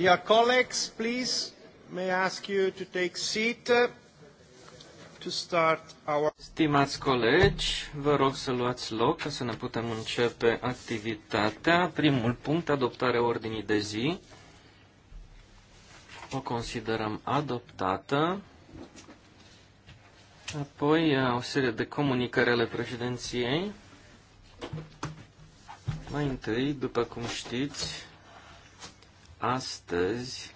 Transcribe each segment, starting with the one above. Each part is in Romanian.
Dear colleagues, please, may I ask you to take seat to start our... Stimați colegi, vă rog să luați loc ca să ne putem începe activitatea. Primul punct, adoptarea ordinii de zi. O considerăm adoptată. Apoi uh, o serie de comunicări ale președinției. Mai întâi, după cum știți, astăzi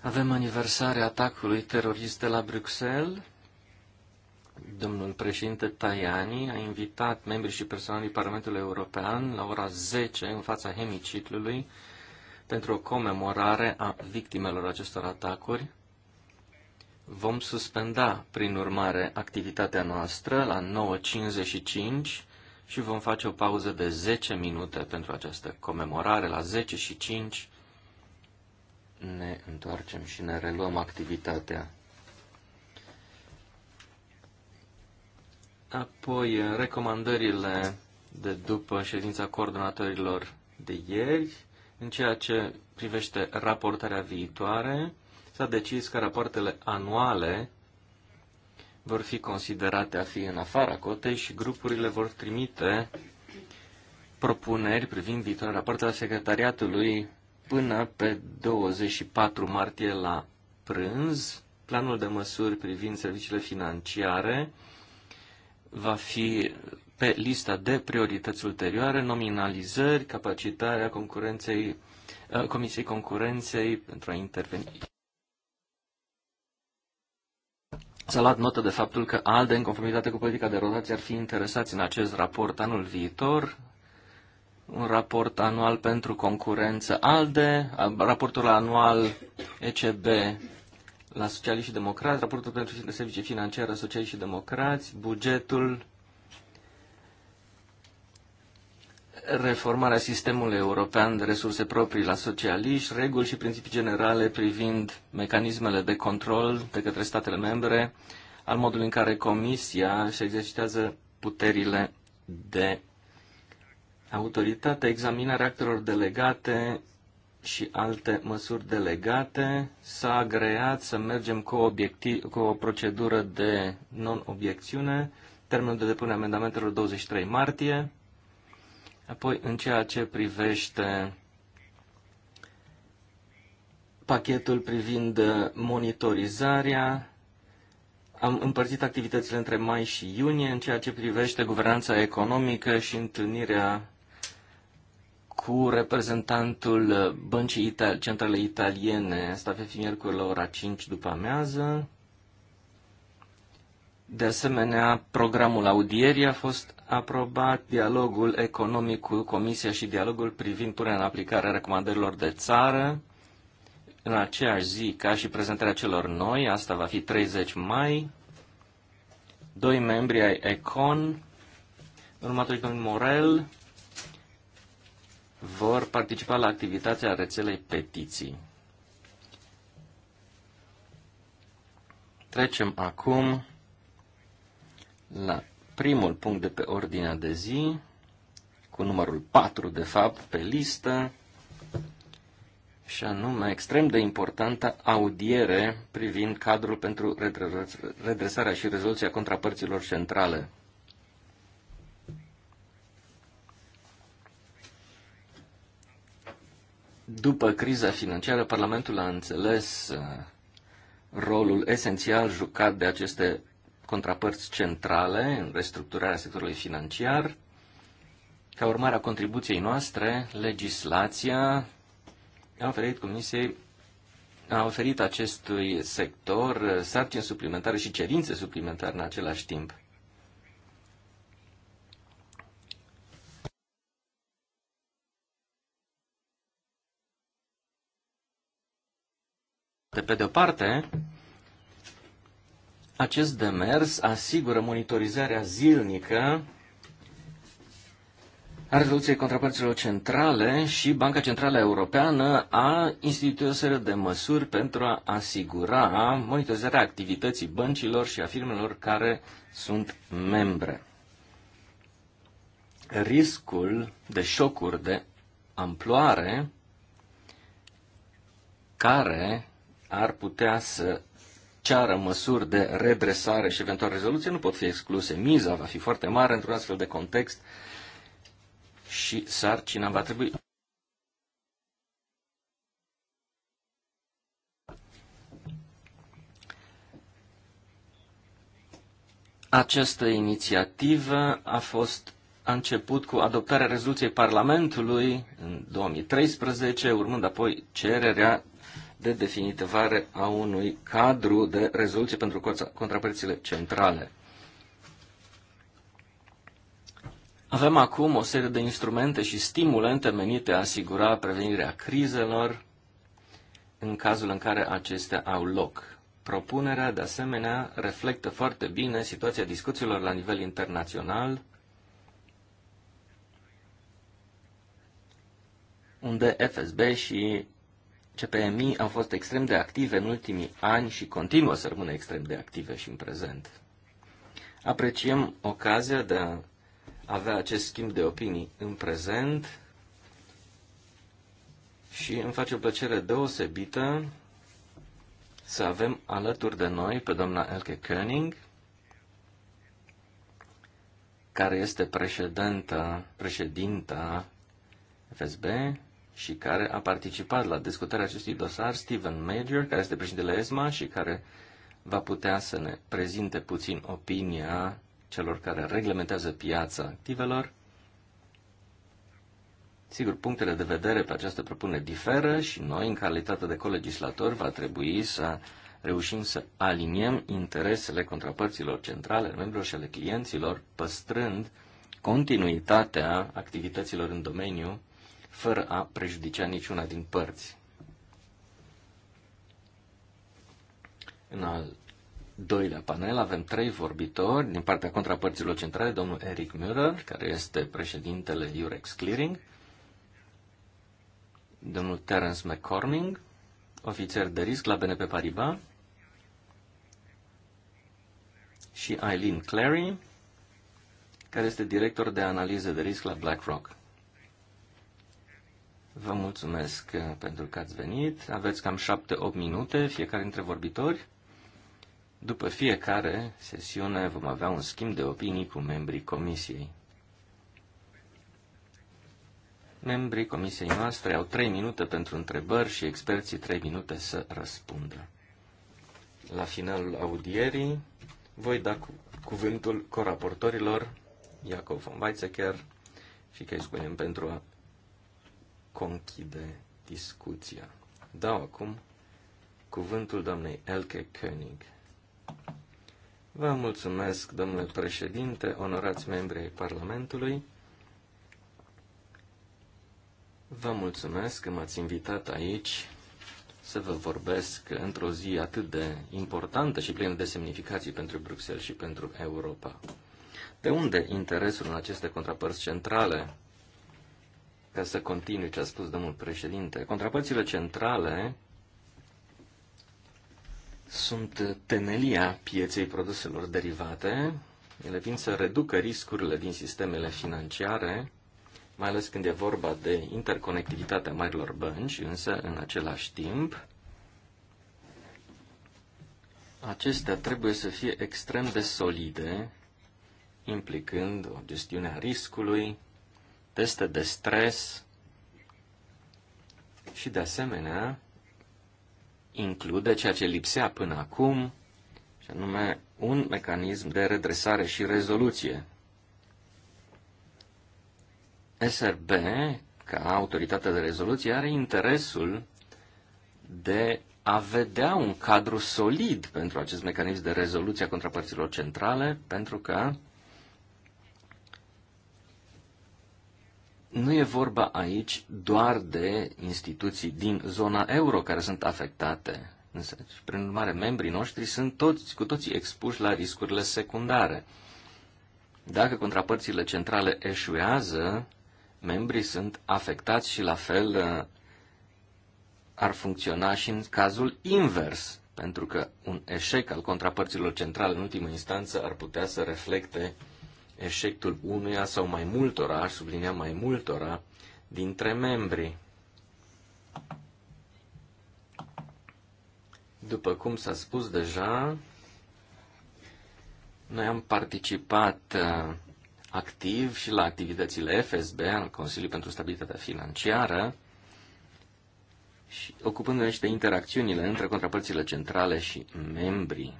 avem aniversarea atacului terorist de la Bruxelles. Domnul președinte Tajani a invitat membrii și personalii Parlamentului European la ora 10 în fața hemiciclului pentru o comemorare a victimelor acestor atacuri. Vom suspenda, prin urmare, activitatea noastră la 9.55 și vom face o pauză de 10 minute pentru această comemorare. La 10 și 5 ne întoarcem și ne reluăm activitatea. Apoi, recomandările de după ședința coordonatorilor de ieri, în ceea ce privește raportarea viitoare, s-a decis ca rapoartele anuale vor fi considerate a fi în afara cotei și grupurile vor trimite propuneri privind viitorul raport a secretariatului până pe 24 martie la prânz. Planul de măsuri privind serviciile financiare va fi pe lista de priorități ulterioare, nominalizări, capacitarea concurenței, uh, Comisiei Concurenței pentru a interveni S-a luat notă de faptul că ALDE, în conformitate cu politica de rotație, ar fi interesați în acest raport anul viitor, un raport anual pentru concurență ALDE, raportul anual ECB la Socialiști și Democrați, raportul pentru servicii financiare Socialiști și Democrați, bugetul reformarea sistemului european de resurse proprii la socialiști, reguli și principii generale privind mecanismele de control de către statele membre, al modului în care Comisia își exercitează puterile de autoritate, examinarea actelor delegate și alte măsuri delegate, s-a agreat să mergem cu, obiectiv, cu o procedură de non-obiecțiune, termenul de depunere amendamentelor 23 martie, Apoi, în ceea ce privește pachetul privind uh, monitorizarea, am împărțit activitățile între mai și iunie în ceea ce privește guvernanța economică și întâlnirea cu reprezentantul uh, Băncii Ital- Centrale Italiene. Asta pe fi miercuri la ora 5 după amiază. De asemenea, programul audierii a fost aprobat, dialogul economic cu Comisia și dialogul privind punerea în aplicare a recomandărilor de țară în aceeași zi ca și prezentarea celor noi, asta va fi 30 mai, doi membri ai ECON, următorul domnul Morel, vor participa la activitatea rețelei petiții. Trecem acum la primul punct de pe ordinea de zi, cu numărul 4, de fapt, pe listă, și anume extrem de importantă audiere privind cadrul pentru redresarea și rezoluția contrapărților centrale. După criza financiară, Parlamentul a înțeles uh, rolul esențial jucat de aceste contrapărți centrale în restructurarea sectorului financiar. Ca urmare a contribuției noastre, legislația a oferit Comisiei a oferit acestui sector sarcini suplimentare și cerințe suplimentare în același timp. De pe de o parte, acest demers asigură monitorizarea zilnică a rezoluției contrapărților centrale și Banca Centrală Europeană a instituit o serie de măsuri pentru a asigura monitorizarea activității băncilor și a firmelor care sunt membre. Riscul de șocuri de amploare care ar putea să ceară măsuri de redresare și eventual rezoluție nu pot fi excluse. Miza va fi foarte mare într-un astfel de context și sarcina va trebui. Această inițiativă a fost a început cu adoptarea rezoluției Parlamentului în 2013, urmând apoi cererea de definitivare a unui cadru de rezoluție pentru contrapărțile centrale. Avem acum o serie de instrumente și stimulente menite a asigura prevenirea crizelor în cazul în care acestea au loc. Propunerea, de asemenea, reflectă foarte bine situația discuțiilor la nivel internațional, unde FSB și CPMI au fost extrem de active în ultimii ani și continuă să rămână extrem de active și în prezent. Apreciem ocazia de a avea acest schimb de opinii în prezent și îmi face o plăcere deosebită să avem alături de noi pe doamna Elke König, care este președinta, președinta FSB, și care a participat la discutarea acestui dosar, Steven Major, care este președintele ESMA și care va putea să ne prezinte puțin opinia celor care reglementează piața activelor. Sigur, punctele de vedere pe această propunere diferă și noi, în calitate de colegislatori, va trebui să reușim să aliniem interesele contrapărților centrale, membrilor și ale clienților, păstrând continuitatea activităților în domeniu fără a prejudicia niciuna din părți. În al doilea panel avem trei vorbitori din partea contrapărților centrale, domnul Eric Müller, care este președintele Eurex Clearing, domnul Terence McCorning, ofițer de risc la BNP Paribas, și Eileen Clary, care este director de analiză de risc la BlackRock. Vă mulțumesc uh, pentru că ați venit. Aveți cam 7-8 minute fiecare dintre vorbitori. După fiecare sesiune vom avea un schimb de opinii cu membrii comisiei. Membrii comisiei noastre au 3 minute pentru întrebări și experții 3 minute să răspundă. La finalul audierii voi da cu cuvântul coraportorilor Iacov von Weizsäcker și îi spunem pentru a conchide discuția. Dau acum cuvântul doamnei Elke König. Vă mulțumesc, domnule președinte, onorați membri ai Parlamentului. Vă mulțumesc că m-ați invitat aici să vă vorbesc într-o zi atât de importantă și plină de semnificații pentru Bruxelles și pentru Europa. De unde interesul în aceste contrapărți centrale? ca să continui ce a spus domnul președinte, contrapărțile centrale sunt temelia pieței produselor derivate. Ele vin să reducă riscurile din sistemele financiare, mai ales când e vorba de interconectivitatea marilor bănci, însă în același timp acestea trebuie să fie extrem de solide, implicând o gestiune a riscului, teste de stres și, de asemenea, include ceea ce lipsea până acum, și anume un mecanism de redresare și rezoluție. SRB, ca autoritate de rezoluție, are interesul de a vedea un cadru solid pentru acest mecanism de rezoluție a contrapărților centrale, pentru că nu e vorba aici doar de instituții din zona euro care sunt afectate. Însă, prin urmare, membrii noștri sunt toți, cu toții expuși la riscurile secundare. Dacă contrapărțile centrale eșuează, membrii sunt afectați și la fel uh, ar funcționa și în cazul invers, pentru că un eșec al contrapărților centrale în ultimă instanță ar putea să reflecte uh, eșectul unuia sau mai multora, aș sublinia mai multora, dintre membri. După cum s-a spus deja, noi am participat uh, activ și la activitățile FSB, al Consiliului pentru Stabilitatea Financiară, și ocupându-ne și de interacțiunile între contrapărțile centrale și membrii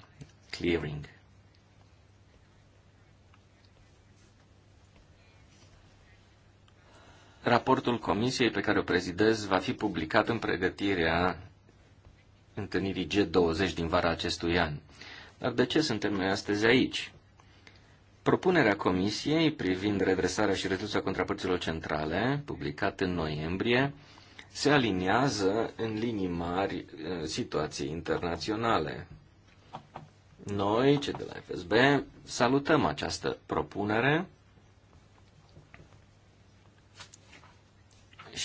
clearing. Raportul comisiei pe care o prezidez va fi publicat în pregătirea întâlnirii G20 din vara acestui an. Dar de ce suntem noi astăzi aici? Propunerea comisiei privind redresarea și reducerea contrapărților centrale, publicată în noiembrie, se aliniază în linii mari uh, situației internaționale. Noi, cei de la FSB, salutăm această propunere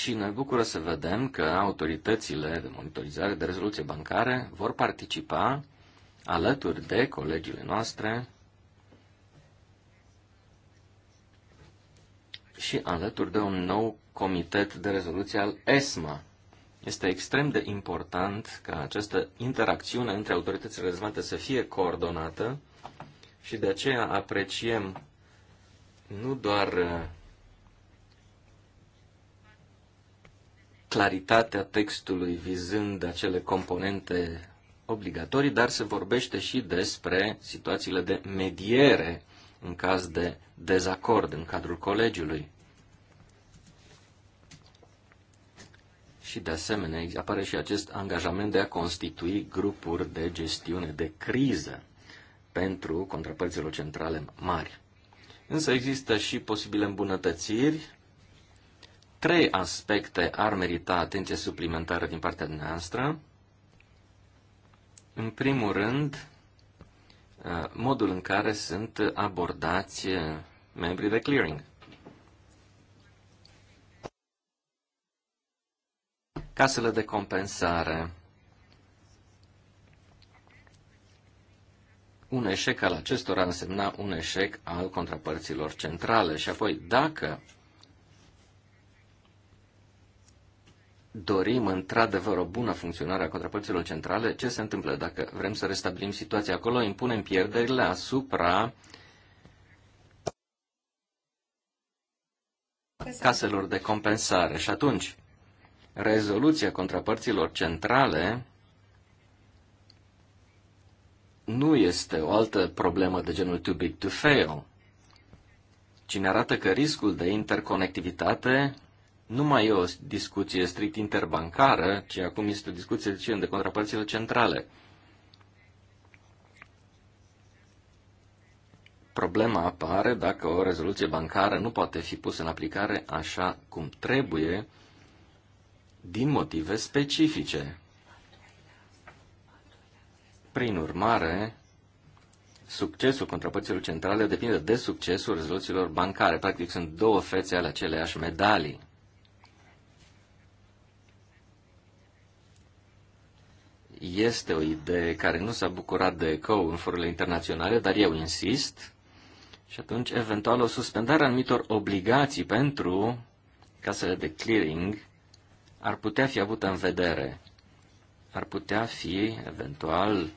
și ne bucură să vedem că autoritățile de monitorizare de rezoluție bancare vor participa alături de colegile noastre și alături de un nou comitet de rezoluție al ESMA. Este extrem de important ca această interacțiune între autoritățile relevante să fie coordonată și de aceea apreciem nu doar claritatea textului vizând acele componente obligatorii, dar se vorbește și despre situațiile de mediere în caz de dezacord în cadrul colegiului. Și de asemenea apare și acest angajament de a constitui grupuri de gestiune de criză pentru contrapărțile centrale mari. Însă există și posibile îmbunătățiri Trei aspecte ar merita atenție suplimentară din partea dumneavoastră. În primul rând, uh, modul în care sunt abordați uh, membrii de clearing. Casele de compensare. Un eșec al acestora însemna un eșec al contrapărților centrale. Și apoi, dacă dorim într-adevăr o bună funcționare a contrapărților centrale, ce se întâmplă dacă vrem să restabilim situația acolo? Impunem pierderile asupra caselor de compensare. Și atunci, rezoluția contrapărților centrale nu este o altă problemă de genul too big to fail, ci ne arată că riscul de interconectivitate nu mai e o discuție strict interbancară, ci acum este o discuție de, de contrapărțile centrale. Problema apare dacă o rezoluție bancară nu poate fi pusă în aplicare așa cum trebuie, din motive specifice. Prin urmare, succesul contrapărților centrale depinde de succesul rezoluțiilor bancare. Practic sunt două fețe ale aceleiași medalii. Este o idee care nu s-a bucurat de eco în forurile internaționale, dar eu insist. Și atunci, eventual, o suspendare a anumitor obligații pentru casele de clearing ar putea fi avută în vedere. Ar putea fi, eventual,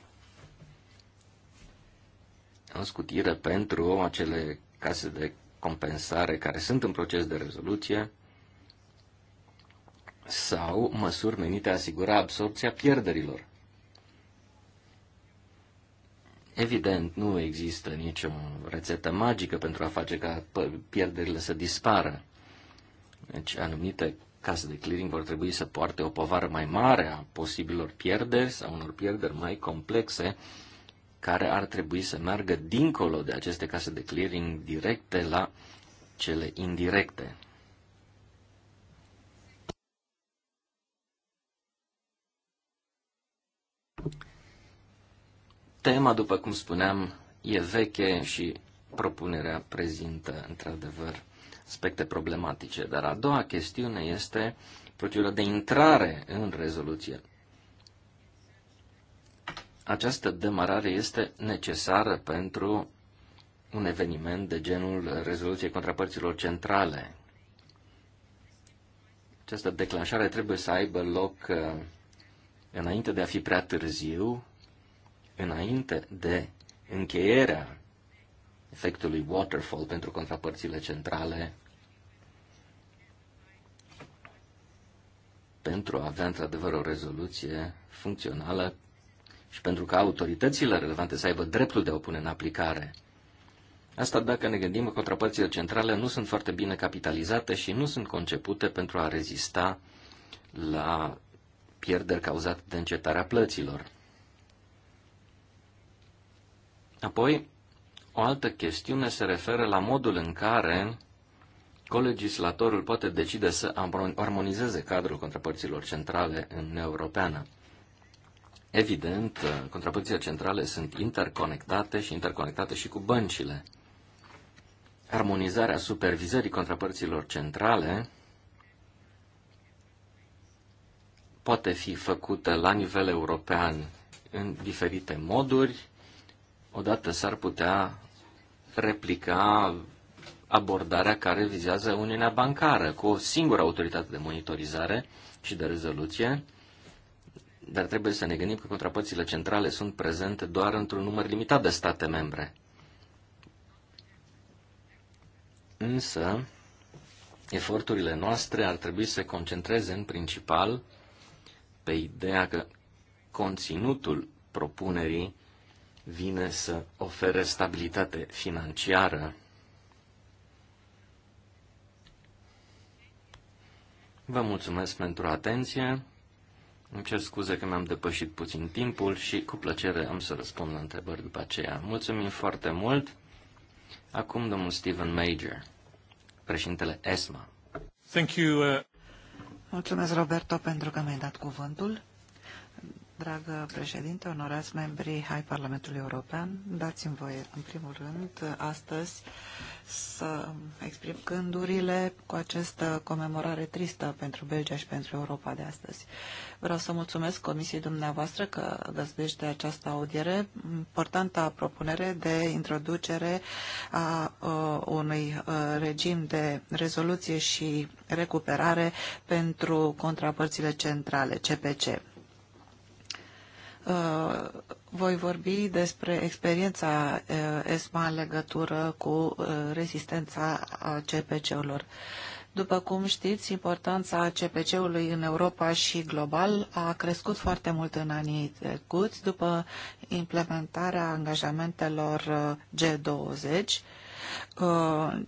o scutire pentru acele case de compensare care sunt în proces de rezoluție sau măsuri menite a asigura absorpția pierderilor. Evident, nu există nicio rețetă magică pentru a face ca pierderile să dispară. Deci anumite case de clearing vor trebui să poarte o povară mai mare a posibilor pierderi sau unor pierderi mai complexe care ar trebui să meargă dincolo de aceste case de clearing directe la cele indirecte. Tema, după cum spuneam, e veche și propunerea prezintă, într-adevăr, aspecte problematice. Dar a doua chestiune este procedura de intrare în rezoluție. Această demarare este necesară pentru un eveniment de genul rezoluției contrapărților centrale. Această declanșare trebuie să aibă loc uh, înainte de a fi prea târziu înainte de încheierea efectului waterfall pentru contrapărțile centrale, pentru a avea într-adevăr o rezoluție funcțională și pentru ca autoritățile relevante să aibă dreptul de a o pune în aplicare. Asta dacă ne gândim că contrapărțile centrale nu sunt foarte bine capitalizate și nu sunt concepute pentru a rezista la pierderi cauzate de încetarea plăților. Apoi, o altă chestiune se referă la modul în care colegislatorul poate decide să armonizeze cadrul contrapărților centrale în Uniunea Europeană. Evident, contrapărțile centrale sunt interconectate și interconectate și cu băncile. Armonizarea supervizării contrapărților centrale poate fi făcută la nivel european în diferite moduri, odată s-ar putea replica abordarea care vizează Uniunea Bancară cu o singură autoritate de monitorizare și de rezoluție, dar trebuie să ne gândim că contrapățile centrale sunt prezente doar într-un număr limitat de state membre. Însă, eforturile noastre ar trebui să se concentreze în principal pe ideea că conținutul propunerii vine să ofere stabilitate financiară. Vă mulțumesc pentru atenție. Îmi cer scuze că mi-am depășit puțin timpul și cu plăcere am să răspund la întrebări după aceea. Mulțumim foarte mult. Acum domnul Stephen Major, președintele ESMA. Thank you, uh... Mulțumesc, Roberto, pentru că mi-ai dat cuvântul. Dragă președinte, onorați membrii ai Parlamentului European, dați-mi voie, în primul rând, astăzi să exprim gândurile cu această comemorare tristă pentru Belgia și pentru Europa de astăzi. Vreau să mulțumesc Comisiei dumneavoastră că găzduiește această audiere, importanta propunere de introducere a uh, unui uh, regim de rezoluție și recuperare pentru contrapărțile centrale, CPC. Uh, voi vorbi despre experiența uh, ESMA în legătură cu uh, rezistența CPC-urilor. După cum știți, importanța CPC-ului în Europa și global a crescut foarte mult în anii trecuți după implementarea angajamentelor G20.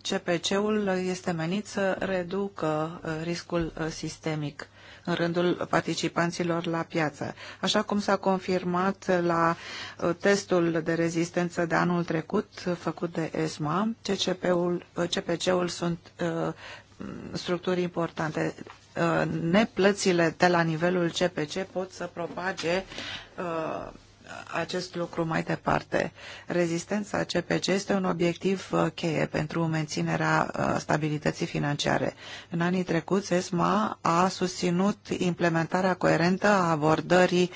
CPC-ul este menit să reducă riscul sistemic în rândul participanților la piață. Așa cum s-a confirmat la uh, testul de rezistență de anul trecut uh, făcut de ESMA, CCP-ul, uh, CPC-ul sunt uh, structuri importante. Uh, neplățile de la nivelul CPC pot să propage uh, acest lucru mai departe. Rezistența CPC este un obiectiv uh, cheie pentru menținerea uh, stabilității financiare. În anii trecuți, ESMA a susținut implementarea coerentă a abordării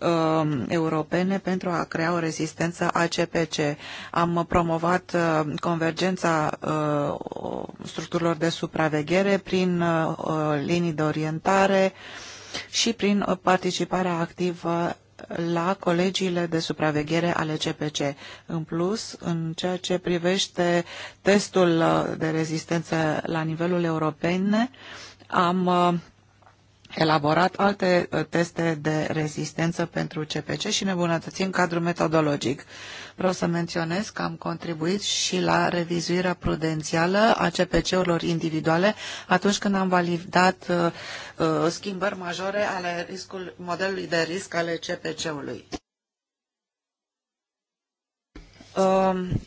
um, europene pentru a crea o rezistență a CPC. Am promovat uh, convergența uh, structurilor de supraveghere prin uh, linii de orientare și prin participarea activă la colegiile de supraveghere ale CPC. În plus, în ceea ce privește testul uh, de rezistență la nivelul european, am uh, elaborat alte uh, teste de rezistență pentru CPC și ne îmbunătățim cadrul metodologic. Vreau să menționez că am contribuit și la revizuirea prudențială a CPC-urilor individuale atunci când am validat uh, uh, schimbări majore ale riscul, modelului de risc ale CPC-ului. Um,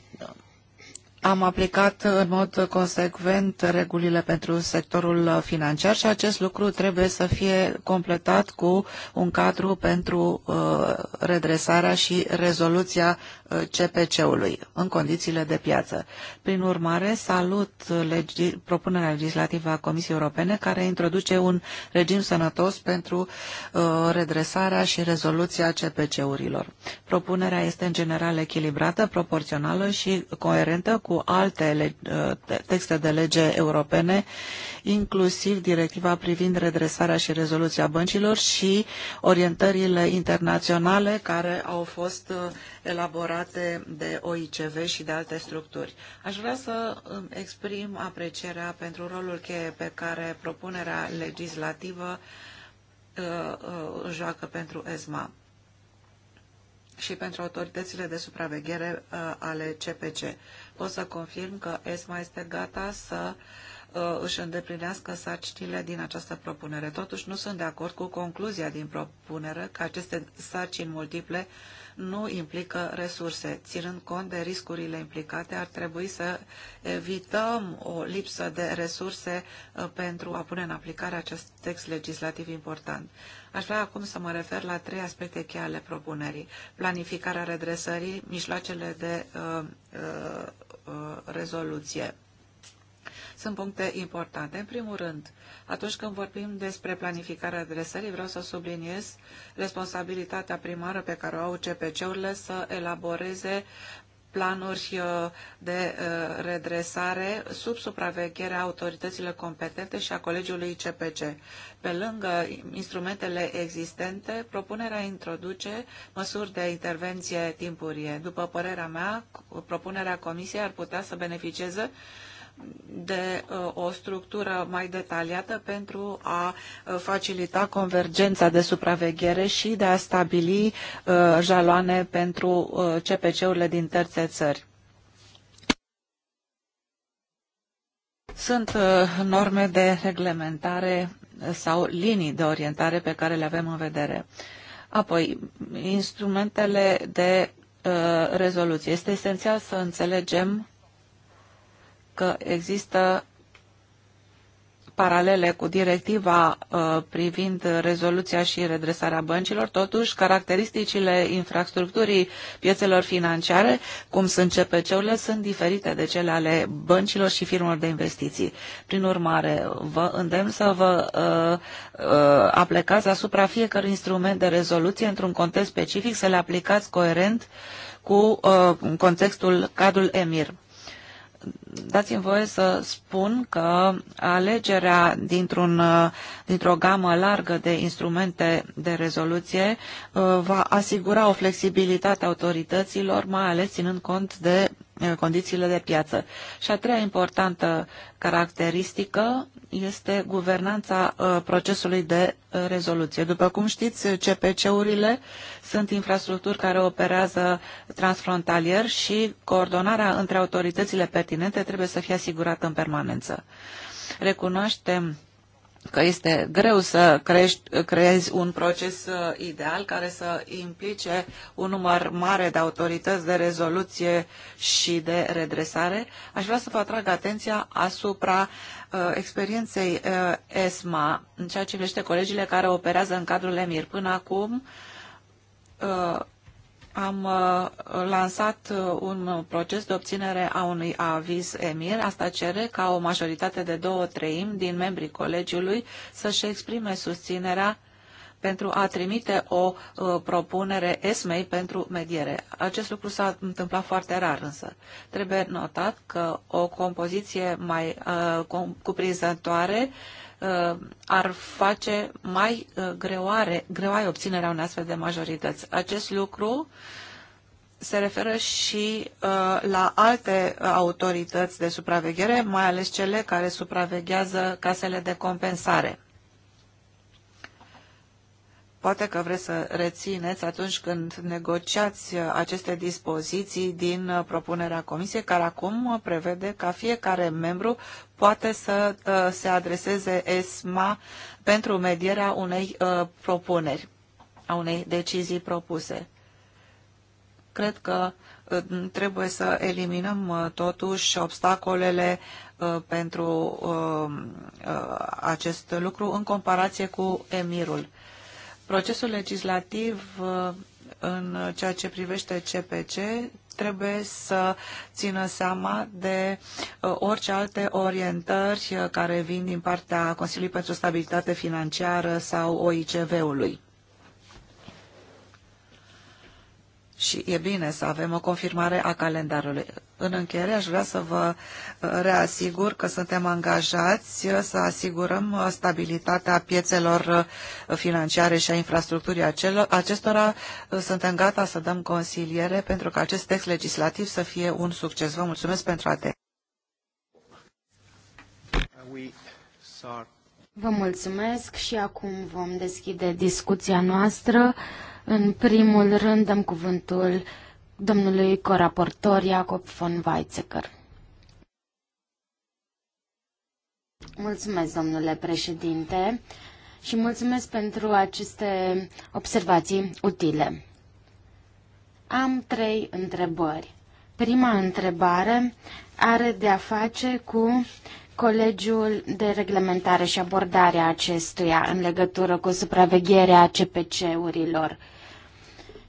am aplicat în mod consecvent regulile pentru sectorul financiar și acest lucru trebuie să fie completat cu un cadru pentru uh, redresarea și rezoluția CPC-ului în condițiile de piață. Prin urmare, salut legi propunerea legislativă a Comisiei Europene care introduce un regim sănătos pentru uh, redresarea și rezoluția CPC-urilor. Propunerea este în general echilibrată, proporțională și coerentă cu alte uh, texte de lege europene, inclusiv directiva privind redresarea și rezoluția băncilor și orientările internaționale care au fost uh, elaborate realizate de OICV și de alte structuri. Aș vrea să exprim aprecierea pentru rolul cheie pe care propunerea legislativă uh, uh, joacă pentru ESMA și pentru autoritățile de supraveghere uh, ale CPC. Pot să confirm că ESMA este gata să își îndeplinească sarcinile din această propunere. Totuși, nu sunt de acord cu concluzia din propunere că aceste sarcini multiple nu implică resurse. Ținând cont de riscurile implicate, ar trebui să evităm o lipsă de resurse uh, pentru a pune în aplicare acest text legislativ important. Aș vrea acum să mă refer la trei aspecte cheie ale propunerii. Planificarea redresării, mijloacele de uh, uh, uh rezoluție sunt puncte importante. În primul rând, atunci când vorbim despre planificarea adresării, vreau să subliniez responsabilitatea primară pe care o au CPC-urile să elaboreze planuri uh, de uh, redresare sub supravegherea autorităților competente și a colegiului CPC. Pe lângă instrumentele existente, propunerea introduce măsuri de intervenție timpurie. După părerea mea, propunerea Comisiei ar putea să beneficieze de uh, o structură mai detaliată pentru a uh, facilita convergența de supraveghere și de a stabili uh, jaloane pentru CPC-urile din terțe țări. Sunt norme de reglementare sau linii de orientare pe care le avem în vedere. Apoi, instrumentele de rezoluție. Este esențial să înțelegem că există paralele cu directiva uh, privind rezoluția și redresarea băncilor, totuși caracteristicile infrastructurii piețelor financiare, cum sunt CPC-urile, sunt diferite de cele ale băncilor și firmelor de investiții. Prin urmare, vă îndemn să vă uh, uh, aplicați asupra fiecărui instrument de rezoluție într-un context specific, să le aplicați coerent cu contextul cadrul EMIR dați-mi voie să spun că alegerea dintr-un, uh, dintr-o gamă largă de instrumente de rezoluție uh, va asigura o flexibilitate autorităților, mai ales ținând cont de Eh, condițiile de piață. Și a treia importantă caracteristică este guvernanța eh, procesului de eh, rezoluție. După cum știți, CPC-urile sunt infrastructuri care operează transfrontalier și coordonarea între autoritățile pertinente trebuie să fie asigurată în permanență. Recunoaștem că este greu să crești, creezi un proces uh, ideal care să implice un număr mare de autorități de rezoluție și de redresare, aș vrea să vă atrag atenția asupra uh, experienței uh, ESMA în ceea ce privește colegiile care operează în cadrul EMIR. Până acum, uh, am uh, lansat uh, un proces de obținere a unui aviz emir. Asta cere ca o majoritate de două treimi din membrii colegiului să-și exprime susținerea pentru a trimite o uh, propunere ESMEI pentru mediere. Acest lucru s-a întâmplat foarte rar însă. Trebuie notat că o compoziție mai uh, cuprinzătoare uh, Uh, ar face mai uh, greoare, greoaie obținerea unei astfel de majorități. Acest lucru se referă și uh, la alte autorități de supraveghere, mai ales cele care supraveghează casele de compensare. Poate că vreți să rețineți atunci când negociați aceste dispoziții din propunerea Comisiei, care acum prevede ca fiecare membru poate să uh, se adreseze ESMA pentru medierea unei uh, propuneri, a unei decizii propuse. Cred că uh, trebuie să eliminăm totuși obstacolele pentru acest lucru în comparație cu emirul Procesul legislativ uh, în ceea ce privește CPC trebuie să țină seama de uh, orice alte orientări uh, care vin din partea Consiliului pentru Stabilitate Financiară sau OICV-ului. și e bine să avem o confirmare a calendarului. În încheiere aș vrea să vă uh, reasigur că suntem angajați uh, să asigurăm uh, stabilitatea piețelor financiare și a infrastructurii acestora. Suntem gata să dăm consiliere pentru că acest text legislativ să fie un succes. Vă mulțumesc pentru atenție. Vă mulțumesc și acum vom deschide discuția noastră. În primul rând dăm cuvântul domnului coraportor Iacob von Weizsäcker. Mulțumesc, domnule președinte, și mulțumesc pentru aceste observații utile. Am trei întrebări. Prima întrebare are de a face cu Colegiul de Reglementare și abordarea acestuia în legătură cu supravegherea CPC-urilor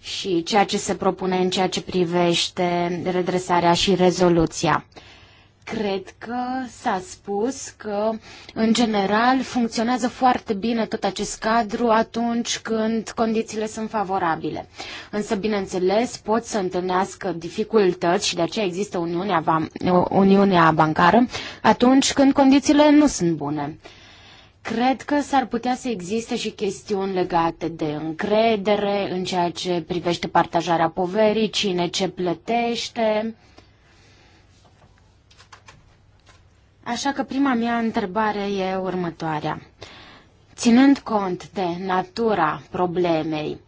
și ceea ce se propune în ceea ce privește redresarea și rezoluția. Cred că s-a spus că, în general, funcționează foarte bine tot acest cadru atunci când condițiile sunt favorabile. Însă, bineînțeles, pot să întâlnească dificultăți și de aceea există Uniunea, Uniunea Bancară atunci când condițiile nu sunt bune. Cred că s-ar putea să existe și chestiuni legate de încredere în ceea ce privește partajarea poverii, cine ce plătește. Așa că prima mea întrebare e următoarea. Ținând cont de natura problemei,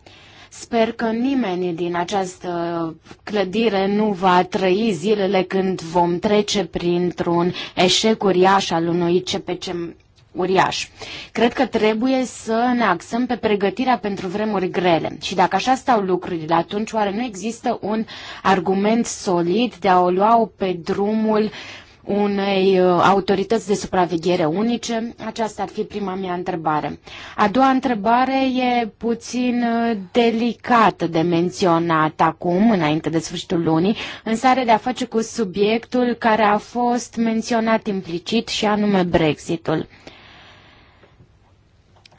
Sper că nimeni din această clădire nu va trăi zilele când vom trece printr-un eșec uriaș al unui CPC, uriaș. Cred că trebuie să ne axăm pe pregătirea pentru vremuri grele și dacă așa stau lucrurile, atunci oare nu există un argument solid de a o lua pe drumul unei uh, autorități de supraveghere unice? Aceasta ar fi prima mea întrebare. A doua întrebare e puțin uh, delicată de menționat acum, înainte de sfârșitul lunii, însă are de-a face cu subiectul care a fost menționat implicit și anume Brexitul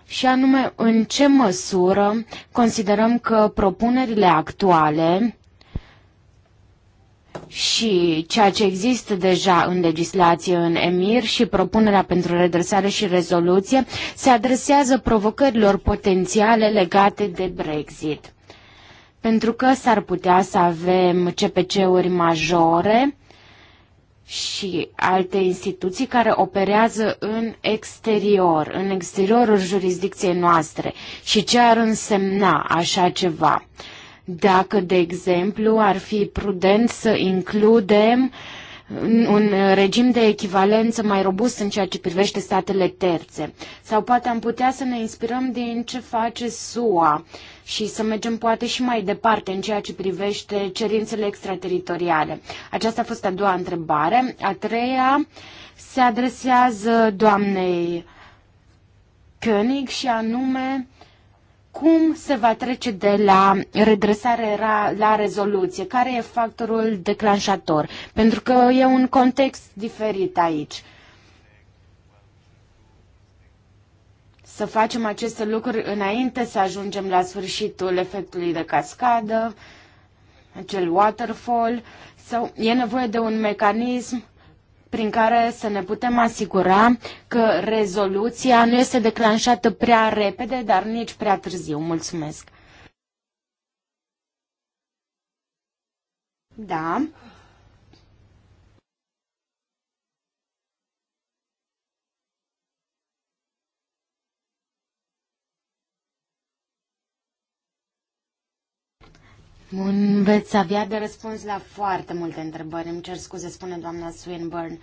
și anume în ce măsură considerăm că propunerile actuale și ceea ce există deja în legislație în EMIR și propunerea pentru redresare și rezoluție se adresează provocărilor potențiale legate de Brexit. Pentru că s-ar putea să avem CPC-uri majore și alte instituții care operează în exterior, în exteriorul jurisdicției noastre și ce ar însemna așa ceva. Dacă, de exemplu, ar fi prudent să includem uh, un regim de echivalență mai robust în ceea ce privește statele terțe. Sau poate am putea să ne inspirăm din ce face SUA și să mergem poate și mai departe în ceea ce privește cerințele extrateritoriale. Aceasta a fost a doua întrebare. A treia se adresează doamnei König și anume cum se va trece de la redresare la rezoluție? Care e factorul declanșator? Pentru că e un context diferit aici. Să facem aceste lucruri înainte să ajungem la sfârșitul efectului de cascadă, acel waterfall, sau e nevoie de un mecanism prin care să ne putem asigura că rezoluția nu este declanșată prea repede, dar nici prea târziu. Mulțumesc! Da. Bun, veți avea de răspuns la foarte multe întrebări. Îmi cer scuze, spune doamna Swinburne.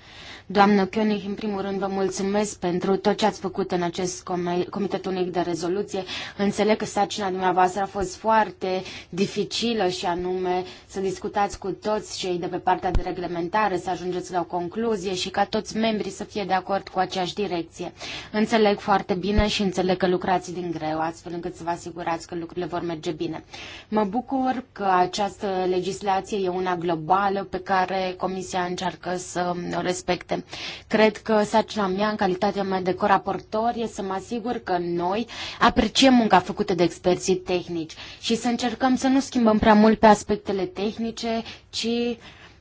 Doamnă Koenig, în primul rând vă mulțumesc pentru tot ce ați făcut în acest com Comitet Unic de Rezoluție. Înțeleg că sacina dumneavoastră a fost foarte dificilă și anume să discutați cu toți cei de pe partea de reglementare, să ajungeți la o concluzie și ca toți membrii să fie de acord cu aceeași direcție. Înțeleg foarte bine și înțeleg că lucrați din greu, astfel încât să vă asigurați că lucrurile vor merge bine. Mă bucur că această legislație e una globală pe care Comisia încearcă să o respecte. Cred că sarcina mea, în calitatea mea de coraportor, e să mă asigur că noi apreciem munca făcută de experții tehnici și să încercăm să nu schimbăm prea mult pe aspectele tehnice, ci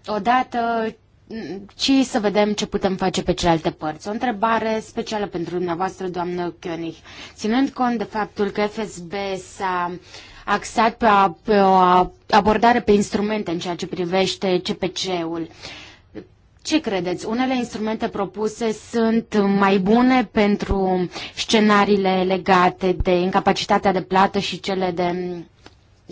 odată ci să vedem ce putem face pe celelalte părți. O întrebare specială pentru dumneavoastră, doamnă König. Ținând cont de faptul că FSB s-a uh, axat pe, a, pe o abordare pe instrumente în ceea ce privește CPC-ul. Ce credeți? Unele instrumente propuse sunt mai bune pentru scenariile legate de incapacitatea de plată și cele de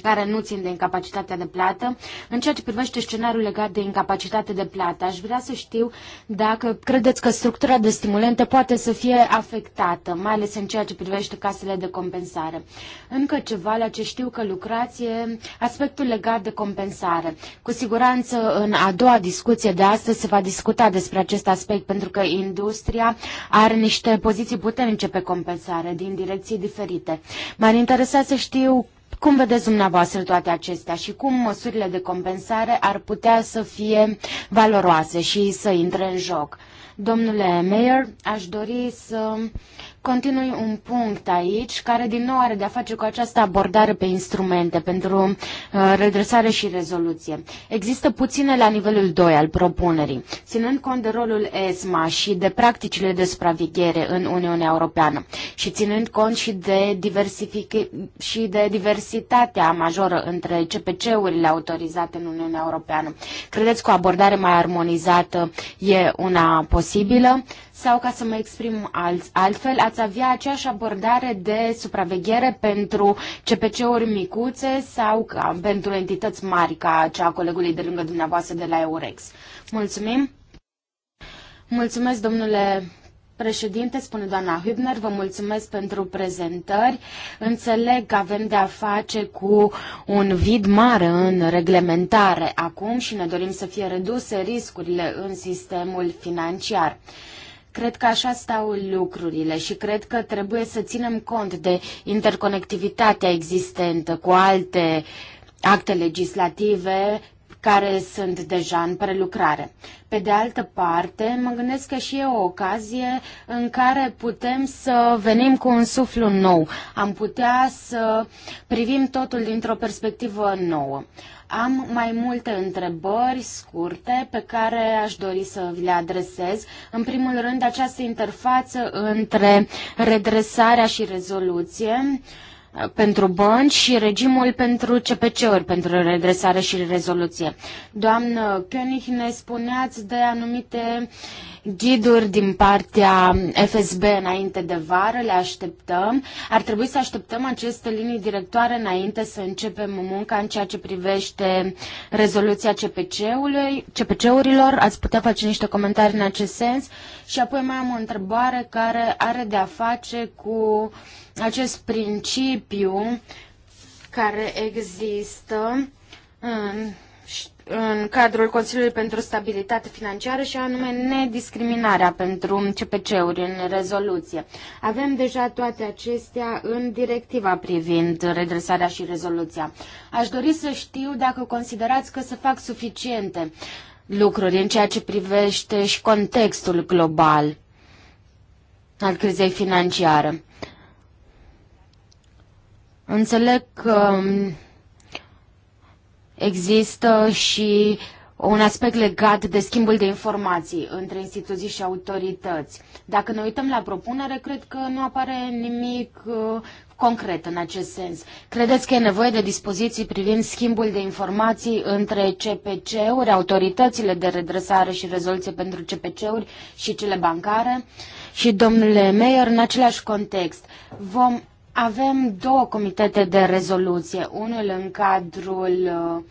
care nu țin de incapacitatea de plată. În ceea ce privește scenariul legat de incapacitate de plată, aș vrea să știu dacă credeți că structura de stimulente poate să fie afectată, mai ales în ceea ce privește casele de compensare. Încă ceva la ce știu că lucrați e aspectul legat de compensare. Cu siguranță în a doua discuție de astăzi se va discuta despre acest aspect pentru că industria are niște poziții puternice pe compensare din direcții diferite. M-ar interesa să știu cum vedeți dumneavoastră toate acestea și cum măsurile de compensare ar putea să fie valoroase și să intre în joc? Domnule Mayor, aș dori să Continui un punct aici care din nou are de-a face cu această abordare pe instrumente pentru uh, redresare și rezoluție. Există puține la nivelul 2 al propunerii. Ținând cont de rolul ESMA și de practicile de supraveghere în Uniunea Europeană și ținând cont și de, și de diversitatea majoră între CPC-urile autorizate în Uniunea Europeană, credeți că o abordare mai armonizată e una posibilă? Sau, ca să mă exprim alt, altfel, ați avea aceeași abordare de supraveghere pentru CPC-uri micuțe sau ca, pentru entități mari ca cea a colegului de lângă dumneavoastră de la Eurex. Mulțumim! Mulțumesc, domnule Președinte, spune doamna Hübner, vă mulțumesc pentru prezentări. Înțeleg că avem de a face cu un vid mare în reglementare acum și ne dorim să fie reduse riscurile în sistemul financiar. Cred că așa stau lucrurile și cred că trebuie să ținem cont de interconectivitatea existentă cu alte acte legislative care sunt deja în prelucrare. Pe de altă parte, mă gândesc că și e o ocazie în care putem să venim cu un suflu nou. Am putea să privim totul dintr-o perspectivă nouă. Am mai multe întrebări scurte pe care aș dori să vi le adresez. În primul rând, această interfață între redresarea și rezoluție. Uh, pentru bănci și regimul pentru CPC-uri, pentru redresare și rezoluție. Doamnă König, ne spuneați de anumite ghiduri din partea FSB înainte de vară, le așteptăm. Ar trebui să așteptăm aceste linii directoare înainte să începem munca în ceea ce privește rezoluția CPC-ului, CPC-urilor. Ați putea face niște comentarii în acest sens. Și apoi mai am o întrebare care are de a face cu acest principiu care există în în cadrul Consiliului pentru Stabilitate Financiară și anume nediscriminarea pentru CPC-uri în rezoluție. Avem deja toate acestea în directiva privind redresarea și rezoluția. Aș dori să știu dacă considerați că se fac suficiente lucruri în ceea ce privește și contextul global al crizei financiare. Înțeleg că um, Există și un aspect legat de schimbul de informații între instituții și autorități. Dacă ne uităm la propunere, cred că nu apare nimic uh, concret în acest sens. Credeți că e nevoie de dispoziții privind schimbul de informații între CPC-uri, autoritățile de redresare și rezoluție pentru CPC-uri și cele bancare? Și domnule Meyer, în același context, vom avem două comitete de rezoluție, unul în cadrul uh,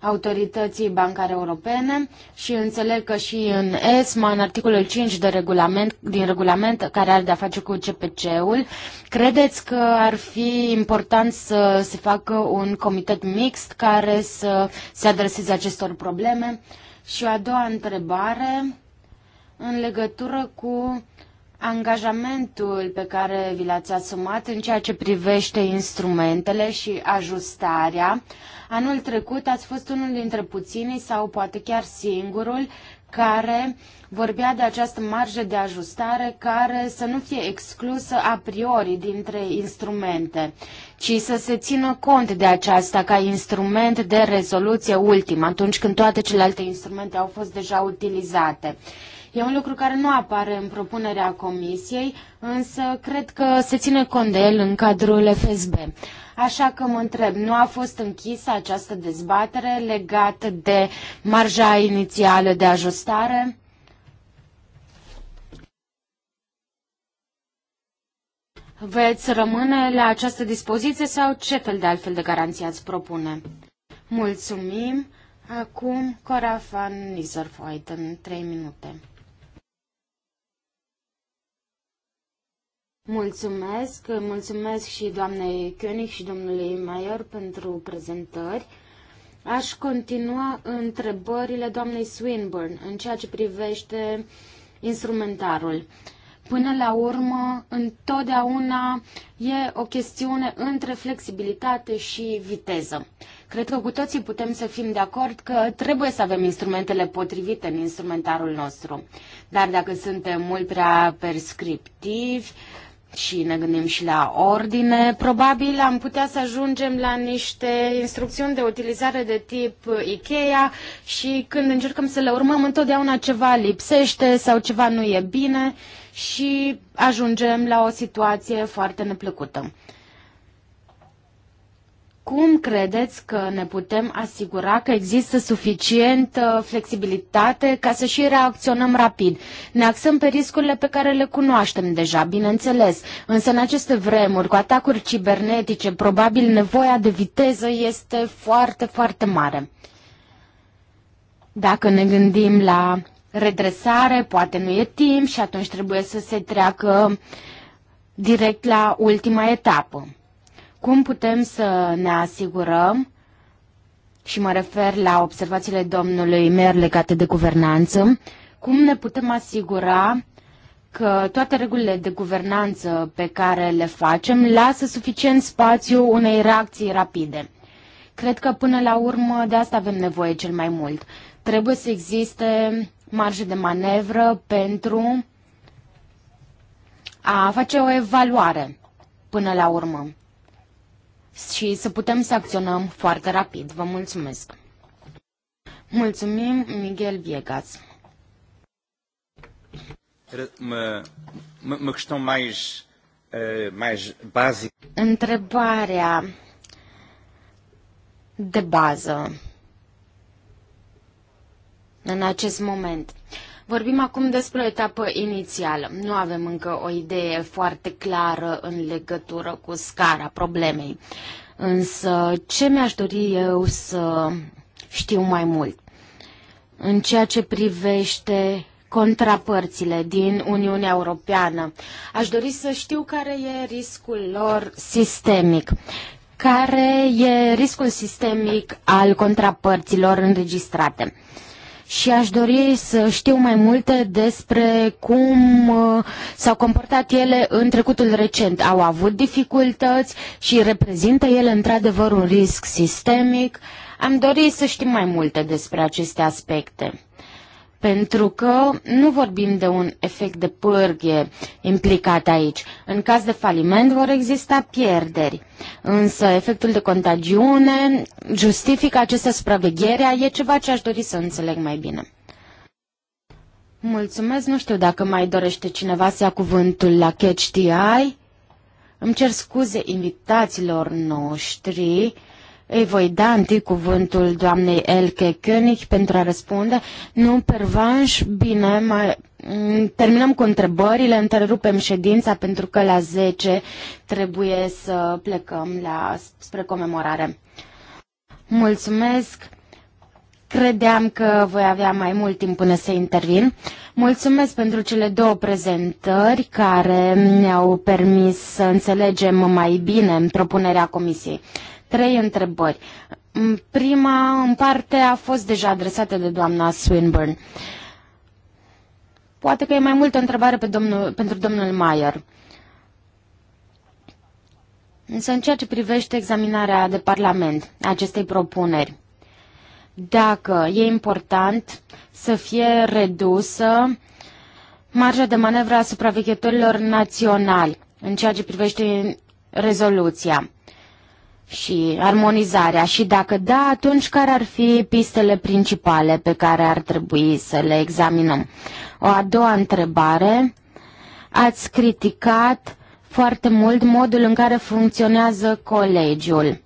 autorității bancare europene și înțeleg că și în ESMA, în articolul 5 de regulament, din regulament care are de-a face cu CPC-ul, credeți că ar fi important să se facă un comitet mixt care să se adreseze acestor probleme? Și o a doua întrebare în legătură cu angajamentul pe care vi l-ați asumat în ceea ce privește instrumentele și ajustarea. Anul trecut ați fost unul dintre puținii sau poate chiar singurul care vorbea de această marjă de ajustare care să nu fie exclusă a priori dintre instrumente, ci să se țină cont de aceasta ca instrument de rezoluție ultim, atunci când toate celelalte instrumente au fost deja utilizate. E un lucru care nu apare în propunerea comisiei, însă cred că se ține cont de el în cadrul FSB. Așa că mă întreb, nu a fost închisă această dezbatere legată de marja inițială de ajustare? Veți rămâne la această dispoziție sau ce fel de altfel de garanție ați propune? Mulțumim! Acum Corafan Nizorfoit în 3 minute. Mulțumesc, mulțumesc și doamnei König și domnului Maior pentru prezentări. Aș continua întrebările doamnei Swinburne în ceea ce privește instrumentarul. Până la urmă, întotdeauna e o chestiune între flexibilitate și viteză. Cred că cu toții putem să fim de acord că trebuie să avem instrumentele potrivite în instrumentarul nostru. Dar dacă suntem mult prea prescriptivi, uh, și ne gândim și la ordine, probabil am putea să ajungem la niște instrucțiuni de utilizare de tip IKEA și când încercăm să le urmăm, întotdeauna ceva lipsește sau ceva nu e bine și ajungem la o situație foarte neplăcută. Cum credeți că ne putem asigura că există suficientă uh, flexibilitate ca să și reacționăm rapid? Ne axăm pe riscurile pe care le cunoaștem deja, bineînțeles, însă în aceste vremuri, cu atacuri cibernetice, probabil nevoia de viteză este foarte, foarte mare. Dacă ne gândim la redresare, poate nu e timp și atunci trebuie să se treacă direct la ultima etapă. Cum putem să ne asigurăm și mă refer la observațiile domnului Mer legate de guvernanță, cum ne putem asigura că toate regulile de guvernanță pe care le facem lasă suficient spațiu unei reacții rapide. Cred că până la urmă de asta avem nevoie cel mai mult. Trebuie să existe marge de manevră pentru a face o evaluare până la urmă și să putem să acționăm foarte rapid. Vă mulțumesc! Mulțumim, Miguel Viegas. Uma, uma questão mais, uh, mais básica. Întrebarea de bază în acest moment. Vorbim acum despre o etapă inițială. Nu avem încă o idee foarte clară în legătură cu scara problemei. Însă, ce mi-aș dori eu să știu mai mult? În ceea ce privește contrapărțile din Uniunea Europeană, aș dori să știu care e riscul lor sistemic care e riscul sistemic al contrapărților înregistrate și aș dori să știu mai multe despre cum uh, s-au comportat ele în trecutul recent. Au avut dificultăți și reprezintă ele într-adevăr un risc sistemic? Am dori să știm mai multe despre aceste aspecte pentru că nu vorbim de un efect de pârghie implicat aici. În caz de faliment vor exista pierderi, însă efectul de contagiune justifică această supraveghere, e ceva ce aș dori să înțeleg mai bine. Mulțumesc, nu știu dacă mai dorește cineva să ia cuvântul la Catch the Eye. Îmi cer scuze invitaților noștri îi voi da întâi cuvântul doamnei Elke König pentru a răspunde. Nu, pervanș, bine, mai, mm, terminăm cu întrebările, întrerupem ședința pentru că la 10 trebuie să plecăm la, spre comemorare. Mulțumesc! Credeam că voi avea mai mult timp până să intervin. Mulțumesc pentru cele două prezentări care ne-au permis să înțelegem mai bine propunerea comisiei. Trei întrebări. Prima, în parte, a fost deja adresată de doamna Swinburne. Poate că e mai mult o întrebare pe domnul, pentru domnul Mayer. Însă în ceea ce privește examinarea de Parlament acestei propuneri, dacă e important să fie redusă marja de manevră a supraveghetorilor naționali în ceea ce privește rezoluția și armonizarea și dacă da, atunci care ar fi pistele principale pe care ar trebui să le examinăm? O a doua întrebare, ați criticat foarte mult modul în care funcționează colegiul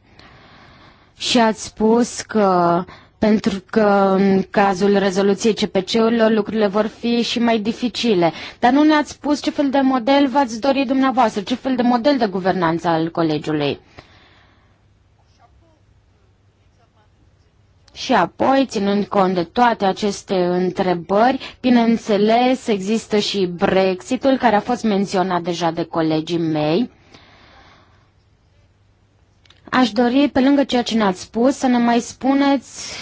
și ați spus că pentru că în cazul rezoluției CPC-urilor lucrurile vor fi și mai dificile. Dar nu ne-ați spus ce fel de model v-ați dori dumneavoastră, ce fel de model de guvernanță al colegiului. Și apoi, ținând cont de toate aceste întrebări, bineînțeles, există și Brexitul, care a fost menționat deja de colegii mei. Aș dori, pe lângă ceea ce ne-ați spus, să ne mai spuneți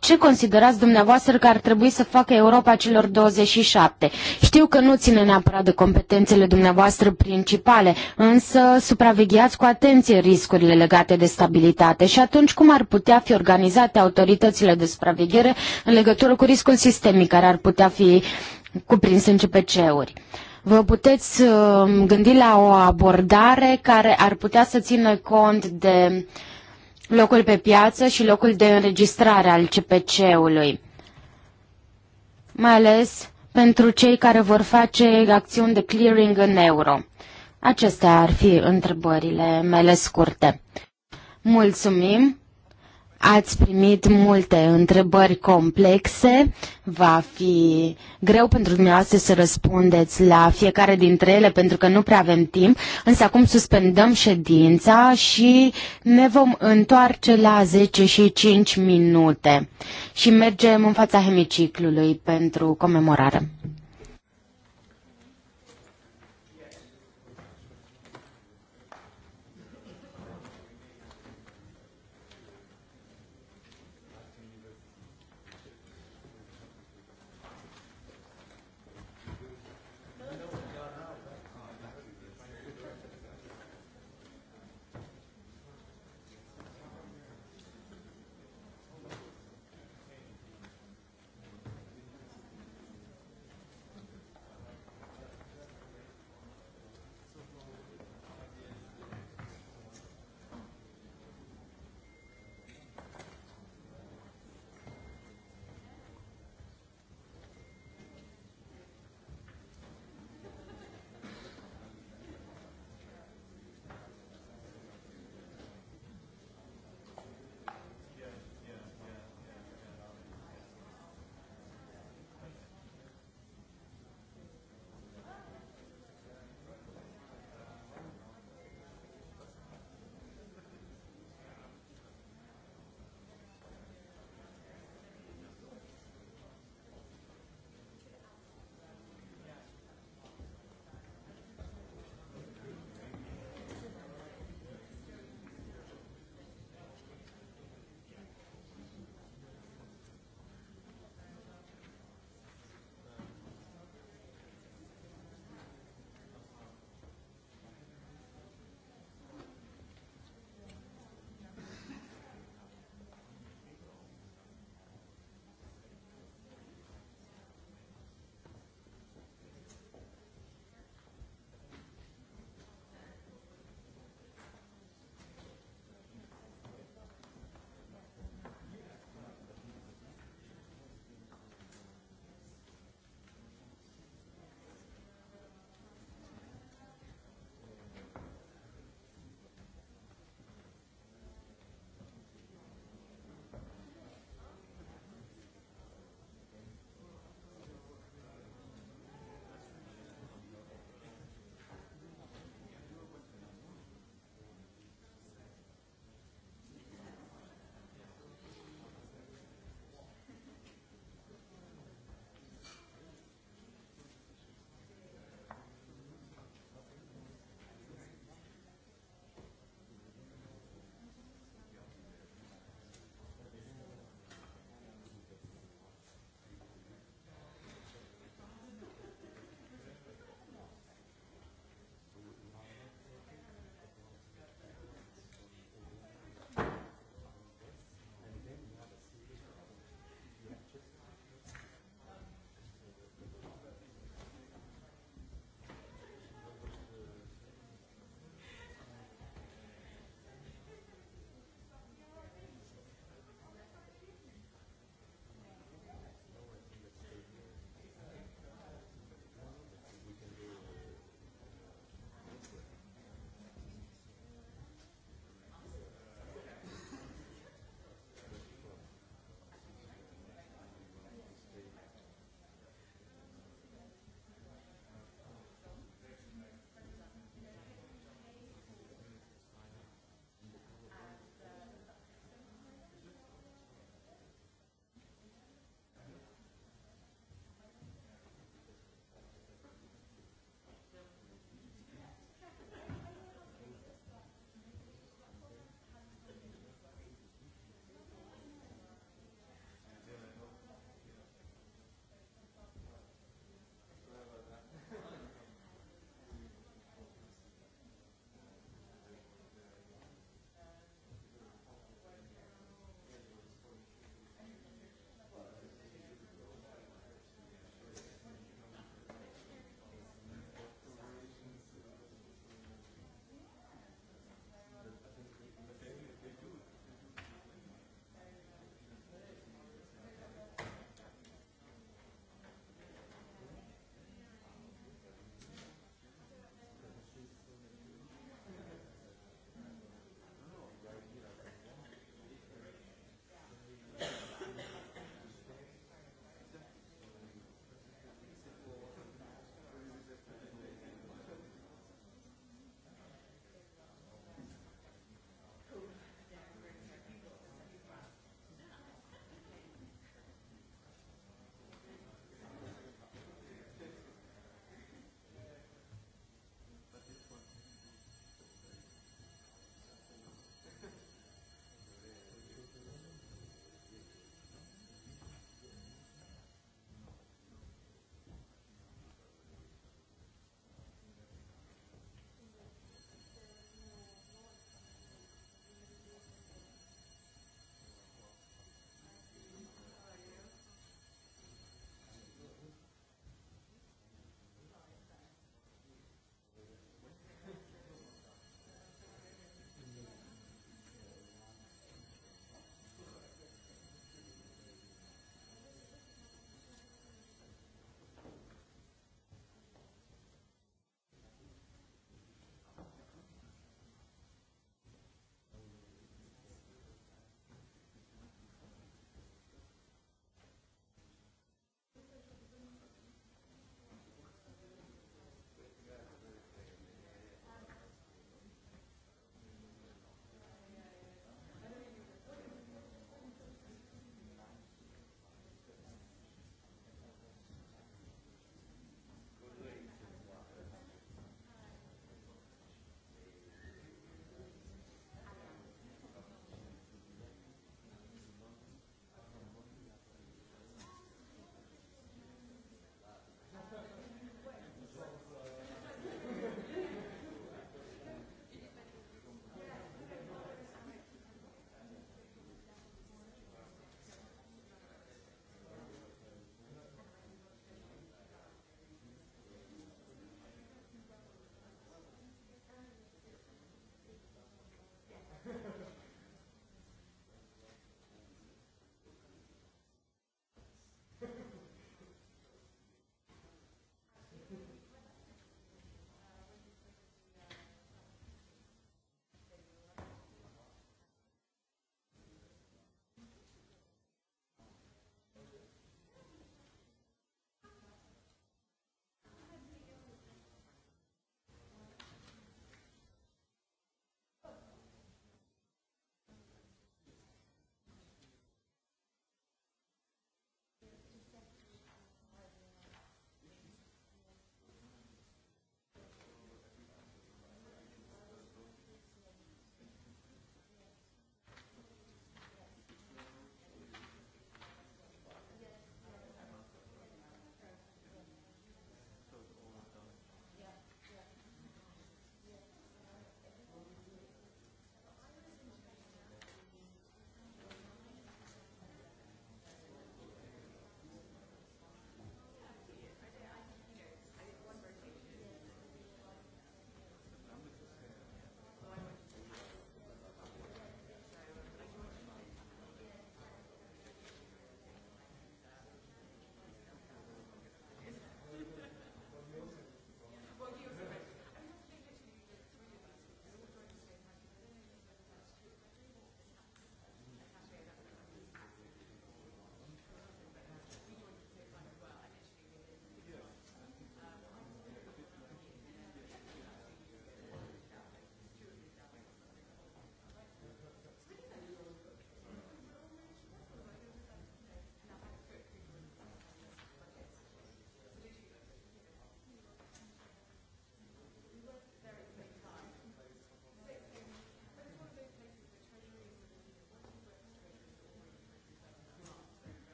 ce considerați dumneavoastră că ar trebui să facă Europa celor 27? Știu că nu ține neapărat de competențele dumneavoastră principale, însă supravegheați cu atenție riscurile legate de stabilitate și atunci cum ar putea fi organizate autoritățile de supraveghere în legătură cu riscul sistemic care ar putea fi cuprins în CPC-uri? vă puteți uh, gândi la o abordare care ar putea să țină cont de locul pe piață și locul de înregistrare al CPC-ului, mai ales pentru cei care vor face acțiuni de clearing în euro. Acestea ar fi întrebările mele scurte. Mulțumim! Ați primit multe întrebări complexe, va fi greu pentru dumneavoastră să răspundeți la fiecare dintre ele pentru că nu prea avem timp, însă acum suspendăm ședința și ne vom întoarce la 10 și 5 minute și mergem în fața hemiciclului pentru comemorare.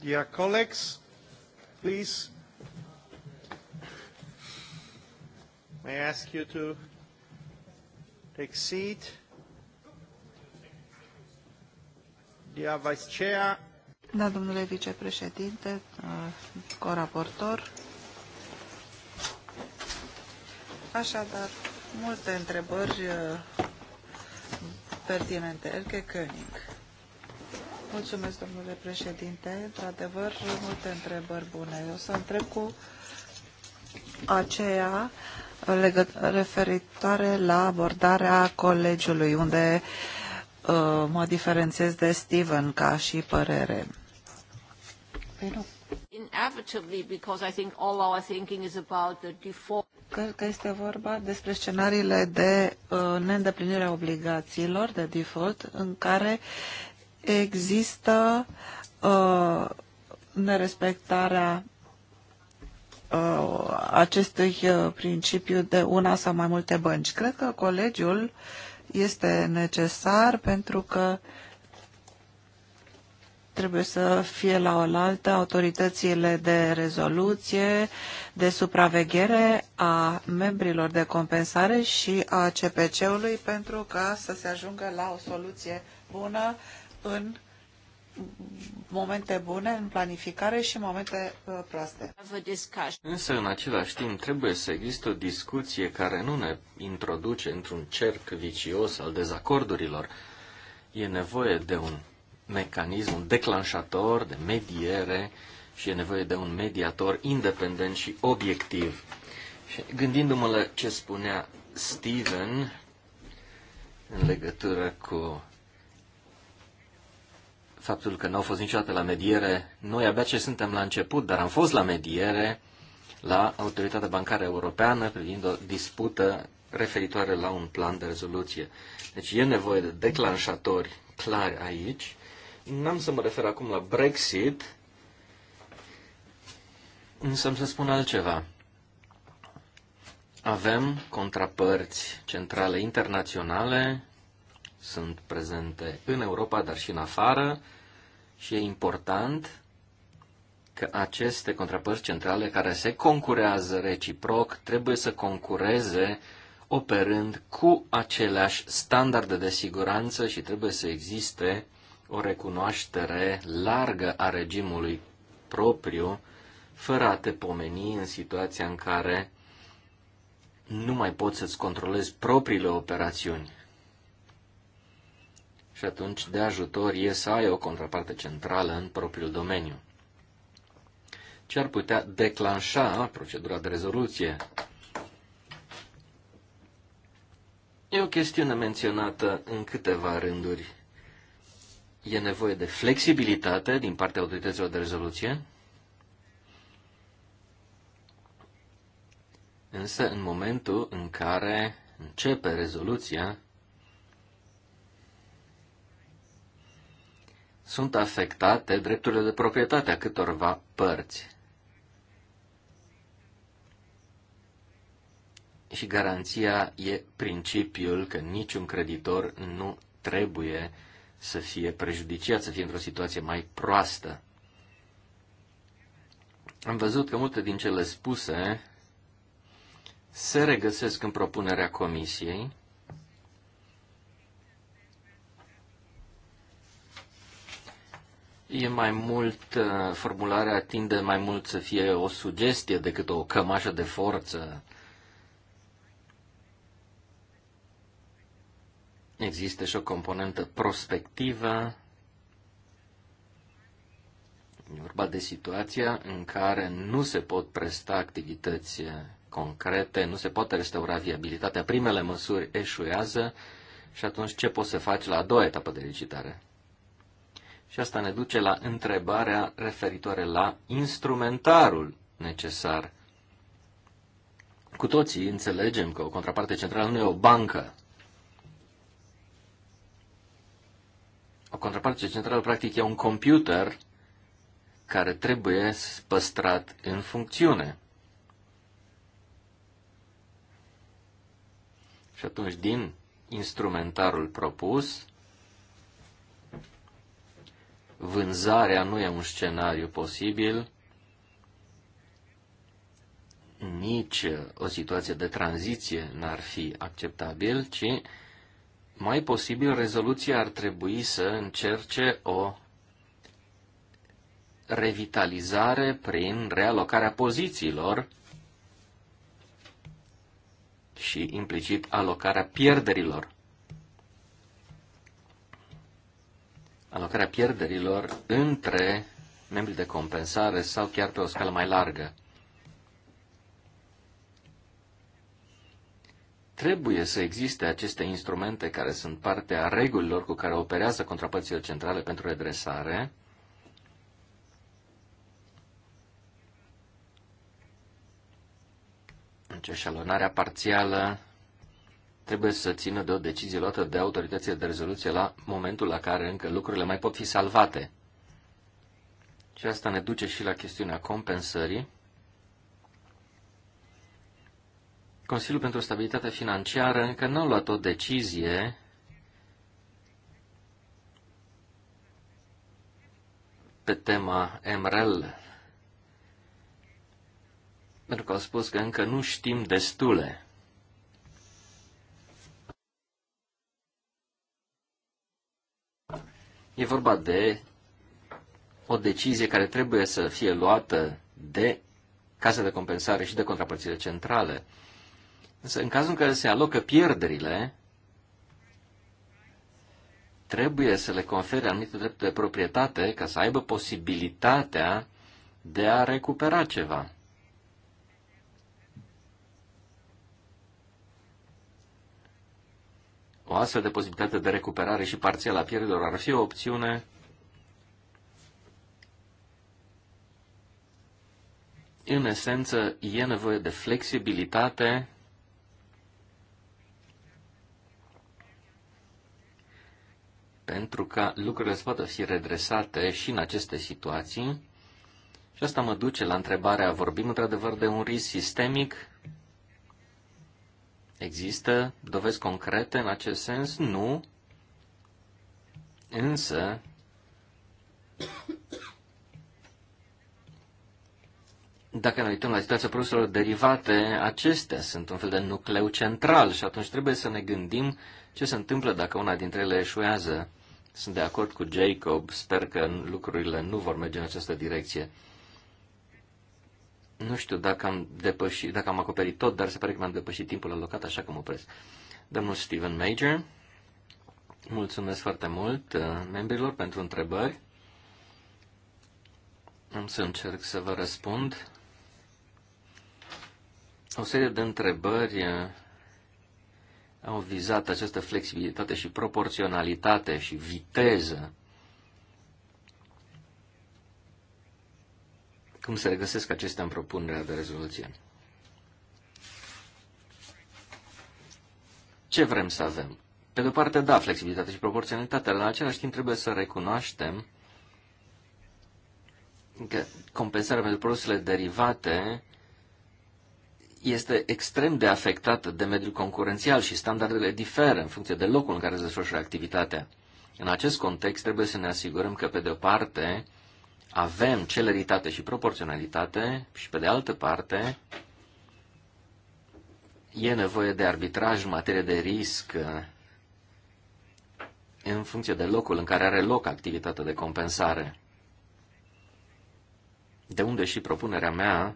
Dear colleagues, please, may I ask you to take seat? Dear Vice Chair. Da, domnule vicepreședinte, coraportor. Așadar, multe întrebări uh, pertinente. Elke König. Mulțumesc, domnule președinte. Într-adevăr, multe întrebări bune. O să întreb cu aceea referitoare la abordarea colegiului, unde uh, mă diferențiez de Steven ca și părere. Păi Cred că este vorba despre scenariile de uh, neîndeplinire a obligațiilor de default în care există uh, nerespectarea uh, acestui uh, principiu de una sau mai multe bănci. Cred că colegiul este necesar pentru că trebuie să fie la oaltă autoritățile de rezoluție, de supraveghere a membrilor de compensare și a CPC-ului pentru ca să se ajungă la o soluție bună în momente bune în planificare și momente uh, proaste. Însă, în același timp, trebuie să există o discuție care nu ne introduce într-un cerc vicios al dezacordurilor. E nevoie de un mecanism, un declanșator de mediere și e nevoie de un mediator independent și obiectiv. Și gândindu-mă la ce spunea Steven în legătură cu faptul că n-au fost niciodată la mediere. Noi abia ce suntem la început, dar am fost la mediere la Autoritatea Bancară Europeană privind o dispută referitoare la un plan de rezoluție. Deci e nevoie de declanșatori clari aici. N-am să mă refer acum la Brexit, însă am să spun altceva. Avem contrapărți centrale internaționale, sunt prezente în Europa, dar și în afară, și e important că aceste contrapărți centrale care se concurează reciproc trebuie să concureze operând cu aceleași standarde de siguranță și trebuie să existe o recunoaștere largă a regimului propriu, fără a te pomeni în situația în care nu mai poți să-ți controlezi propriile operațiuni și atunci de ajutor e să ai o contraparte centrală în propriul domeniu. Ce ar putea declanșa procedura de rezoluție? E o chestiune menționată în câteva rânduri. E nevoie de flexibilitate din partea autorităților de rezoluție, însă în momentul în care începe rezoluția, sunt afectate drepturile de proprietate a câtorva părți. Și garanția e principiul că niciun creditor nu trebuie să fie prejudiciat, să fie într-o situație mai proastă. Am văzut că multe din cele spuse se regăsesc în propunerea comisiei E mai mult, uh, formularea tinde mai mult să fie o sugestie decât o cămașă de forță. Există și o componentă prospectivă. E vorba de situația în care nu se pot presta activități concrete, nu se poate restaura viabilitatea. Primele măsuri eșuează și atunci ce poți să faci la a doua etapă de licitare? Și asta ne duce la întrebarea referitoare la instrumentarul necesar. Cu toții înțelegem că o contraparte centrală nu e o bancă. O contraparte centrală, practic, e un computer care trebuie păstrat în funcțiune. Și atunci, din instrumentarul propus, Vânzarea nu e un scenariu posibil, nici o situație de tranziție n-ar fi acceptabil, ci mai posibil rezoluția ar trebui să încerce o revitalizare prin realocarea pozițiilor și implicit alocarea pierderilor. alocarea pierderilor între membrii de compensare sau chiar pe o scală mai largă. Trebuie să existe aceste instrumente care sunt parte a regulilor cu care operează contrapățile centrale pentru redresare, deci eșalonarea parțială, trebuie să țină de o decizie luată de autoritățile de rezoluție la momentul la care încă lucrurile mai pot fi salvate. Și asta ne duce și la chestiunea compensării. Consiliul pentru Stabilitate Financiară încă nu a luat o decizie pe tema MREL, pentru că au spus că încă nu știm destule E vorba de o decizie care trebuie să fie luată de Casa de Compensare și de Contrapărțile Centrale. Însă, în cazul în care se alocă pierderile, trebuie să le confere anumite drepturi de proprietate ca să aibă posibilitatea de a recupera ceva. O astfel de posibilitate de recuperare și parțială a pierderilor ar fi o opțiune în esență, e nevoie de flexibilitate pentru ca lucrurile să poată fi redresate și în aceste situații. Și asta mă duce la întrebarea, vorbim într-adevăr de un risc sistemic? Există dovezi concrete în acest sens? Nu. Însă, dacă ne uităm la situația produselor derivate, acestea sunt un fel de nucleu central și atunci trebuie să ne gândim ce se întâmplă dacă una dintre ele eșuează. Sunt de acord cu Jacob, sper că lucrurile nu vor merge în această direcție. Nu știu dacă am depășit, dacă am acoperit tot, dar se pare că mi-am depășit timpul alocat, așa că mă opresc. Domnul Steven Major, mulțumesc foarte mult uh, membrilor pentru întrebări. Am să încerc să vă răspund. O serie de întrebări uh, au vizat această flexibilitate și proporționalitate și viteză Cum se regăsesc acestea în propunerea de rezoluție? Ce vrem să avem? Pe de-o parte, da, flexibilitate și proporționalitate, dar în același timp trebuie să recunoaștem că compensarea pentru produsele derivate este extrem de afectată de mediul concurențial și standardele diferă în funcție de locul în care se desfășoară activitatea. În acest context, trebuie să ne asigurăm că, pe de-o parte, avem celeritate și proporționalitate și, pe de altă parte, e nevoie de arbitraj în materie de risc în funcție de locul în care are loc activitatea de compensare. De unde și propunerea mea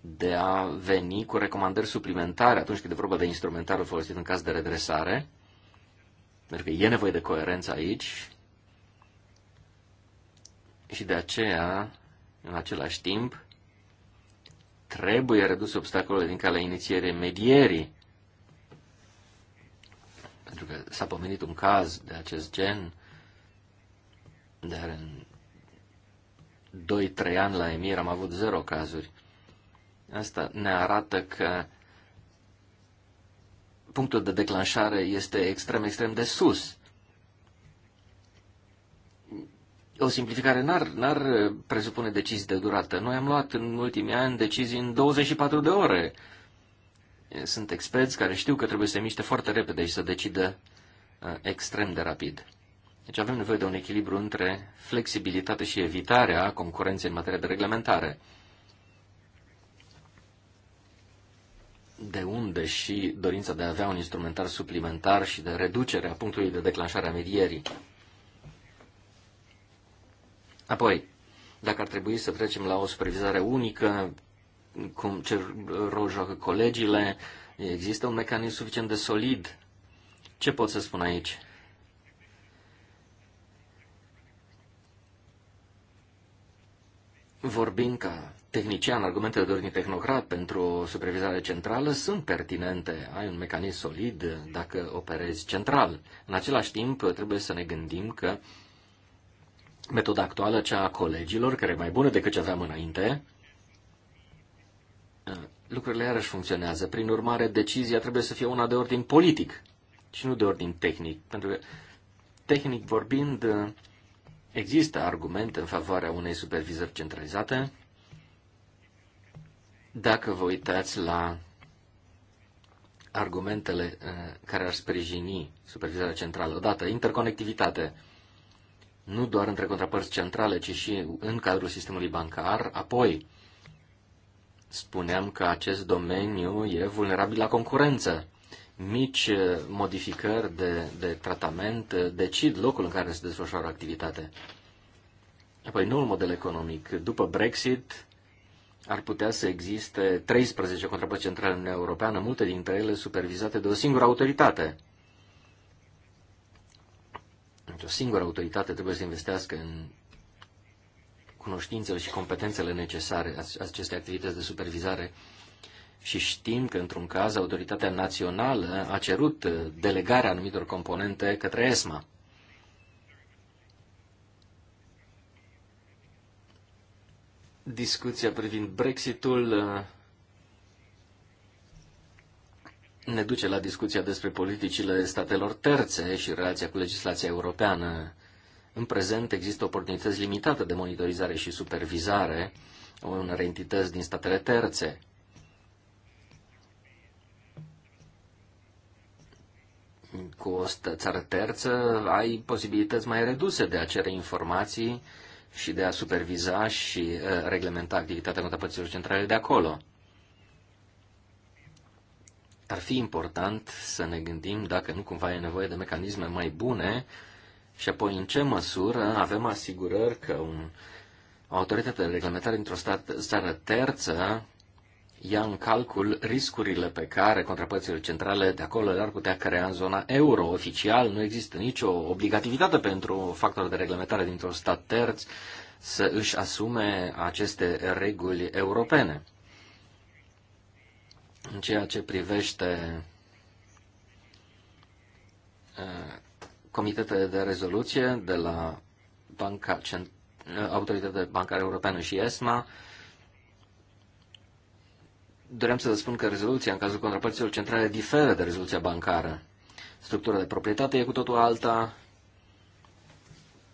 de a veni cu recomandări suplimentare atunci când e vorba de instrumentarul folosit în caz de redresare, pentru că e nevoie de coerență aici, și de aceea, în același timp, trebuie redus obstacolele din calea inițiere medierii. Pentru că s-a pomenit un caz de acest gen, dar în 2-3 ani la Emir am avut zero cazuri. Asta ne arată că punctul de declanșare este extrem, extrem de sus. o simplificare n-ar, n-ar uh, presupune decizii de durată. Noi am luat în ultimii ani decizii în 24 de ore. Sunt experți care știu că trebuie să se miște foarte repede și să decidă uh, extrem de rapid. Deci avem nevoie de un echilibru între flexibilitate și evitarea concurenței în materie de reglementare. De unde și dorința de a avea un instrumentar suplimentar și de reducere punctului de declanșare a medierii. Apoi, dacă ar trebui să trecem la o supervizare unică, cum ce rol joacă colegiile, există un mecanism suficient de solid. Ce pot să spun aici? Vorbind ca tehnician, argumentele de tehnocrat pentru o supervizare centrală sunt pertinente. Ai un mecanism solid dacă operezi central. În același timp, trebuie să ne gândim că uh, metoda actuală, cea a colegilor, care e mai bună decât ce aveam înainte, lucrurile iarăși funcționează. Prin urmare, decizia trebuie să fie una de ordin politic și nu de ordin tehnic. Pentru că, tehnic vorbind, există argumente în favoarea unei supervizări centralizate. Dacă vă uitați la argumentele eh, care ar sprijini supervizarea centrală, odată, interconectivitate, nu doar între contrapărți centrale, ci și în cadrul sistemului bancar. Apoi, spuneam că acest domeniu e vulnerabil la concurență. Mici eh, modificări de, de tratament eh, decid locul în care se desfășoară activitate. Apoi, noul model economic. După Brexit, ar putea să existe 13 contrapărți centrale în Uniunea Europeană, multe dintre ele supervizate de o singură autoritate o singură autoritate trebuie să investească în cunoștințele și competențele necesare acestei activități de supervizare și știm că, într-un caz, autoritatea națională a cerut uh, delegarea anumitor componente către ESMA. Discuția privind Brexitul uh, ne duce la discuția despre politicile statelor terțe și relația cu legislația europeană. În prezent există oportunități limitate de monitorizare și supervizare a unor entități din statele terțe. Cu o țară terță ai posibilități mai reduse de a cere informații și de a superviza și uh, reglementa activitatea contrapărților centrale de acolo ar fi important să ne gândim dacă nu cumva e nevoie de mecanisme mai bune și apoi în ce măsură avem asigurări că un, o autoritate de reglementare dintr-o țară terță ia în calcul riscurile pe care contrapărțile centrale de acolo le-ar putea crea în zona euro. Oficial nu există nicio obligativitate pentru factorul de reglementare dintr-un stat terț să își asume aceste reguli europene. În ceea ce privește uh, comitetele de rezoluție de la Banca uh, Autoritatea Bancară Europeană și ESMA, doream să vă spun că rezoluția în cazul contrapărților centrale diferă de rezoluția bancară. Structura de proprietate e cu totul alta,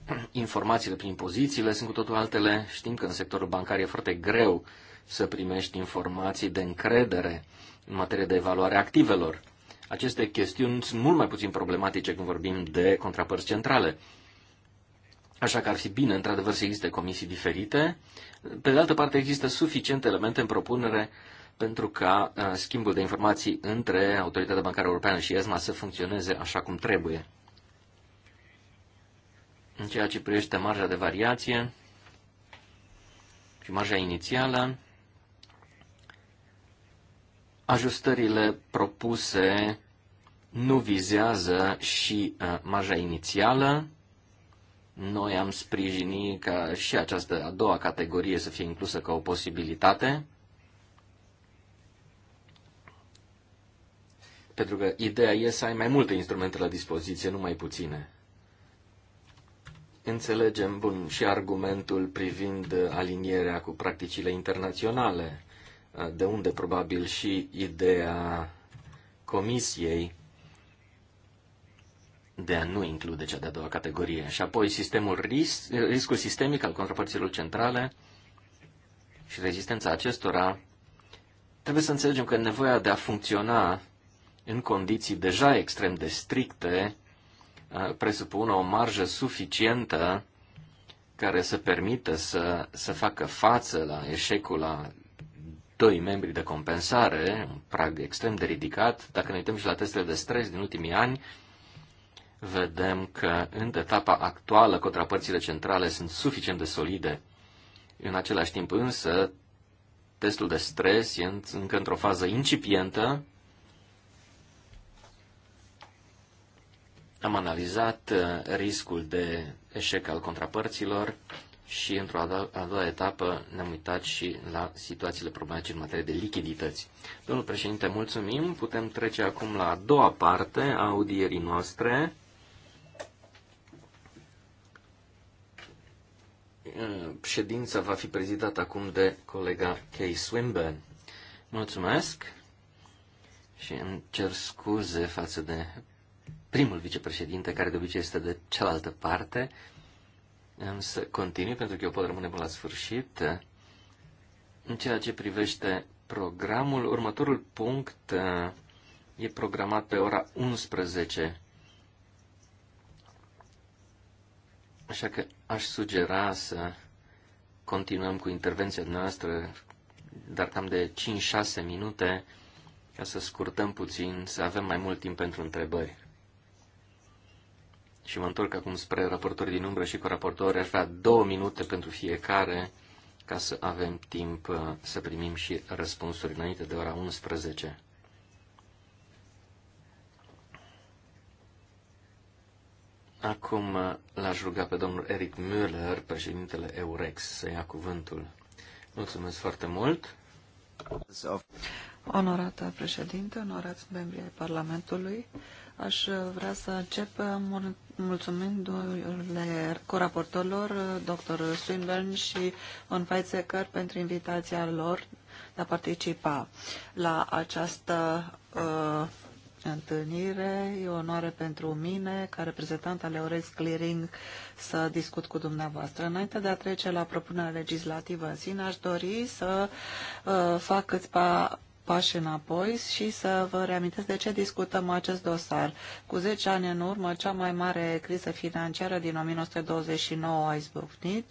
informațiile prin pozițiile sunt cu totul altele. Știm că în sectorul bancar e foarte greu să primești informații de încredere în materie de evaluare activelor. Aceste chestiuni sunt mult mai puțin problematice când vorbim de contrapărți centrale. Așa că ar fi bine, într-adevăr, să existe comisii diferite. Pe de altă parte, există suficiente elemente în propunere pentru ca uh, schimbul de informații între Autoritatea Bancară Europeană și ESMA să funcționeze așa cum trebuie. În ceea ce privește marja de variație și marja inițială, Ajustările propuse nu vizează și uh, marja inițială. Noi am sprijinit ca și această a doua categorie să fie inclusă ca o posibilitate. Pentru că ideea e să ai mai multe instrumente la dispoziție, nu mai puține. Înțelegem, bun, și argumentul privind alinierea cu practicile internaționale de unde probabil și ideea comisiei de a nu include cea de-a doua categorie. Și apoi sistemul ris- riscul sistemic al contrapărților centrale și rezistența acestora. Trebuie să înțelegem că nevoia de a funcționa în condiții deja extrem de stricte uh, presupune o marjă suficientă care să permită să, să facă față la eșecul, la doi membri de compensare, un prag extrem de ridicat. Dacă ne uităm și la testele de stres din ultimii ani, vedem că în etapa actuală contrapărțile centrale sunt suficient de solide. În același timp însă, testul de stres e încă într-o fază incipientă. Am analizat uh, riscul de eșec al contrapărților și, într-o a, doua, a doua etapă, ne-am uitat și la situațiile problematice în materie de lichidități. Domnul președinte, mulțumim. Putem trece acum la a doua parte a audierii noastre. Ședința va fi prezidată acum de colega Kay Swinburne. Mulțumesc și îmi cer scuze față de primul vicepreședinte, care de obicei este de cealaltă parte. Am să continui pentru că eu pot rămâne până la sfârșit. În ceea ce privește programul, următorul punct e programat pe ora 11. Așa că aș sugera să continuăm cu intervenția noastră, dar cam de 5-6 minute, ca să scurtăm puțin, să avem mai mult timp pentru întrebări și mă întorc acum spre raportori din umbră și cu raportori, aș vrea două minute pentru fiecare ca să avem timp uh, să primim și răspunsuri înainte de ora 11. Acum uh, l-aș ruga pe domnul Eric Müller, președintele Eurex, să ia cuvântul. Mulțumesc foarte mult! Onorată președinte, onorați membrii ai Parlamentului, Aș vrea să încep uh, mulțumindu-le coraportorilor, uh, dr. Swinburne și Von Weizsäcker, pentru invitația lor de a participa la această uh, întâlnire. E o onoare pentru mine, ca reprezentant al Eurex Clearing, să discut cu dumneavoastră. Înainte de a trece la propunerea legislativă în sine, aș dori să uh, fac câțiva pași înapoi și să vă reamintesc de ce discutăm acest dosar. Cu 10 ani în urmă, cea mai mare criză financiară din 1929 a izbucnit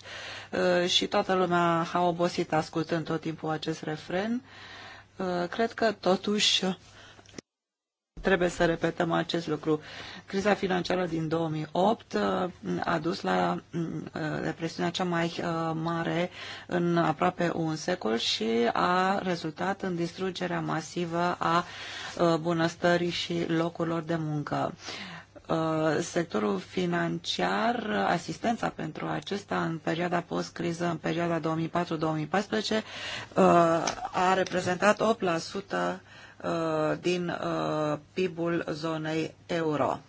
uh, și toată lumea a obosit ascultând tot timpul acest refren. Uh, cred că totuși Trebuie să repetăm acest lucru. Criza financiară din 2008 uh, a dus la depresiunea mm, uh, cea mai uh, mare în aproape un secol și a rezultat în distrugerea masivă a bunăstării și locurilor de muncă sectorul financiar, asistența pentru acesta în perioada post-criză, în perioada 2004-2014, a reprezentat 8% Uh, din uh, PIB-ul zonei euro.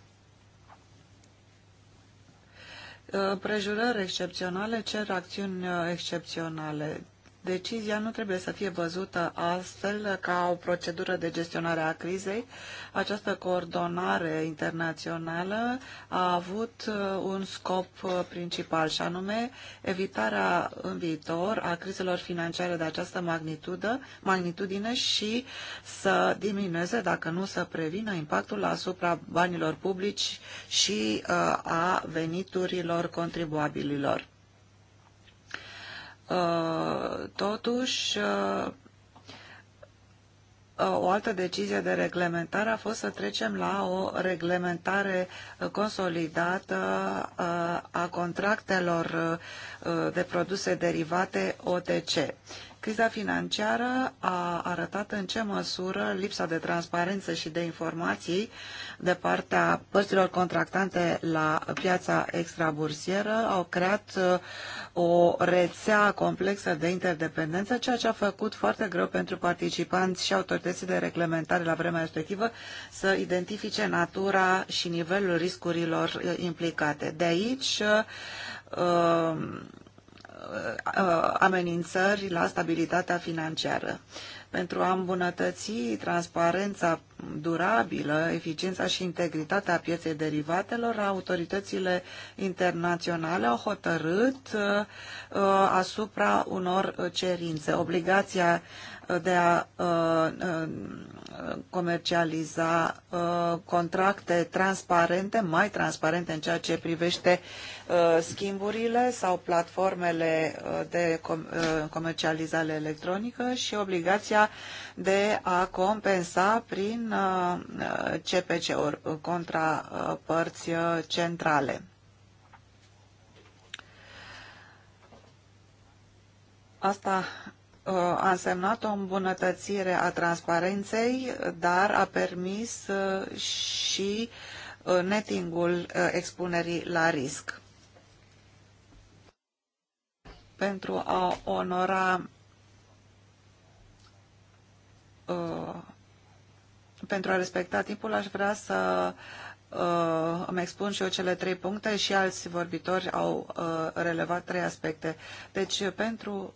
Uh, Prejurări excepționale cer acțiuni excepționale. Decizia nu trebuie să fie văzută astfel ca o procedură de gestionare a crizei. Această coordonare internațională a avut uh, un scop uh, principal și anume evitarea în viitor a crizelor financiare de această magnitudă, magnitudine și să diminueze, dacă nu să prevină, impactul asupra banilor publici și uh, a veniturilor contribuabililor. Uh, totuși, uh, uh, o altă decizie de reglementare a fost să trecem la o reglementare consolidată a contractelor de produse derivate OTC. Criza financiară a arătat în ce măsură lipsa de transparență și de informații de partea părților contractante la piața extrabursieră au creat uh, o rețea complexă de interdependență, ceea ce a făcut foarte greu pentru participanți și autorității de reglementare la vremea respectivă să identifice natura și nivelul riscurilor uh, implicate. De aici uh, Uh, amenințări la stabilitatea financiară. Pentru a îmbunătăți transparența durabilă, eficiența și integritatea pieței derivatelor, autoritățile internaționale au hotărât uh, uh, asupra unor cerințe. Obligația de a comercializa uh, contracte transparente, mai transparente în ceea ce privește uh, schimburile sau platformele uh, de comercializare electronică și obligația de a compensa prin CPC-uri, contrapărți centrale. Asta Uh, a însemnat o îmbunătățire a transparenței, dar a permis uh, și uh, netingul expunerii la risc. Pentru a onora pentru a respecta timpul, aș vrea să uh, îmi expun și eu cele trei puncte și alți vorbitori au uh, relevat trei aspecte. Deci, pentru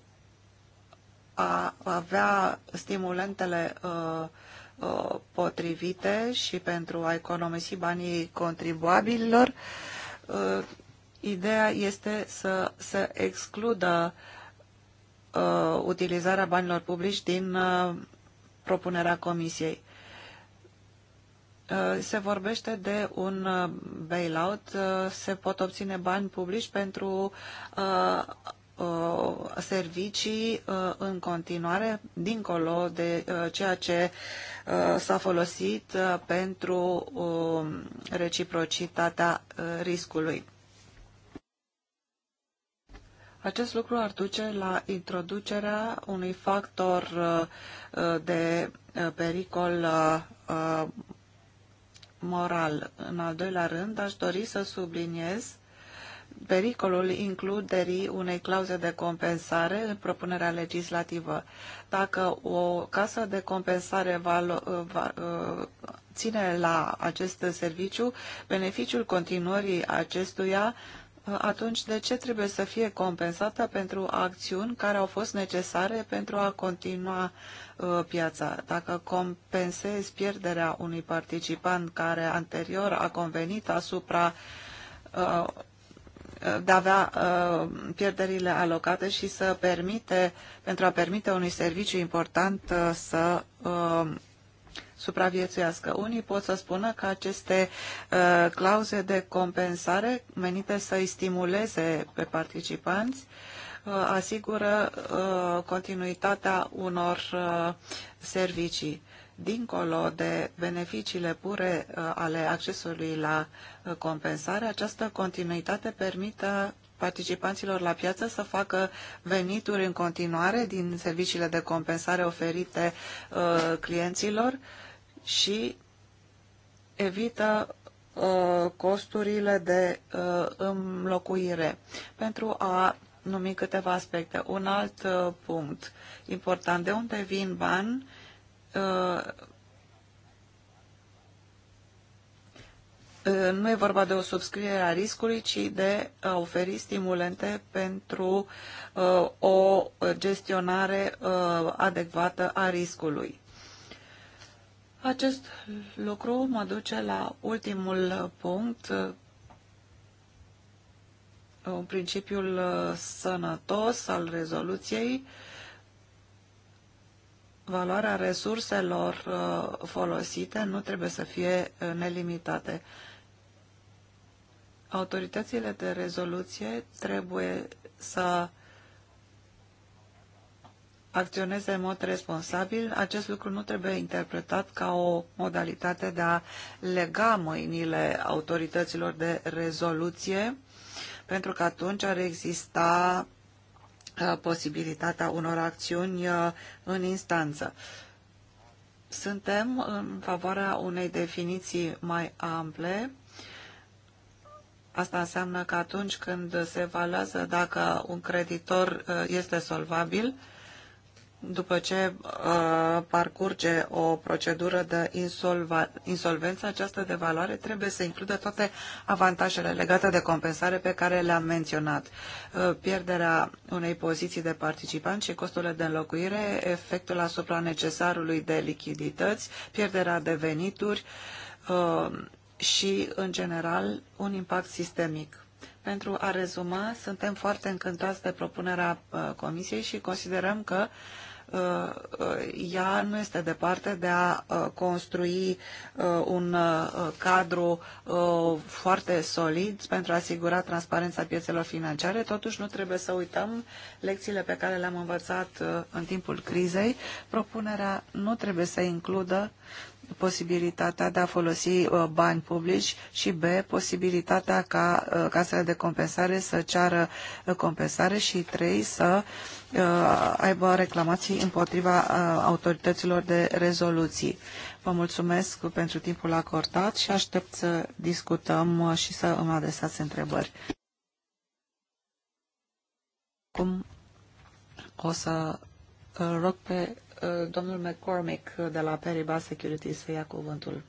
a avea stimulentele uh, uh, potrivite și pentru a economisi banii contribuabililor, uh, ideea este să să excludă utilizarea banilor publici din propunerea Comisiei. Se vorbește de un bailout, se pot obține bani publici pentru Uh, servicii uh, în continuare, dincolo de uh, ceea ce s-a folosit pentru um, reciprocitatea riscului. Acest lucru ar duce la introducerea unui factor de pericol moral. În al doilea rând, aș dori să subliniez pericolul includerii unei clauze de compensare în propunerea legislativă. Dacă o casă de compensare va, va uh, ține la acest serviciu, beneficiul continuării acestuia uh, atunci de ce trebuie să fie compensată pentru acțiuni care au fost necesare pentru a continua uh, piața? Dacă compensezi pierderea unui participant care anterior a convenit asupra uh, de a avea uh, pierderile alocate și să permite, pentru a permite unui serviciu important uh, să uh, supraviețuiască. Unii pot să spună că aceste clauze de compensare menite să-i stimuleze pe participanți asigură continuitatea unor servicii dincolo de beneficiile pure uh, ale accesului la uh, compensare, această continuitate permită participanților la piață să facă venituri în continuare din serviciile de compensare oferite uh, clienților și evită costurile de înlocuire. Pentru a numi câteva aspecte. Un alt punct important, de unde vin bani Uh, nu e vorba de o subscriere a riscului, ci de a oferi stimulente pentru uh, o gestionare uh, adecvată a riscului. Acest lucru mă duce la ultimul punct, un principiul sănătos al rezoluției, valoarea resurselor uh, folosite nu trebuie să fie uh, nelimitate. Autoritățile de rezoluție trebuie să acționeze în mod responsabil. Acest lucru nu trebuie interpretat ca o modalitate de a lega mâinile autorităților de rezoluție, pentru că atunci ar exista Uh, posibilitatea unor acțiuni uh, în instanță. Suntem în favoarea unei definiții mai ample. Asta înseamnă că atunci când se evaluează dacă un creditor uh, este solvabil, după ce uh, parcurge o procedură de insolva, insolvență, această devaluare trebuie să includă toate avantajele legate de compensare pe care le-am menționat. Uh, pierderea unei poziții de participant și costurile de înlocuire, efectul asupra necesarului de lichidități, pierderea de venituri uh, și, în general, un impact sistemic. Pentru a rezuma, suntem foarte încântați de propunerea uh, Comisiei și considerăm că uh, Uh, ea nu este departe de a uh, construi uh, un cadru foarte solid pentru a asigura transparența piețelor financiare. Totuși nu trebuie să uităm lecțiile pe care le-am învățat în timpul crizei. Propunerea nu trebuie să includă posibilitatea de a folosi uh, bani publici și B, posibilitatea ca uh, casele de compensare să ceară uh, compensare și 3, să aibă reclamații împotriva autorităților de rezoluții. Vă mulțumesc pentru timpul acordat și aștept să discutăm și să îmi adresați întrebări. Cum o să rog pe Uh, domnul McCormick uh, de la Peribas Security să ia cuvântul.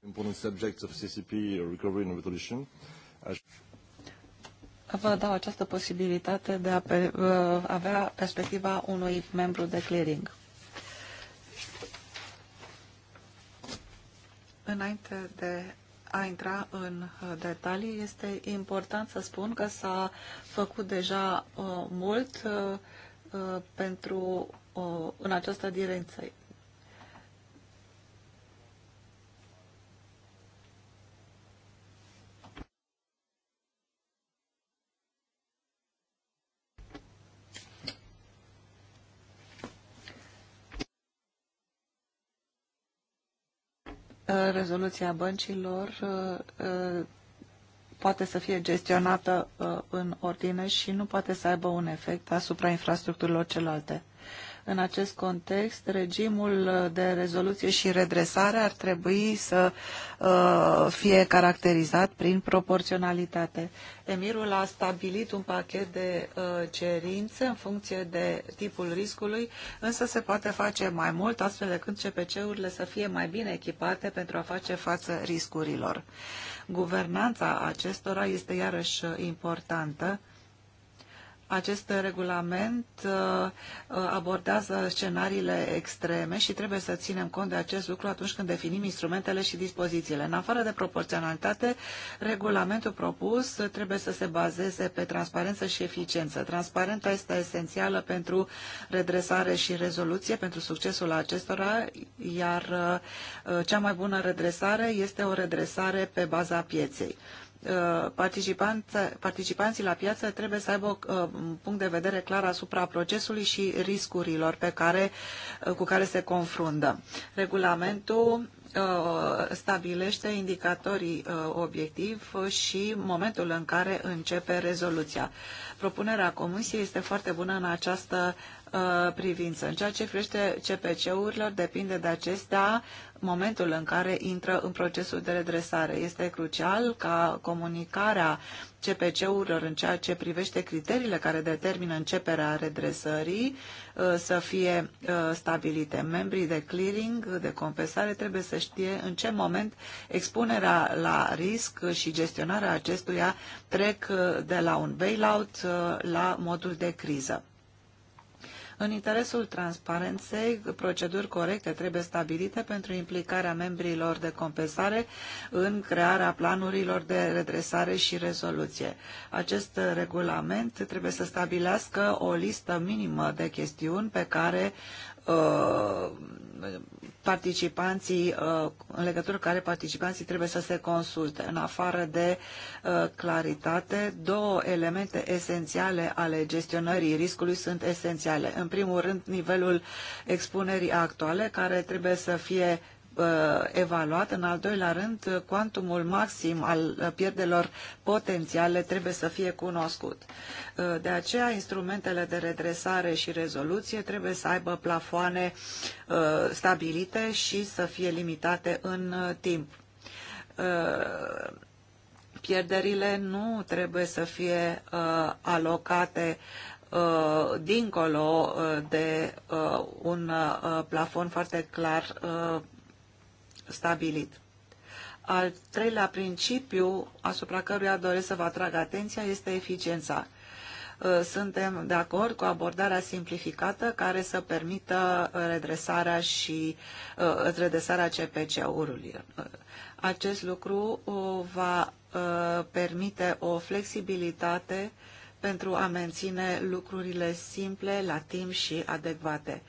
Important subjects of CCP uh, recovery and resolution. Vă dau această posibilitate de a avea perspectiva unui membru de clearing. Înainte de a intra în uh, detalii, este important să spun că s-a făcut deja uh, mult uh, pentru în această direcție. Uh, rezoluția băncilor uh, uh, poate să fie gestionată în ordine și nu poate să aibă un efect asupra infrastructurilor celelalte. În acest context, regimul de rezoluție și redresare ar trebui să uh, fie caracterizat prin proporționalitate. Emirul a stabilit un pachet de uh, cerințe în funcție de tipul riscului, însă se poate face mai mult astfel încât CPC-urile să fie mai bine echipate pentru a face față riscurilor. Guvernanța acestora este iarăși importantă acest regulament uh, uh, abordează scenariile extreme și trebuie să ținem cont de acest lucru atunci când definim instrumentele și dispozițiile. În afară de proporționalitate, regulamentul propus trebuie să se bazeze pe transparență și eficiență. Transparența este esențială pentru redresare și rezoluție, pentru succesul acestora, iar uh, cea mai bună redresare este o redresare pe baza pieței. Uh, participanții la piață trebuie să aibă uh, un punct de vedere clar asupra procesului și riscurilor pe care, uh, cu care se confruntă. Regulamentul stabilește indicatorii obiectiv și momentul în care începe rezoluția. Propunerea Comisiei este foarte bună în această uh, privință. În ceea ce privește CPC-urilor, depinde de acestea momentul în care intră în procesul de redresare. Este crucial ca comunicarea CPC-urilor în ceea ce privește criteriile care determină începerea redresării uh, să fie uh, stabilite. Membrii de clearing, de compensare, trebuie să știe în ce moment expunerea la risc și gestionarea acestuia trec uh, de la un bailout la modul de criză. În interesul transparenței, proceduri corecte trebuie stabilite pentru implicarea membrilor de compensare în crearea planurilor de redresare și rezoluție. Acest regulament trebuie să stabilească o listă minimă de chestiuni pe care Uh, participanții, uh, în legătură cu care participanții trebuie să se consulte. În afară de uh, claritate, două elemente esențiale ale gestionării riscului sunt esențiale. În primul rând, nivelul expunerii actuale, care trebuie să fie Uh, evaluat. În al doilea rând, cuantumul maxim al uh, pierderilor potențiale trebuie să fie cunoscut. Uh, de aceea, instrumentele de redresare și rezoluție trebuie să aibă plafoane stabilite și să fie limitate în timp pierderile nu trebuie să fie uh, alocate dincolo de un plafon foarte clar stabilit. Al treilea principiu asupra căruia doresc să vă atrag atenția este eficiența. Uh, suntem de acord cu abordarea simplificată care să permită redresarea și uh, redresarea cpc ului uh, Acest lucru va permite o flexibilitate pentru a menține lucrurile simple, la timp și adecvate.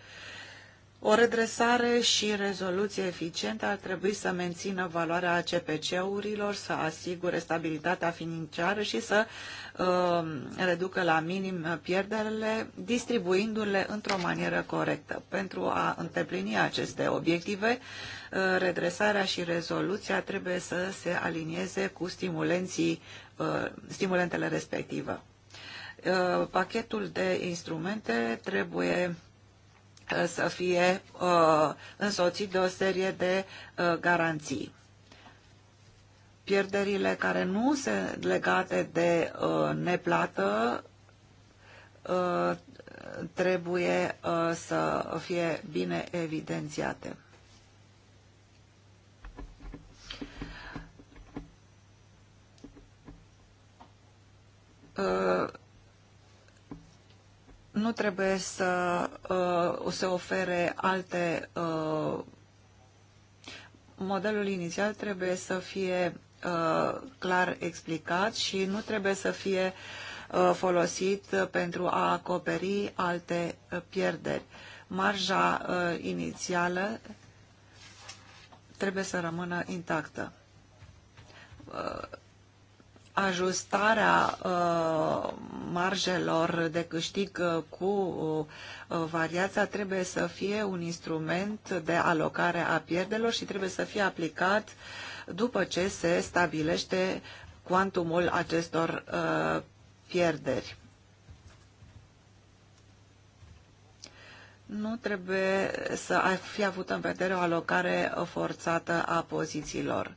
O redresare și rezoluție eficientă ar trebui să mențină valoarea ACPC-urilor, să asigure stabilitatea financiară și să uh, reducă la minim pierderile, distribuindu-le într-o manieră corectă. Pentru a îndeplini aceste obiective, uh, redresarea și rezoluția trebuie să se alinieze cu stimulenții, uh, stimulentele respective. Uh, pachetul de instrumente trebuie Eh, să fie eh, însoțit de o serie de eh, garanții. Pierderile care nu sunt legate de neplată trebuie să fie bine evidențiate nu trebuie să uh, se ofere alte. Uh, modelul inițial trebuie să fie uh, clar explicat și nu trebuie să fie uh, folosit pentru a acoperi alte uh, pierderi. Marja uh, inițială trebuie să rămână intactă. Uh, ajustarea uh, marjelor de câștig uh, cu uh, variația trebuie să fie un instrument de alocare a pierderilor și trebuie să fie aplicat după ce se stabilește cuantumul acestor uh, pierderi. Nu trebuie să fi avut în vedere o alocare forțată a pozițiilor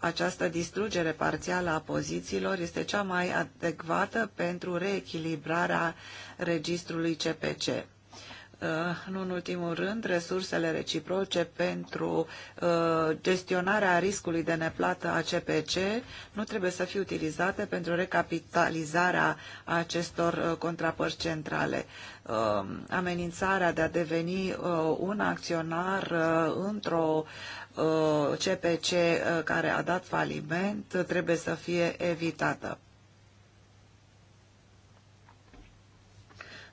această distrugere parțială a pozițiilor este cea mai adecvată pentru reechilibrarea registrului CPC. Uh, nu în ultimul rând, resursele reciproce pentru uh, gestionarea riscului de neplată a CPC nu trebuie să fie utilizate pentru recapitalizarea acestor uh, contrapărți centrale. Amenințarea de a deveni un acționar într-o CPC uh, uh, care a dat faliment uh, trebuie să fie evitată.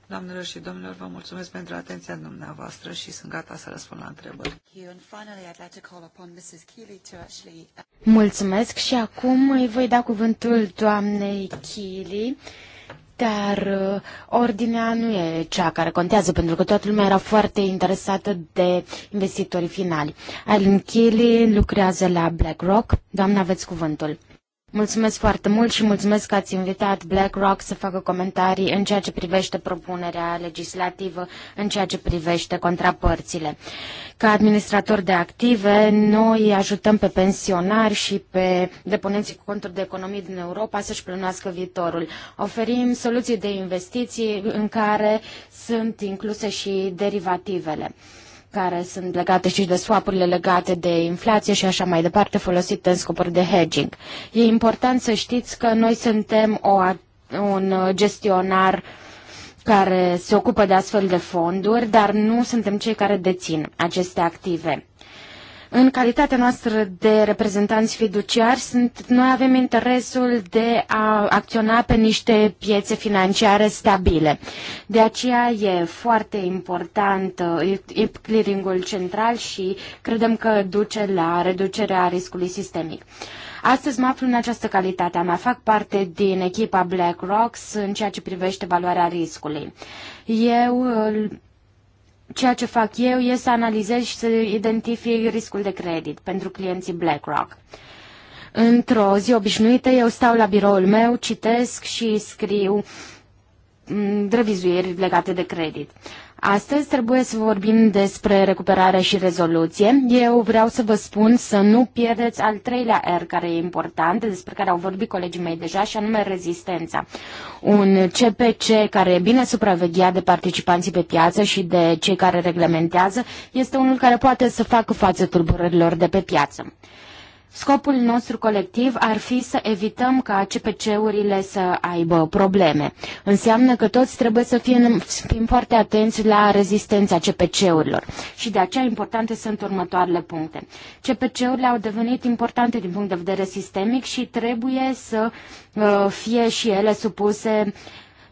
Doamnelor și domnilor, vă mulțumesc pentru atenția dumneavoastră și sunt gata să răspund la întrebări. Mulțumesc și acum îi voi da cuvântul doamnei Keely dar uh, ordinea nu e cea care contează, pentru că toată lumea era foarte interesată de investitorii finali. Alan Kelly lucrează la BlackRock. Doamna, aveți cuvântul. Mulțumesc foarte mult și mulțumesc că ați invitat BlackRock să facă comentarii în ceea ce privește propunerea legislativă, în ceea ce privește contrapărțile. Ca administrator de active, noi ajutăm pe pensionari și pe deponenții cu conturi de economie din Europa să-și plănească viitorul. Oferim soluții de investiții în care sunt incluse și derivativele care sunt legate și de swapurile legate de inflație și așa mai departe, folosite în scopuri de hedging. E important să știți că noi suntem o, un gestionar care se ocupă de astfel de fonduri, dar nu suntem cei care dețin aceste active. În calitatea noastră de reprezentanți fiduciari, sunt, noi avem interesul de a acționa pe niște piețe financiare stabile. De aceea e foarte important uh, clearingul central și credem că duce la reducerea riscului sistemic. Astăzi mă aflu în această calitate. Mea fac parte din echipa BlackRock în ceea ce privește valoarea riscului. Eu ceea ce fac eu e să analizez și să identific riscul de credit pentru clienții BlackRock. Într-o zi obișnuită, eu stau la biroul meu, citesc și scriu mm, revizuiri legate de credit. Astăzi trebuie să vorbim despre recuperare și rezoluție. Eu vreau să vă spun să nu pierdeți al treilea R care e important, despre care au vorbit colegii mei deja, și anume rezistența. Un CPC care e bine supravegheat de participanții pe piață și de cei care reglementează este unul care poate să facă față tulburărilor de pe piață. Scopul nostru colectiv ar fi să evităm ca CPC-urile să aibă probleme. Înseamnă că toți trebuie să fim, fim foarte atenți la rezistența CPC-urilor și de aceea importante sunt următoarele puncte. CPC-urile au devenit importante din punct de vedere sistemic și trebuie să uh, fie și ele supuse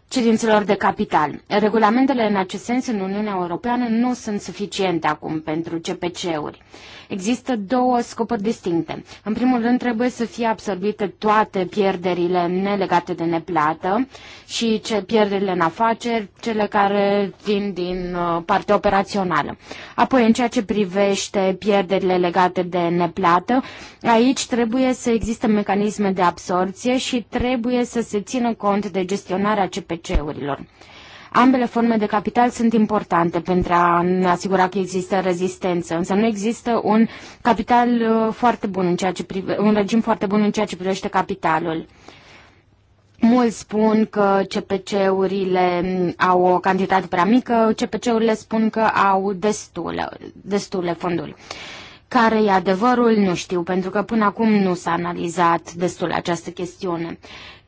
cerințelor de capital. Regulamentele în acest sens în Uniunea Europeană nu sunt suficiente acum pentru CPC-uri. Uh, Există două scopuri distincte. În primul rând, trebuie să fie absorbite toate pierderile nelegate de neplată și ce pierderile în afaceri, cele care vin din uh, partea operațională. Apoi, în ceea ce privește pierderile legate de neplată, aici trebuie să existe mecanisme de absorție și trebuie să se țină cont de gestionarea CPC-urilor. Ambele forme de capital sunt importante pentru a ne asigura că există rezistență, însă nu există un capital uh, foarte bun în ceea ce prive, un regim foarte bun în ceea ce privește capitalul. Mulți spun că CPC-urile au o cantitate prea mică, CPC-urile spun că au destule, destule fonduri. Care e adevărul, nu știu, pentru că până acum nu s-a analizat destul această chestiune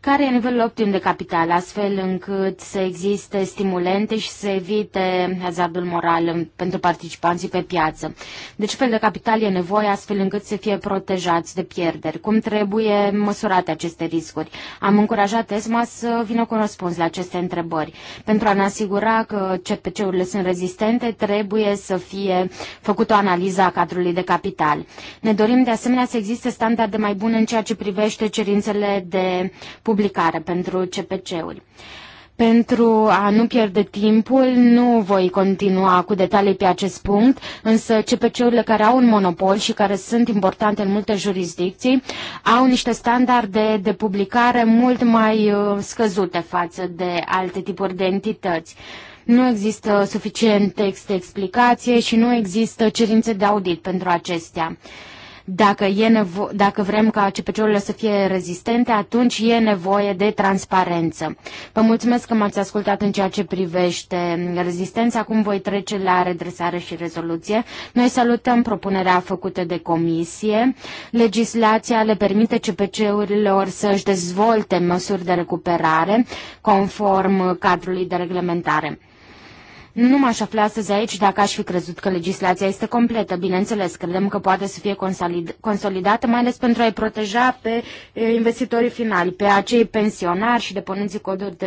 care e nivelul optim de capital, astfel încât să existe stimulente și să evite hazardul moral pentru participanții pe piață. De ce fel de capital e nevoie, astfel încât să fie protejați de pierderi? Cum trebuie măsurate aceste riscuri? Am încurajat ESMA să vină cu un răspuns la aceste întrebări. Pentru a ne asigura că CPC-urile sunt rezistente, trebuie să fie făcută o analiză a cadrului de capital. Ne dorim de asemenea să existe standarde mai bune în ceea ce privește cerințele de publicare pentru CPC-uri. Pentru a nu pierde timpul, nu voi continua cu detalii pe acest punct, însă CPC-urile care au un monopol și care sunt importante în multe jurisdicții au niște standarde de publicare mult mai uh, scăzute față de alte tipuri de entități. Nu există suficient text de explicație și nu există cerințe de audit pentru acestea. Dacă, e nevo- dacă vrem ca CPC-urile să fie rezistente, atunci e nevoie de transparență. Vă mulțumesc că m-ați ascultat în ceea ce privește rezistența. Acum voi trece la redresare și rezoluție. Noi salutăm propunerea făcută de comisie. Legislația le permite CPC-urilor să își dezvolte măsuri de recuperare conform cadrului de reglementare. Nu m-aș afla astăzi aici dacă aș fi crezut că legislația este completă. Bineînțeles, credem că poate să fie consolid consolidată, mai ales pentru a-i proteja pe investitorii finali, pe acei pensionari și deponenții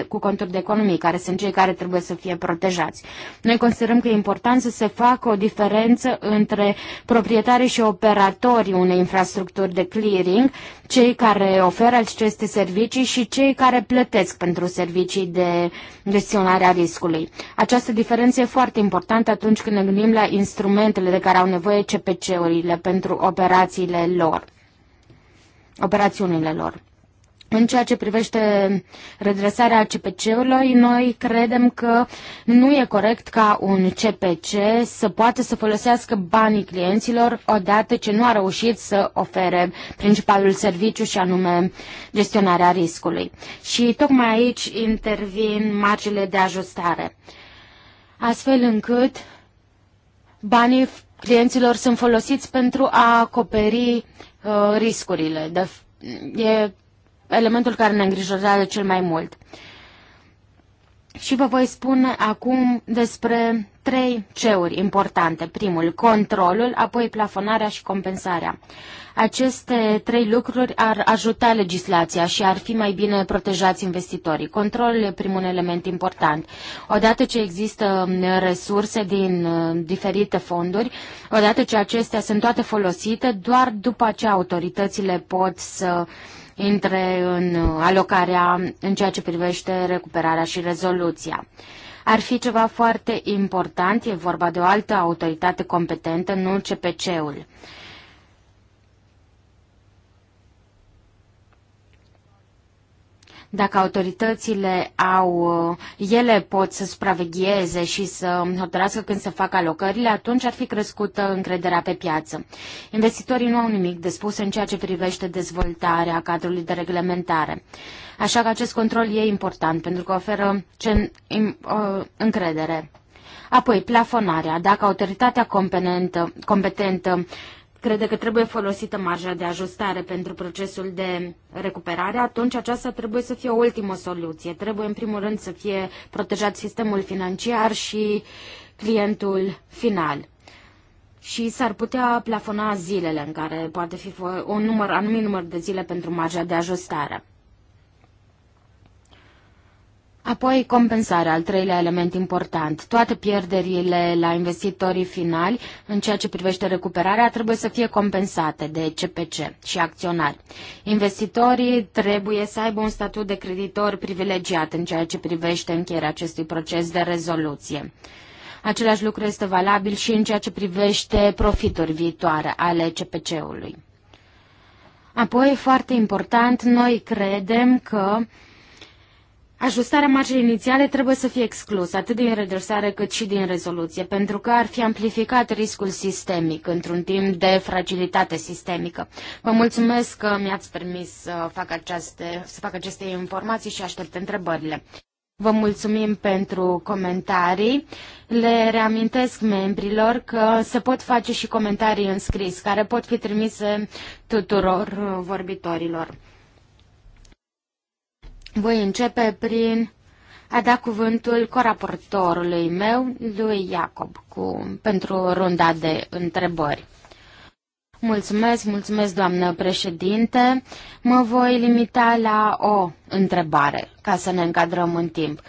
cu conturi de economie, care sunt cei care trebuie să fie protejați. Noi considerăm că e important să se facă o diferență între proprietarii și operatorii unei infrastructuri de clearing, cei care oferă aceste servicii și cei care plătesc pentru servicii de gestionare a riscului. Această diferență Diferență e foarte importantă atunci când ne gândim la instrumentele de care au nevoie CPC-urile pentru operațiile lor, operațiunile lor. În ceea ce privește redresarea cpc ului noi credem că nu e corect ca un CPC să poată să folosească banii clienților odată ce nu a reușit să ofere principalul serviciu și anume gestionarea riscului. Și tocmai aici intervin margile de ajustare astfel încât banii clienților sunt folosiți pentru a acoperi uh, riscurile. De, e elementul care ne îngrijorează cel mai mult. Și vă voi spune acum despre trei ceuri importante. Primul, controlul, apoi plafonarea și compensarea. Aceste trei lucruri ar ajuta legislația și ar fi mai bine protejați investitorii. Controlul e primul element important. Odată ce există mm, resurse din mm, diferite fonduri, odată ce acestea sunt toate folosite, doar după aceea autoritățile pot să uh, intre în alocarea în ceea ce privește recuperarea și rezoluția. Ar fi ceva foarte important, e vorba de o altă autoritate competentă, nu CPC-ul. Dacă autoritățile au, ele pot să supravegheze și să hotărască când să facă alocările, atunci ar fi crescută încrederea pe piață. Investitorii nu au nimic de spus în ceea ce privește dezvoltarea cadrului de reglementare. Așa că acest control e important pentru că oferă cen, uh, încredere. Apoi, plafonarea. Dacă autoritatea competentă, competentă crede că trebuie folosită marja de ajustare pentru procesul de recuperare, atunci aceasta trebuie să fie o ultimă soluție. Trebuie, în primul rând, să fie protejat sistemul financiar și clientul final. Și s-ar putea plafona zilele în care poate fi un număr, anumit număr de zile pentru marja de ajustare. Apoi, compensarea, al treilea element important. Toate pierderile la investitorii finali, în ceea ce privește recuperarea, trebuie să fie compensate de CPC și acționari. Investitorii trebuie să aibă un statut de creditor privilegiat în ceea ce privește încheierea acestui proces de rezoluție. Același lucru este valabil și în ceea ce privește profituri viitoare ale CPC-ului. Apoi, foarte important, noi credem că uh, Ajustarea marjei inițiale trebuie să fie exclusă, atât din redresare cât și din rezoluție, pentru că ar fi amplificat riscul sistemic într-un timp de fragilitate sistemică. Vă mulțumesc că mi-ați permis să fac, aceste, să fac aceste informații și aștept întrebările. Vă mulțumim pentru comentarii. Le reamintesc membrilor că se pot face și comentarii în scris, care pot fi trimise tuturor vorbitorilor. Voi începe prin a da cuvântul coraportorului meu, lui Iacob, cu, pentru runda de întrebări. Mulțumesc, mulțumesc, doamnă președinte. Mă voi limita la o întrebare, ca să ne încadrăm în timp.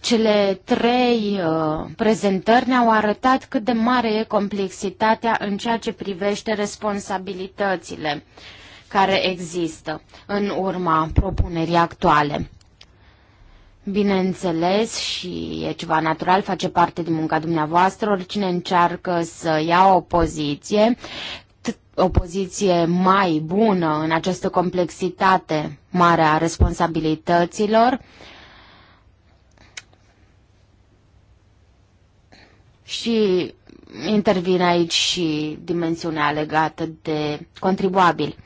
Cele trei uh, prezentări ne-au arătat cât de mare e complexitatea în ceea ce privește responsabilitățile. Uh, care există în urma propunerii actuale. Bineînțeles și e ceva natural, face parte din munca dumneavoastră, oricine încearcă să ia o poziție, o poziție mai bună în această complexitate mare a responsabilităților, și intervine aici și dimensiunea legată de contribuabil.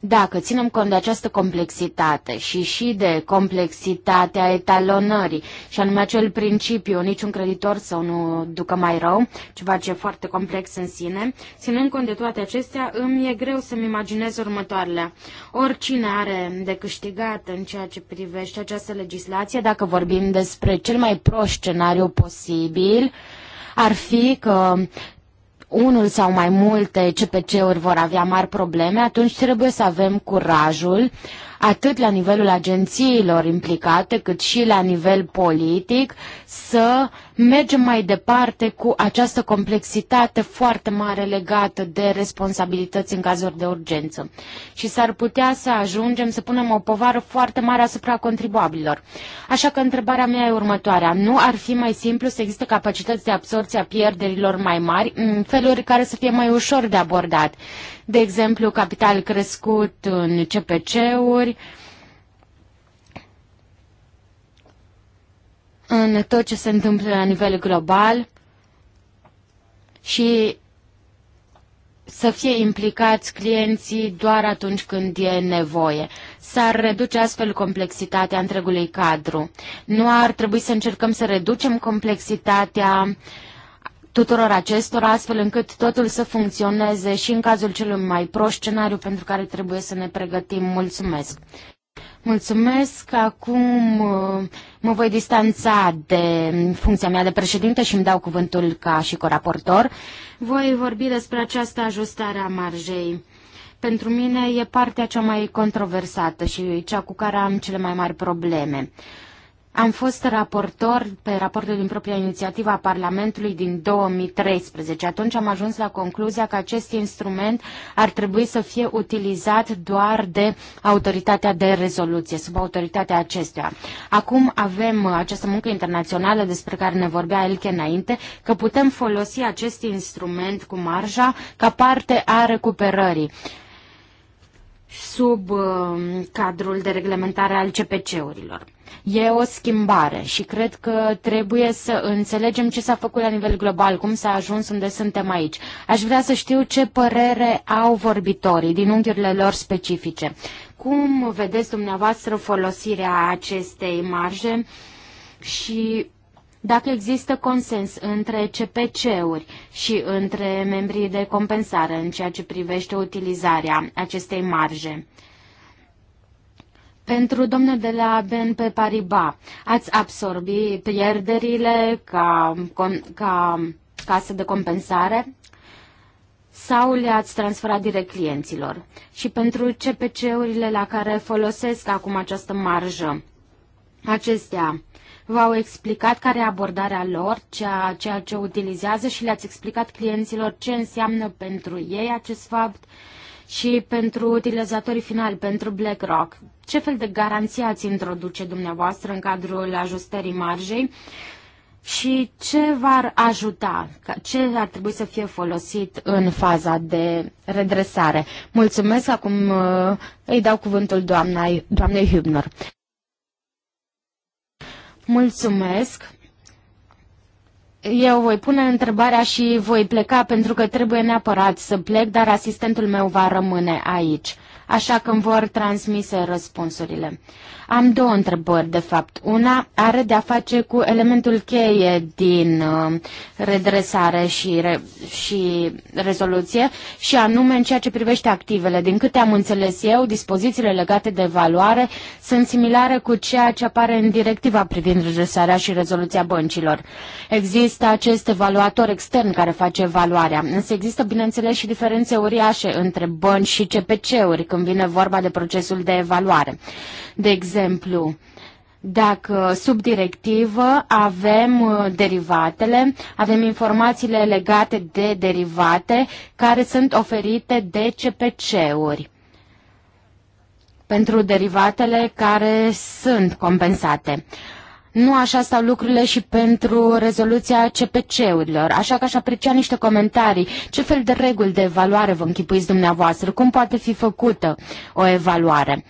Dacă ținem cont de această complexitate și și de complexitatea etalonării, și anume acel principiu, niciun creditor să nu ducă mai rău, ceva ce e foarte complex în sine, ținând cont de toate acestea, îmi e greu să-mi imaginez următoarele. Oricine are de câștigat în ceea ce privește această legislație, dacă vorbim despre cel mai prost scenariu posibil, uh, ar fi că unul sau mai multe CPC-uri vor avea mari probleme, atunci trebuie să avem curajul atât la nivelul agențiilor implicate, cât și la nivel politic, să mergem mai departe cu această complexitate foarte mare legată de responsabilități în cazuri de urgență. Și s-ar putea să ajungem să punem o povară foarte mare asupra contribuabililor. Așa că întrebarea mea e următoarea. Nu ar fi mai simplu să există capacități de absorție a pierderilor mai mari, în feluri care să fie mai ușor de abordat? de exemplu capital crescut în CPC-uri, în tot ce se întâmplă la nivel global și să fie implicați clienții doar atunci când e nevoie. S-ar reduce astfel complexitatea întregului cadru. Nu ar trebui să încercăm să reducem complexitatea uh, tuturor acestora, astfel încât totul să funcționeze și în cazul celui mai proști scenariu pentru care trebuie să ne pregătim. Mulțumesc! Mulțumesc. Acum uh, mă voi distanța de funcția mea de președinte și îmi dau cuvântul ca și coraportor. Voi vorbi despre această ajustare a marjei. Pentru mine e partea cea mai controversată și cea cu care am cele mai mari probleme. Am fost raportor pe raportul din propria inițiativă a Parlamentului din 2013. Atunci am ajuns la concluzia că acest instrument ar trebui să fie utilizat doar de autoritatea de rezoluție, sub autoritatea acestuia. Acum avem această muncă internațională despre care ne vorbea Elke înainte, că putem folosi acest instrument cu marja ca parte a recuperării sub um, cadrul de reglementare al CPC-urilor. E o schimbare și cred că trebuie să înțelegem ce s-a făcut la nivel global, cum s-a ajuns unde suntem aici. Aș vrea să știu ce părere au vorbitorii din unghiurile lor specifice. Cum vedeți dumneavoastră folosirea acestei marje și dacă există consens între CPC-uri și între membrii de compensare în ceea ce privește utilizarea acestei marje. Pentru domnul de la BNP Paribas, ați absorbi pierderile ca, ca casă de compensare sau le-ați transferat direct clienților? Și pentru CPC-urile la care folosesc acum această marjă, acestea V-au explicat care e abordarea lor, ceea, ceea ce utilizează și le-ați explicat clienților ce înseamnă pentru ei acest fapt și pentru utilizatorii finali, pentru BlackRock. Ce fel de garanții ați introduce dumneavoastră în cadrul ajustării marjei? Și ce v-ar ajuta? Ce ar trebui să fie folosit în faza de redresare? Mulțumesc, acum uh, îi dau cuvântul doamnei, doamnei Hübner. Mulțumesc! Eu voi pune întrebarea și voi pleca pentru că trebuie neapărat să plec, dar asistentul meu va rămâne aici așa că îmi vor transmise răspunsurile. Am două întrebări, de fapt. Una are de-a face cu elementul cheie din uh, redresare și, re, și rezoluție și anume în ceea ce privește activele. Din câte am înțeles eu, dispozițiile legate de valoare sunt similare cu ceea ce apare în directiva privind redresarea și rezoluția băncilor. Există acest evaluator extern care face valoarea, însă există, bineînțeles, și diferențe uriașe între bănci și CPC-uri când vine vorba de procesul de evaluare. De exemplu, dacă sub directivă avem uh, derivatele, avem informațiile legate de derivate care sunt oferite de CPC-uri pentru derivatele care sunt compensate. Nu așa stau lucrurile și pentru rezoluția CPC-urilor, așa că aș aprecia niște comentarii. Ce fel de reguli de evaluare vă închipuiți dumneavoastră? Cum poate fi făcută o evaluare?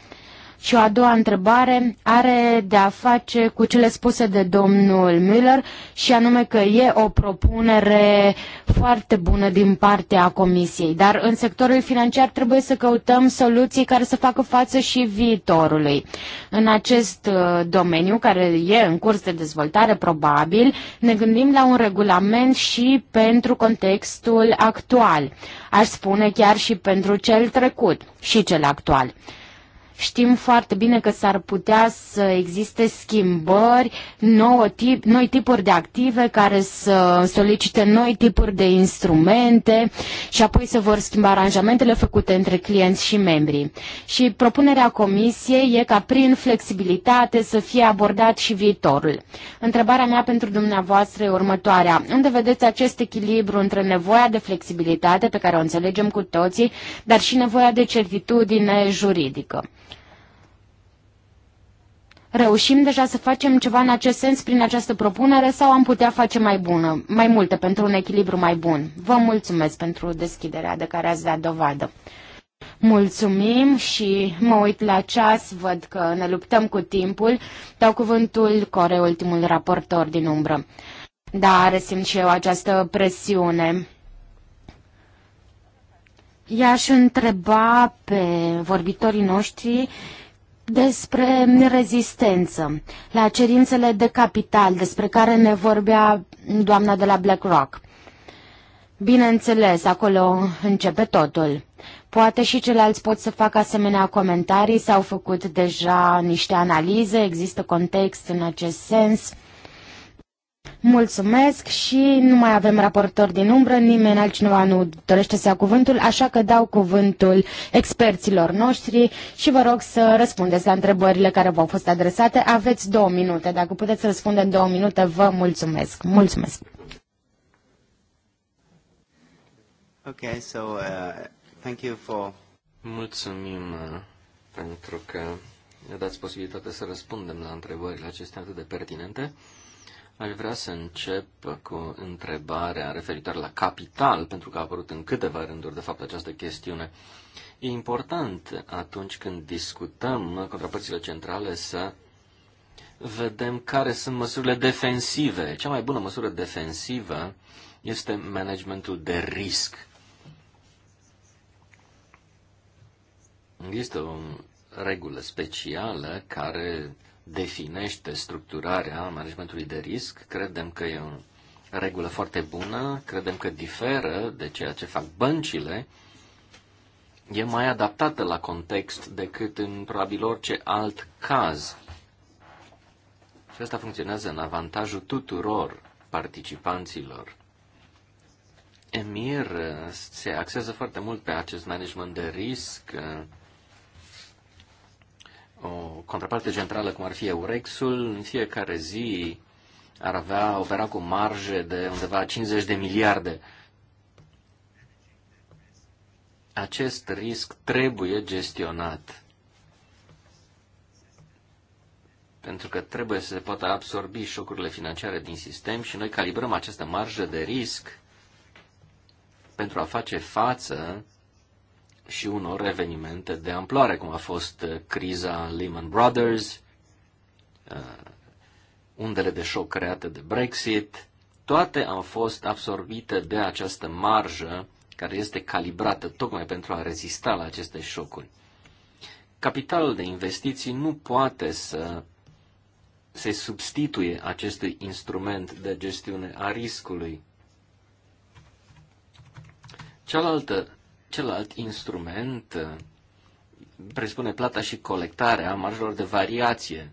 Și o a doua întrebare are de a face cu cele spuse de domnul Müller și anume că e o propunere foarte bună din partea Comisiei, dar în sectorul financiar trebuie să căutăm soluții care să facă față și viitorului. În acest uh, domeniu, care e în curs de dezvoltare probabil, ne gândim la un regulament și pentru contextul actual, aș spune chiar și pentru cel trecut și cel actual. Știm foarte bine că s-ar putea să existe schimbări, nouă tip, noi tipuri de active care să solicite noi tipuri de instrumente și apoi să vor schimba aranjamentele făcute între clienți și membrii. Și propunerea comisiei e ca prin flexibilitate să fie abordat și viitorul. Întrebarea mea pentru dumneavoastră e următoarea. Unde vedeți acest echilibru între nevoia de flexibilitate pe care o înțelegem cu toții, dar și nevoia de certitudine juridică? Reușim deja să facem ceva în acest sens prin această propunere sau am putea face mai bună, mai multe pentru un echilibru mai bun? Vă mulțumesc pentru deschiderea de care ați dat dovadă. Mulțumim și mă uit la ceas, văd că ne luptăm cu timpul. Dau cuvântul Core, ultimul raportor din umbră. Da, resimt și eu această presiune. I-aș întreba pe vorbitorii noștri despre rezistență la cerințele de capital despre care ne vorbea doamna de la BlackRock. Bineînțeles, acolo începe totul. Poate și ceilalți pot să facă asemenea comentarii, s-au făcut deja niște analize, există context în acest sens. Mulțumesc și nu mai avem raportor din umbră, nimeni altcineva nu dorește să ia cuvântul, așa că dau cuvântul experților noștri și vă rog să răspundeți la întrebările care v-au fost adresate. Aveți două minute, dacă puteți să răspunde în două minute, vă mulțumesc. Mulțumesc. Okay, so, uh, thank you for... Mulțumim uh, pentru că ne dați posibilitatea să răspundem la întrebările acestea atât de pertinente. Aș vrea să încep cu întrebarea referitoare la capital, pentru că a apărut în câteva rânduri, de fapt, această chestiune. E important atunci când discutăm contrapărțile centrale să vedem care sunt măsurile defensive. Cea mai bună măsură defensivă este managementul de risc. Există o regulă specială care definește structurarea managementului de risc. Credem că e o regulă foarte bună, credem că diferă de ceea ce fac băncile, e mai adaptată la context decât în probabil orice alt caz. Și asta funcționează în avantajul tuturor participanților. Emir se axează foarte mult pe acest management de risc, o contraparte centrală, cum ar fi Eurexul, în fiecare zi ar avea, opera cu marje de undeva 50 de miliarde. Acest risc trebuie gestionat. Pentru că trebuie să se poată absorbi șocurile financiare din sistem și noi calibrăm această marjă de risc pentru a face față și unor evenimente de amploare, cum a fost uh, criza Lehman Brothers, uh, undele de șoc create de Brexit, toate au fost absorbite de această marjă care este calibrată tocmai pentru a rezista la aceste șocuri. Capitalul de investiții nu poate să se substituie acestui instrument de gestiune a riscului. Cealaltă Celălalt instrument uh, presupune plata și colectarea marjelor de variație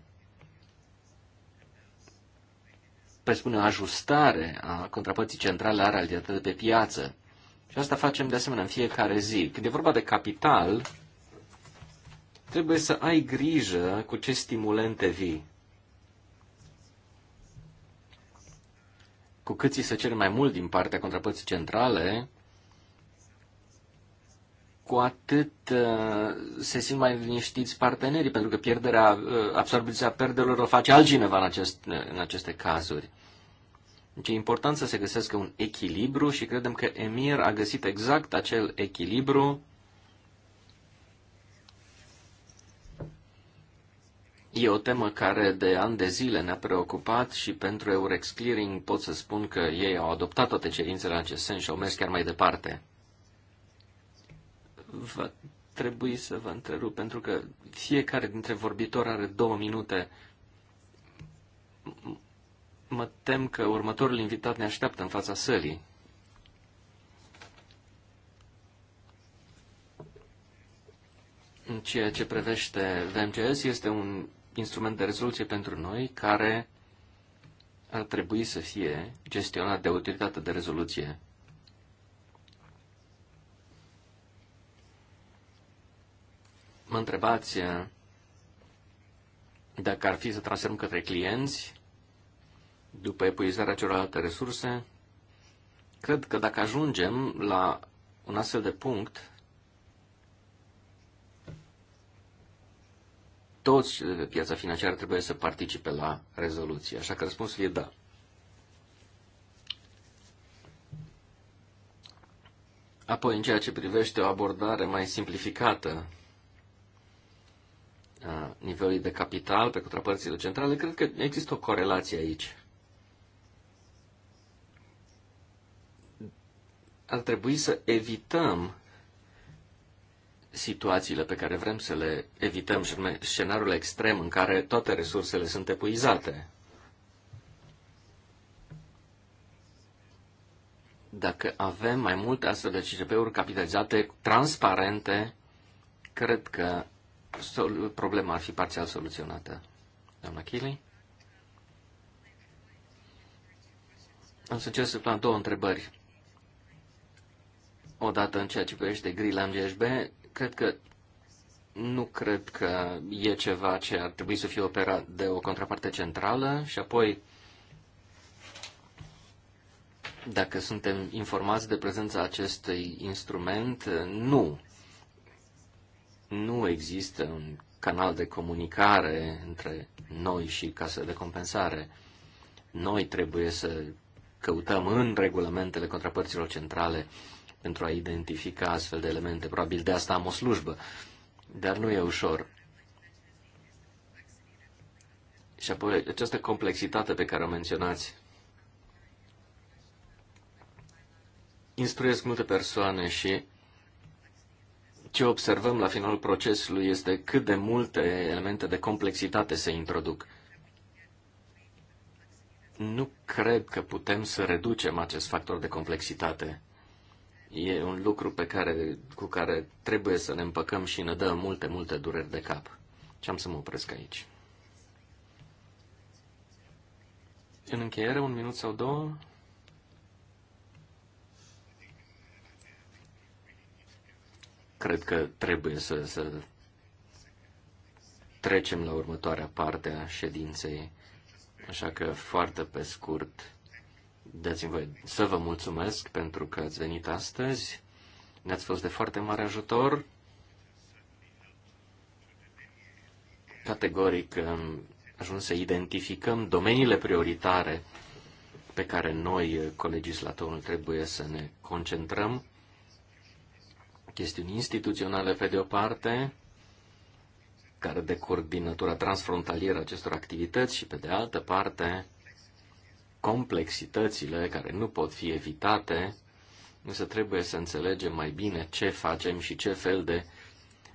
presupune ajustare a contrapărții centrale a realității de pe piață. Și asta facem de asemenea în fiecare zi. Când e vorba de capital, trebuie să ai grijă cu ce stimulente vii. Cu cât ți se cere mai mult din partea contrapărții centrale, cu atât uh, se simt mai liniștiți partenerii, pentru că pierderea, uh, absorbiția pierderilor o face altcineva în, acest, în aceste cazuri. Deci e important să se găsească un echilibru și credem că Emir a găsit exact acel echilibru E o temă care de ani de zile ne-a preocupat și pentru Eurex Clearing pot să spun că ei au adoptat toate cerințele în acest sens și au mers chiar mai departe va trebui să vă întrerup, pentru că fiecare dintre vorbitori are două minute. Mă tem că următorul invitat ne așteaptă în fața sălii. În ceea ce privește VMGS, este un instrument de rezoluție pentru noi care ar trebui să fie gestionat de autoritatea de rezoluție mă întrebați eh, dacă ar fi să transferăm către clienți, după epuizarea celorlalte resurse, cred că dacă ajungem la un astfel de punct, toți cei eh, de pe piața financiară trebuie să participe la rezoluție. Așa că răspunsul e da. Apoi, în ceea ce privește o abordare mai simplificată nivelului de capital pe contrapărțile centrale, cred că există o corelație aici. Ar trebui să evităm situațiile pe care vrem să le evităm, și scenariul extrem în care toate resursele sunt epuizate. Dacă avem mai multe astfel de CCP-uri capitalizate, transparente, cred că problema ar fi parțial soluționată. Doamna Chili? Am să încerc să plan două întrebări. Odată în ceea ce privește grila GHB, cred că nu cred că e ceva ce ar trebui să fie operat de o contraparte centrală și apoi dacă suntem informați de prezența acestui instrument, nu nu există un canal de comunicare între noi și casa de compensare. Noi trebuie să căutăm în regulamentele contrapărților centrale pentru a identifica astfel de elemente. Probabil de asta am o slujbă, dar nu e ușor. Și apoi această complexitate pe care o menționați. Instruiesc multe persoane și ce observăm la finalul procesului este cât de multe elemente de complexitate se introduc. Nu cred că putem să reducem acest factor de complexitate. E un lucru pe care, cu care trebuie să ne împăcăm și ne dă multe, multe dureri de cap. Ce am să mă opresc aici. În încheiere, un minut sau două? cred că trebuie să, să trecem la următoarea parte a ședinței. Așa că, foarte pe scurt, dați-mi voi să vă mulțumesc pentru că ați venit astăzi. Ne-ați fost de foarte mare ajutor. Categoric ajuns să identificăm domeniile prioritare pe care noi, colegislatorul, trebuie să ne concentrăm chestiuni instituționale, pe de o parte, care decurg din natura transfrontalieră acestor activități și, pe de altă parte, complexitățile care nu pot fi evitate, însă trebuie să înțelegem mai bine ce facem și ce fel de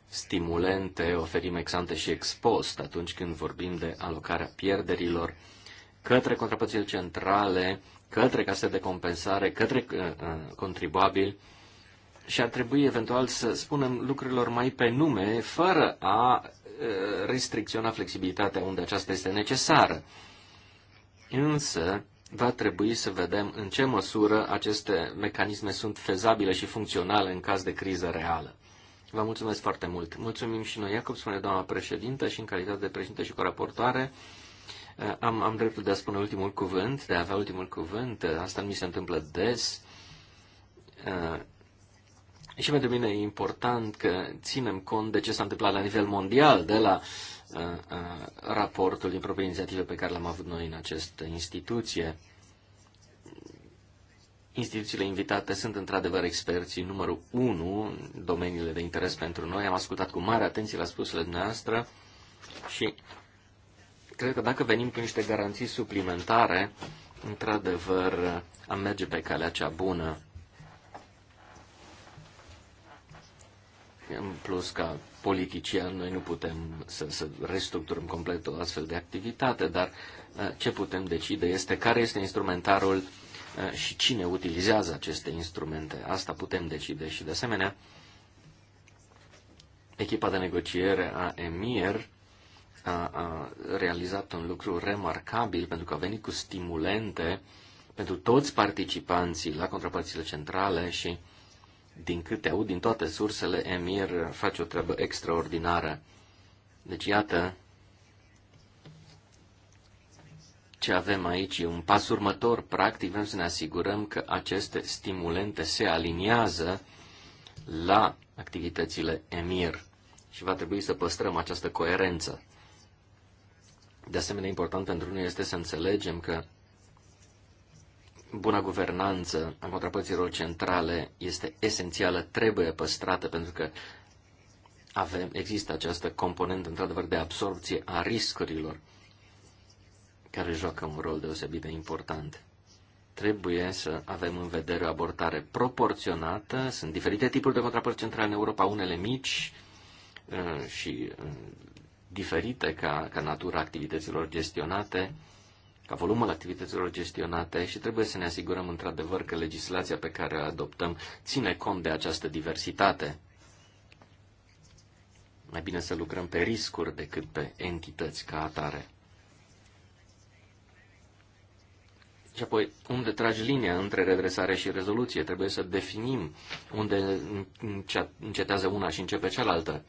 stimulente oferim exante și expost atunci când vorbim de alocarea pierderilor către contrapățiri centrale, către case de compensare, către uh, uh contribuabili, și ar trebui eventual să spunem lucrurilor mai pe nume, fără a restricționa flexibilitatea unde aceasta este necesară. Însă, va trebui să vedem în ce măsură aceste mecanisme sunt fezabile și funcționale în caz de criză reală. Vă mulțumesc foarte mult. Mulțumim și noi, Iacob, spune doamna președintă și în calitate de președinte și raportoare. Am, am dreptul de a spune ultimul cuvânt, de a avea ultimul cuvânt. Asta nu mi se întâmplă des și pentru mine e important că ținem cont de ce s-a întâmplat la nivel mondial, de la uh, uh, raportul din propria inițiativă pe care l-am avut noi în această instituție. Instituțiile invitate sunt într-adevăr experții numărul 1 în domeniile de interes pentru noi. Am ascultat cu mare atenție la spusele noastre și cred că dacă venim cu niște garanții suplimentare, într-adevăr am merge pe calea cea bună. În plus, ca politician, noi nu putem să, să restructurăm complet o astfel de activitate, dar uh, ce putem decide este care este instrumentarul uh, și cine utilizează aceste instrumente. Asta putem decide și, de asemenea, echipa de negociere a EMIR a, a realizat un lucru remarcabil pentru că a venit cu stimulente pentru toți participanții la contrapărțile centrale și uh, din câte aud, din toate sursele, Emir face o treabă extraordinară. Deci, iată ce avem aici. Un pas următor, practic, vrem să ne asigurăm că aceste stimulente se aliniază la activitățile Emir și va trebui să păstrăm această coerență. De asemenea, important pentru noi este să înțelegem că buna guvernanță a contrapărților centrale este esențială, trebuie păstrată, pentru că avem, există această componentă, într-adevăr, de absorpție a riscurilor, care joacă un rol deosebit de important. Trebuie să avem în vedere o abordare proporționată. Sunt diferite tipuri de contrapărți centrale în Europa, unele mici uh, și uh, diferite ca, ca natura activităților gestionate ca volumul activităților gestionate și trebuie să ne asigurăm într-adevăr că legislația pe care o adoptăm ține cont de această diversitate. Mai bine să lucrăm pe riscuri decât pe entități ca atare. Și apoi, unde tragi linia între redresare și rezoluție? Trebuie să definim unde încetează una și începe cealaltă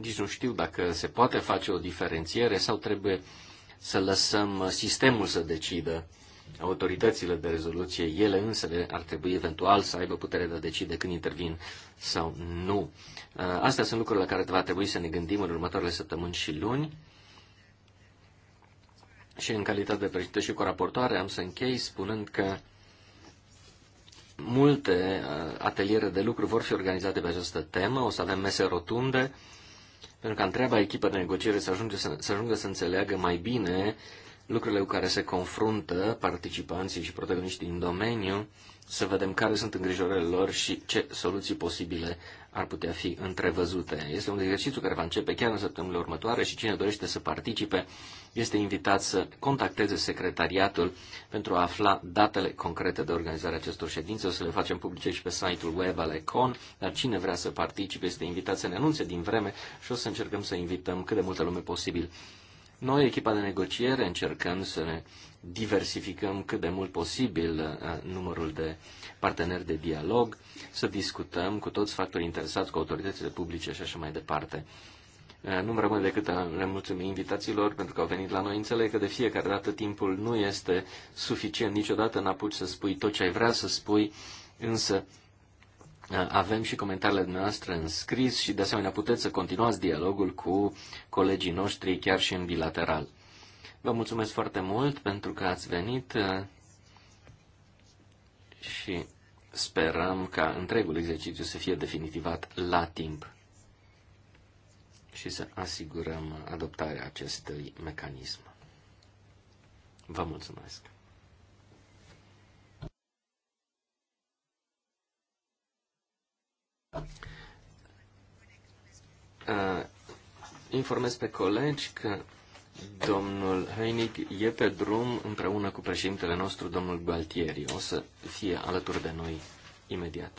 nici nu știu dacă se poate face o diferențiere sau trebuie să lăsăm sistemul să decidă autoritățile de rezoluție, ele însele ar trebui eventual să aibă putere de a decide când intervin sau nu. Uh, astea sunt lucrurile la care va trebui să ne gândim în următoarele săptămâni și luni. Și în calitate de președinte și cu raportoare am să închei spunând că Multe uh, ateliere de lucru vor fi organizate pe această temă, o să avem mese rotunde, pentru că întreaga echipă de negociere să, ajunge, să, să ajungă să înțeleagă mai bine lucrurile cu care se confruntă participanții și protagoniștii din domeniu, să vedem care sunt îngrijorările lor și ce soluții posibile ar putea fi întrevăzute. Este un exercițiu care va începe chiar în săptămâna următoare și cine dorește să participe este invitat să contacteze secretariatul pentru a afla datele concrete de organizare acestor ședințe. O să le facem publice și pe site-ul web al Econ, dar cine vrea să participe este invitat să ne anunțe din vreme și o să încercăm să invităm cât de multă lume posibil. Noi, echipa de negociere, încercăm să ne diversificăm cât de mult posibil uh, numărul de parteneri de dialog, să discutăm cu toți factorii interesați, cu autoritățile publice și așa mai departe. Uh, nu-mi rămâne decât să le mulțumim invitațiilor pentru că au venit la noi. Înțeleg că de fiecare dată timpul nu este suficient. Niciodată n-apuci să spui tot ce ai vrea să spui, însă uh, avem și comentariile noastre în scris și de asemenea puteți să continuați dialogul cu colegii noștri chiar și în bilateral. Vă mulțumesc foarte mult pentru că ați venit uh, și sperăm ca întregul exercițiu să fie definitivat la timp și să asigurăm adoptarea acestui mecanism. Vă mulțumesc! Uh, informez pe colegi că Domnul Heinic e pe drum împreună cu președintele nostru, domnul Galtieri. O să fie alături de noi imediat.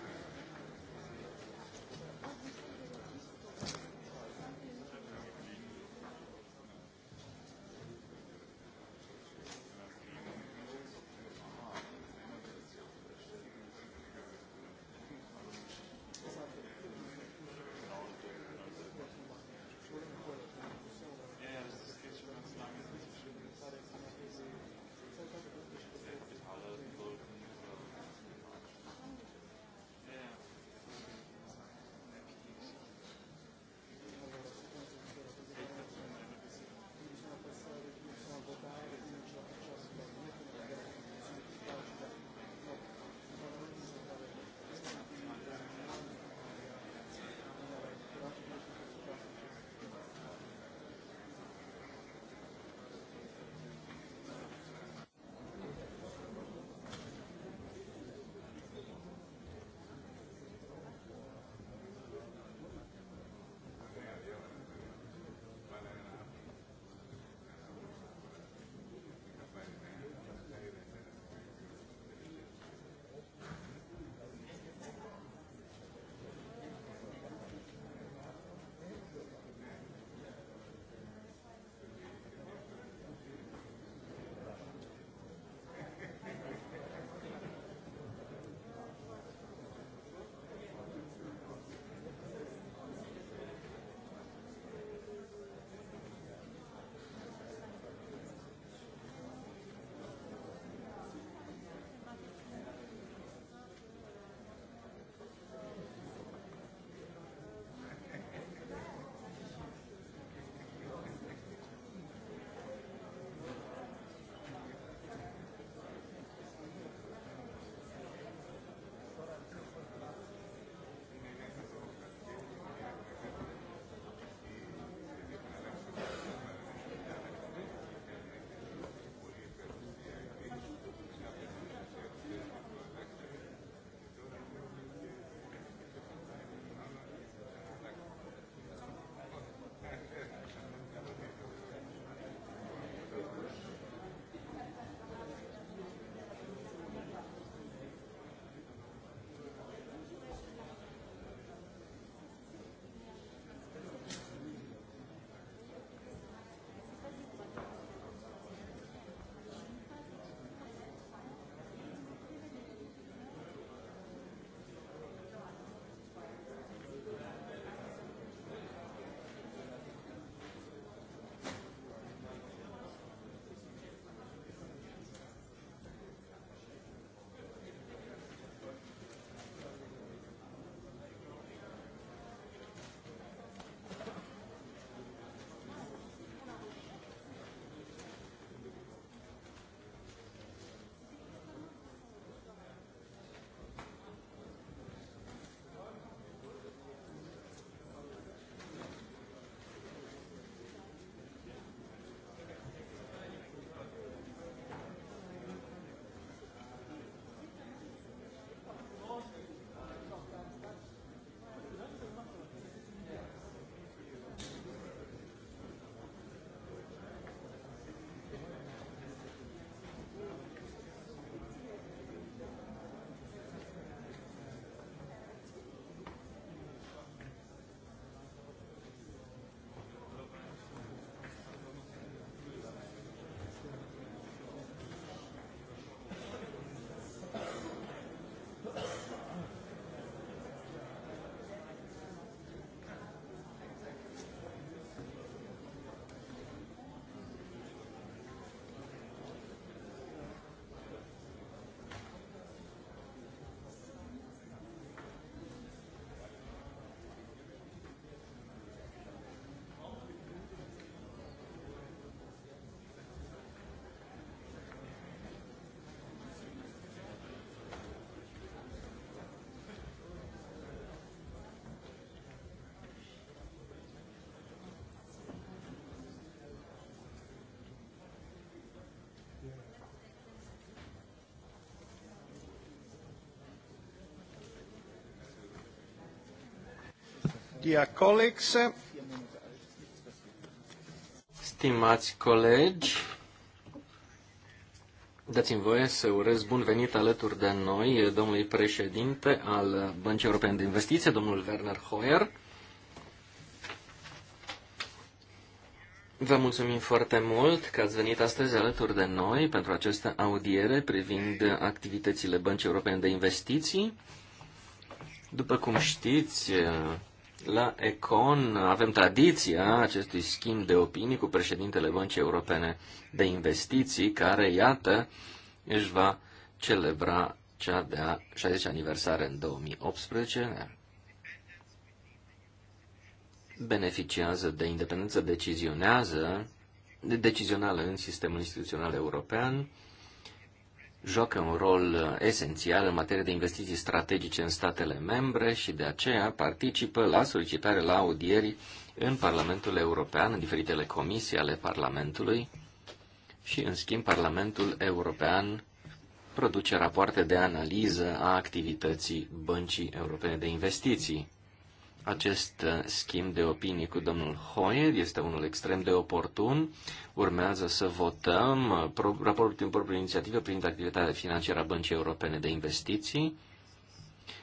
Stimați colegi, dați-mi voie să urez bun venit alături de noi domnului președinte al Băncii Europene de Investiție, domnul Werner Hoyer. Vă mulțumim foarte mult că ați venit astăzi alături de noi pentru această audiere privind activitățile Băncii Europene de Investiții. După cum știți, la Econ avem tradiția acestui schimb de opinii cu președintele Băncii Europene de Investiții, care, iată, își va celebra cea de-a 60 aniversare în 2018. Beneficiază de independență decizionează, de decizională în sistemul instituțional european joacă un rol uh, esențial în materie de investiții strategice în statele membre și de aceea participă la solicitare la audieri în Parlamentul European, în diferitele comisii ale Parlamentului și, în schimb, Parlamentul European produce rapoarte de analiză a activității Băncii Europene de Investiții. Acest uh, schimb de opinii cu domnul Hoyer este unul extrem de oportun. Urmează să votăm uh, raportul din proprie inițiativă prin activitatea financiară a Băncii Europene de Investiții.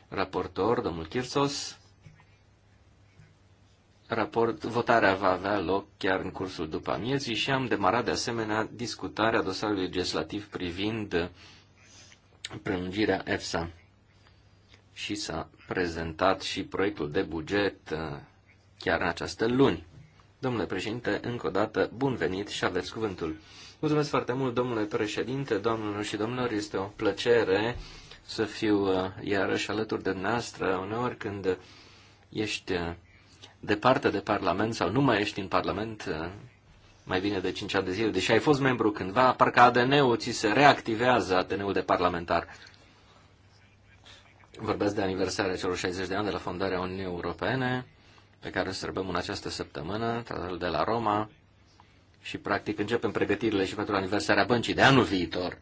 Raportor, domnul Kirsos. Raport, votarea va avea loc chiar în cursul după amiezii și am demarat de asemenea discutarea dosarului legislativ privind prelungirea EFSA și s-a prezentat și proiectul de buget uh, chiar în această luni. Domnule președinte, încă o dată, bun venit și aveți cuvântul. Mulțumesc foarte mult, domnule președinte, domnilor și domnilor, este o plăcere să fiu uh, iarăși alături de noastră, uneori când ești uh, departe de Parlament sau nu mai ești în Parlament mai bine de 5 ani de zile, deși ai fost membru cândva, parcă ADN-ul ți se reactivează, ADN-ul de parlamentar. Vorbesc de aniversarea celor 60 de ani de la fondarea Uniunii Europene, pe care o sărbăm în această săptămână, tratatul de la Roma, și practic începem pregătirile și pentru aniversarea băncii de anul viitor.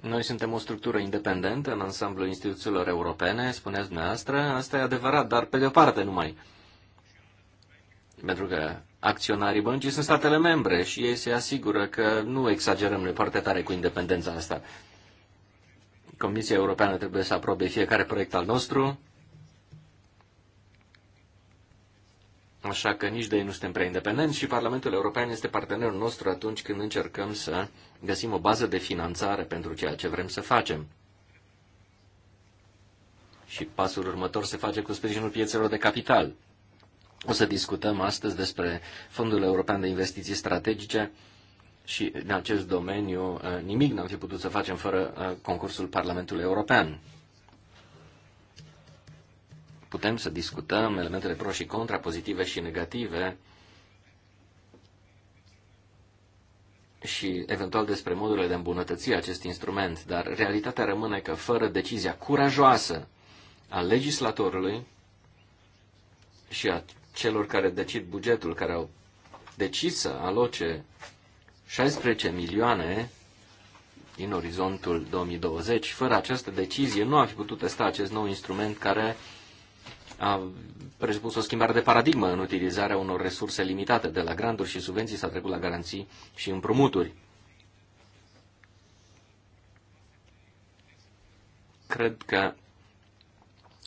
Noi suntem o structură independentă în ansamblul instituțiilor europene, spuneați dumneavoastră, asta e adevărat, dar pe de o parte numai. Pentru că acționarii băncii sunt statele membre și ei se asigură că nu exagerăm noi foarte tare cu independența asta. Comisia Europeană trebuie să aprobe fiecare proiect al nostru, așa că nici de ei nu suntem prea independenți și Parlamentul European este partenerul nostru atunci când încercăm să găsim o bază de finanțare pentru ceea ce vrem să facem. Și pasul următor se face cu sprijinul piețelor de capital. O să discutăm astăzi despre Fondul European de Investiții Strategice, și în acest domeniu uh, nimic n-am fi putut să facem fără uh, concursul Parlamentului European. Putem să discutăm elementele pro și contra, pozitive și negative, și eventual despre modurile de îmbunătățire acest instrument, dar realitatea rămâne că fără decizia curajoasă a legislatorului și a celor care decid bugetul, care au decis să aloce 16 milioane din orizontul 2020. Fără această decizie nu a fi putut testa acest nou instrument care a presupus o schimbare de paradigmă în utilizarea unor resurse limitate. De la granturi și subvenții s-a trecut la garanții și împrumuturi. Cred că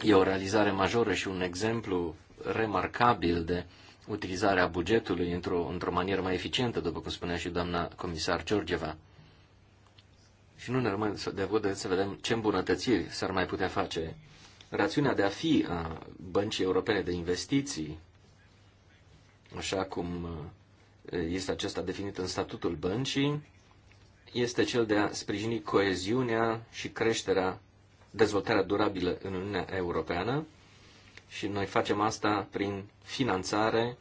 e o realizare majoră și un exemplu remarcabil de uh, utilizarea bugetului într-o, într manieră mai eficientă, după cum spunea și doamna comisar Georgeva. Și nu ne rămâne de văd să vedem ce îmbunătățiri s-ar mai putea face. Rațiunea de a fi a uh, băncii europene de investiții, așa cum uh, este acesta definit în statutul băncii, este cel de a sprijini coeziunea și creșterea, dezvoltarea durabilă în Uniunea Europeană, și noi facem asta prin finanțare,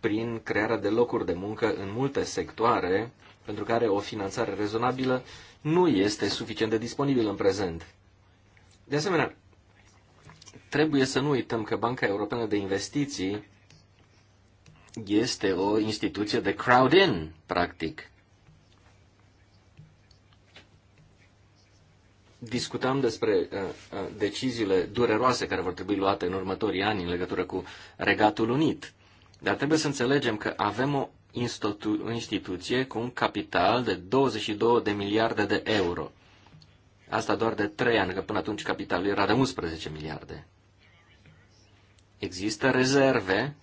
prin crearea de locuri de muncă în multe sectoare, pentru care o finanțare rezonabilă nu este suficient de disponibilă în prezent. De asemenea, trebuie să nu uităm că Banca Europeană de Investiții este o instituție de crowd-in, practic. discutam despre uh, uh, deciziile dureroase care vor trebui luate în următorii ani în legătură cu Regatul Unit. Dar trebuie să înțelegem că avem o institu- instituție cu un capital de 22 de miliarde de euro. Asta doar de 3 ani, că până atunci capitalul era de 11 miliarde. Există rezerve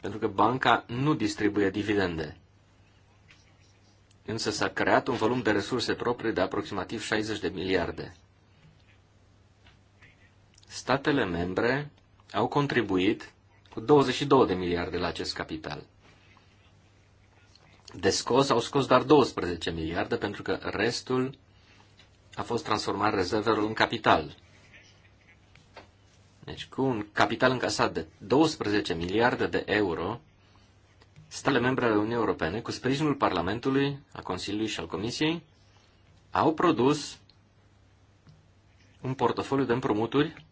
pentru că banca nu distribuie dividende însă s-a creat un volum de resurse proprii de aproximativ 60 de miliarde. Statele membre au contribuit cu 22 de miliarde la acest capital. De scos au scos doar 12 miliarde, pentru că restul a fost transformat rezervelor în capital. Deci cu un capital încasat de 12 miliarde de euro, statele membre ale Uniunii Europene, cu sprijinul Parlamentului, a Consiliului și al Comisiei, au produs un portofoliu de împrumuturi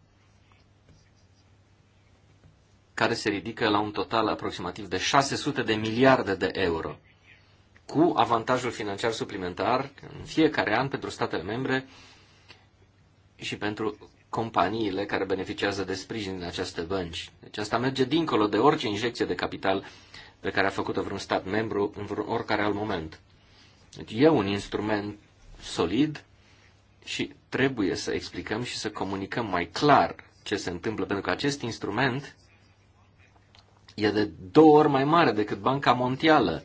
care se ridică la un total aproximativ de 600 de miliarde de euro, cu avantajul financiar suplimentar în fiecare an pentru statele membre și pentru companiile care beneficiază de sprijin din aceste bănci. Deci asta merge dincolo de orice injecție de capital pe care a făcut-o vreun stat membru în vreun oricare alt moment. Deci e un instrument solid și trebuie să explicăm și să comunicăm mai clar ce se întâmplă, pentru că acest instrument e de două ori mai mare decât Banca Mondială.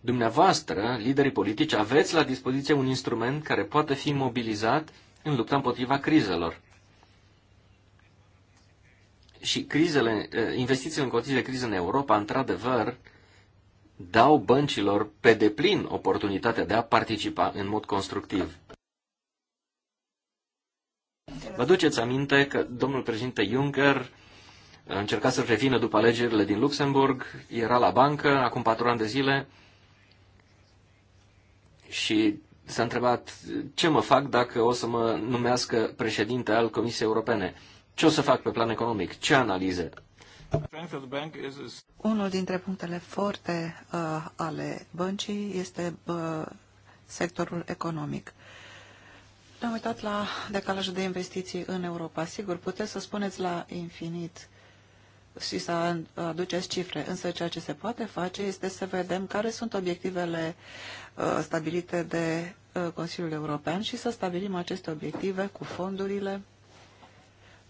Dumneavoastră, liderii politici, aveți la dispoziție un instrument care poate fi mobilizat în lupta împotriva crizelor. Și crizele, eh, investițiile în condiții de criză în Europa, într-adevăr, dau băncilor pe deplin oportunitatea de a participa în mod constructiv. Vă duceți aminte că domnul președinte Juncker încerca să revină după alegerile din Luxemburg, era la bancă acum patru ani de zile și s-a întrebat ce mă fac dacă o să mă numească președinte al Comisiei Europene, ce o să fac pe plan economic, ce analize unul dintre punctele forte uh, ale băncii este uh, sectorul economic. Ne-am uitat la decalajul de investiții în Europa. Sigur, puteți să spuneți la infinit și să aduceți cifre, însă ceea ce se poate face este să vedem care sunt obiectivele uh, stabilite de uh, Consiliul European și să stabilim aceste obiective cu fondurile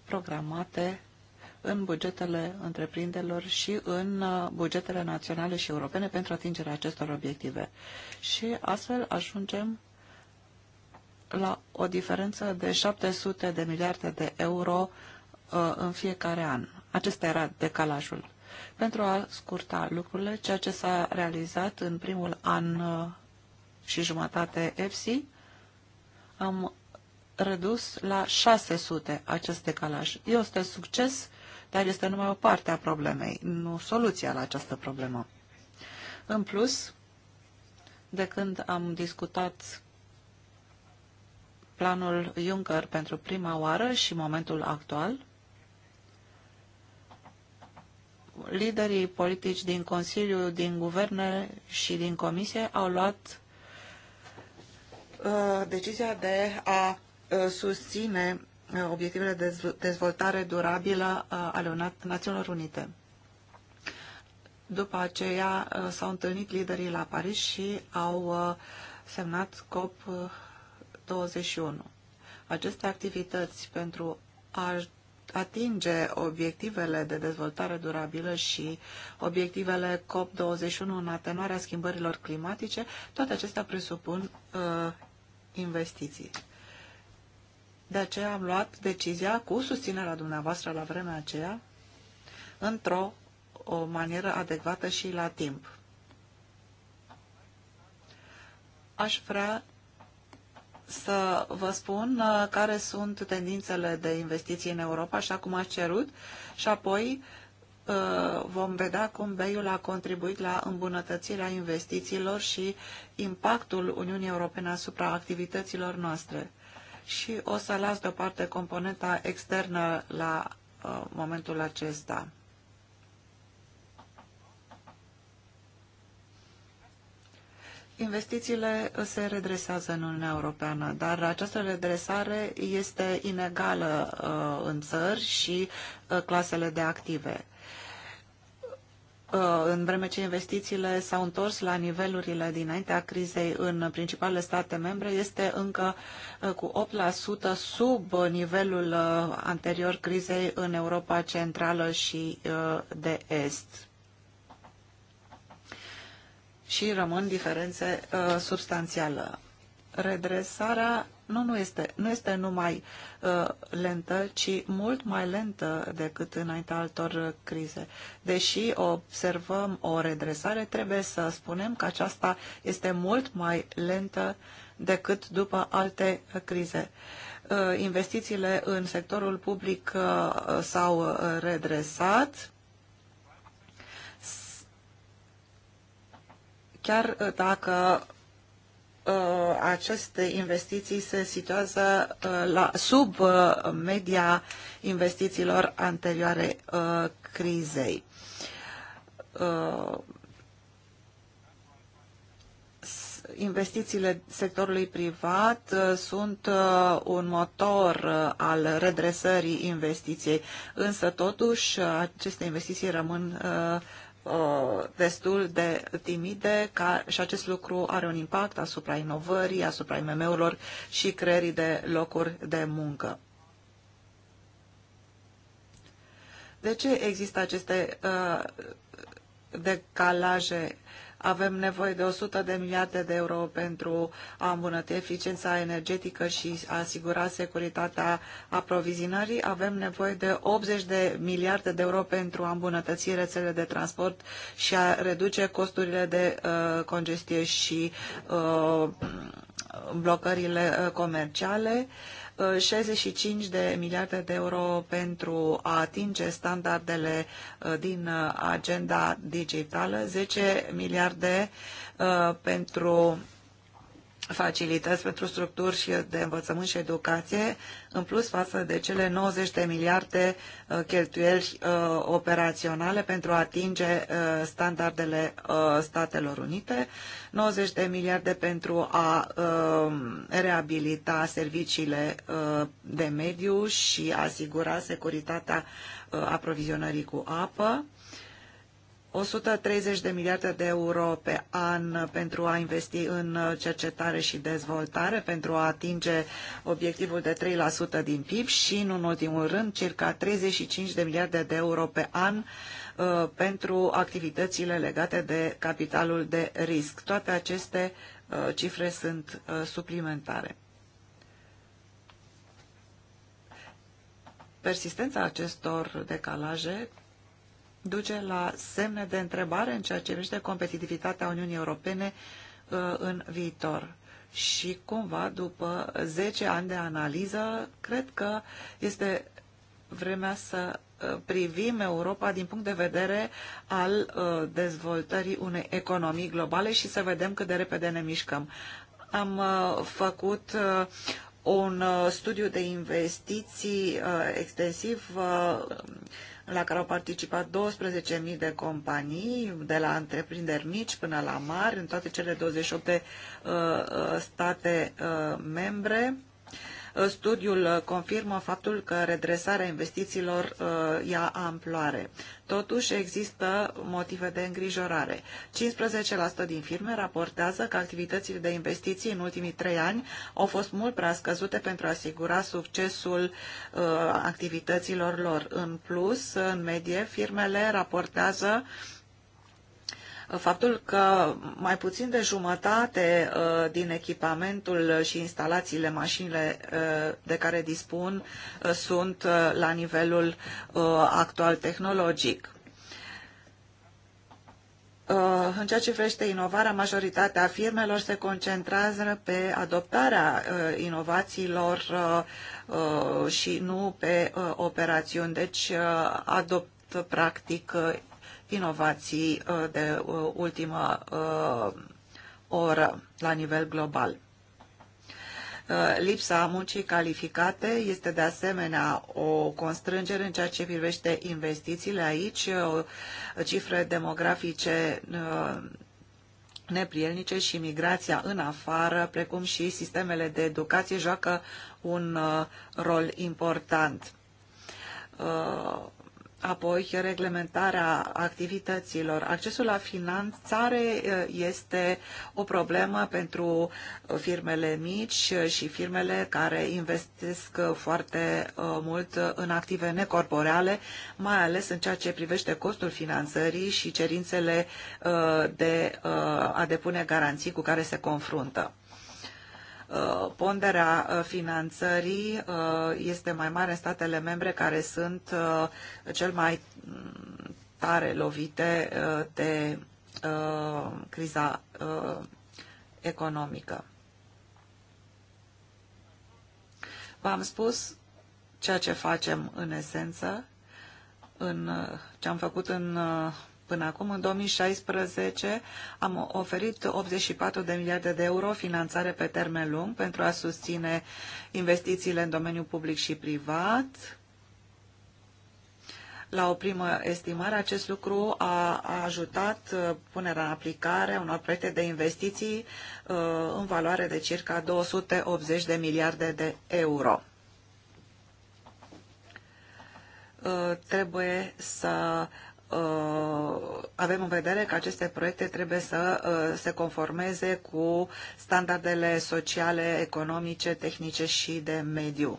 programate în bugetele întreprinderilor și în uh, bugetele naționale și europene pentru atingerea acestor obiective. Și astfel ajungem la o diferență de 700 de miliarde de euro uh, în fiecare an. Acesta era decalajul. Pentru a scurta lucrurile, ceea ce s-a realizat în primul an uh, și jumătate EFSI, am redus la 600 acest decalaj. Este succes dar este numai o parte a problemei, nu soluția la această problemă. În plus, de când am discutat planul Juncker pentru prima oară și momentul actual, liderii politici din Consiliu, din Guverne și din Comisie au luat uh, decizia de a uh, susține obiectivele de dezvoltare durabilă ale Națiunilor Unite. După aceea s-au întâlnit liderii la Paris și au semnat COP21. Aceste activități pentru a atinge obiectivele de dezvoltare durabilă și obiectivele COP21 în atenuarea schimbărilor climatice, toate acestea presupun uh, investiții. De aceea am luat decizia, cu susținerea dumneavoastră la vremea aceea, într-o o manieră adecvată și la timp. Aș vrea să vă spun uh, care sunt tendințele de investiții în Europa, așa cum ați cerut, și apoi uh, vom vedea cum BEI-ul a contribuit la îmbunătățirea investițiilor și impactul Uniunii Europene asupra activităților noastre și o să las deoparte componenta externă la uh, momentul acesta. Investițiile se redresează în Uniunea Europeană, dar această redresare este inegală uh, în țări și uh, clasele de active. Uh, în vreme ce investițiile s-au întors la nivelurile dinaintea crizei în principalele state membre, este încă uh, cu 8% sub nivelul uh, anterior crizei în Europa Centrală și de Est. Și rămân diferențe substanțiale. Redresarea nu, nu, este, nu este numai uh, lentă, ci mult mai lentă decât înaintea altor crize. Deși observăm o redresare, trebuie să spunem că aceasta este mult mai lentă decât după alte crize. Uh, investițiile în sectorul public uh, s-au redresat, chiar uh, dacă Uh, aceste investiții se situează uh, la, sub uh, media investițiilor anterioare crizei. Investițiile sectorului privat sunt un motor al redresării investiției, însă totuși aceste investiții rămân uh, Uh, destul de timide ca, și acest lucru are un impact asupra inovării, asupra IMM-urilor și creării de locuri de muncă. De ce există aceste uh, decalaje avem nevoie de 100 de miliarde de euro pentru a îmbunătăți eficiența energetică și a asigura securitatea aprovizionării. Avem nevoie de 80 de miliarde de euro pentru a îmbunătăți rețelele de transport și a reduce costurile de uh, congestie și uh, blocările uh, comerciale. Uh, 65 uh, de miliarde de euro pentru a atinge standardele uh, din uh, agenda digitală, 10 miliarde pentru facilități pentru structuri și de învățământ și educație, în plus față de cele 90 de miliarde uh, cheltuieli uh, operaționale pentru a atinge uh, standardele Statelor Unite, 90 de miliarde pentru a reabilita serviciile de mediu și asigura securitatea aprovizionării cu apă, 130 de miliarde de euro pe an pentru a investi în cercetare și dezvoltare, pentru a atinge obiectivul de 3% din PIB și, nu în ultimul rând, circa 35 de miliarde de euro pe an uh, pentru activitățile legate de capitalul de risc. Toate aceste uh, cifre sunt uh, suplimentare. Persistența acestor decalaje duce la semne de întrebare în ceea ce privește competitivitatea Uniunii Europene uh, în viitor. Și cumva, după 10 ani de analiză, cred că este vremea să uh, privim Europa din punct de vedere al uh, dezvoltării unei economii globale și să vedem cât de repede ne mișcăm. Am făcut un studiu de investiții extensiv la care au participat 12.000 de companii, de la întreprinderi mici până la mari, în toate cele 28 de uh, uh, state uh, membre. Uh, studiul uh, confirmă faptul că redresarea investițiilor uh, ia amploare. Totuși, există motive de îngrijorare. 15% din firme raportează că activitățile de investiții în ultimii trei ani au fost mult prea scăzute pentru a asigura succesul activităților lor. În plus, în medie, firmele raportează faptul că mai puțin de jumătate uh, din echipamentul și instalațiile, mașinile uh, de care dispun uh, sunt la nivelul actual tehnologic. În ceea ce privește inovarea, majoritatea firmelor se concentrează pe adoptarea inovațiilor și nu pe operațiuni. Deci adopt practic inovații uh, de uh, ultimă uh, oră la nivel global. Lipsa muncii calificate este de asemenea o constrângere în ceea ce privește investițiile aici, cifre demografice neprielnice și migrația în afară, precum și sistemele de educație, joacă un rol important Apoi, reglementarea activităților. Accesul la finanțare uh, este o problemă pentru firmele mici și firmele care investesc uh, foarte uh, mult în active necorporeale, mai ales în ceea ce privește costul finanțării și cerințele de a depune garanții cu care se confruntă. Uh, ponderea uh, finanțării uh, este mai mare în statele membre care sunt cel mai mm, tare lovite de criza economică. V-am spus ceea ce facem în esență, în ce am făcut în Până acum, în 2016, am oferit 84 de miliarde de euro finanțare pe termen lung pentru a susține investițiile în domeniul public și privat. La o primă estimare, acest lucru a, ajutat uh, punerea în aplicare unor proiecte de investiții uh, în valoare de circa 280 de miliarde de euro. Uh, trebuie să Uh, avem în vedere că aceste proiecte trebuie să uh, se conformeze cu standardele sociale, economice, tehnice și de mediu.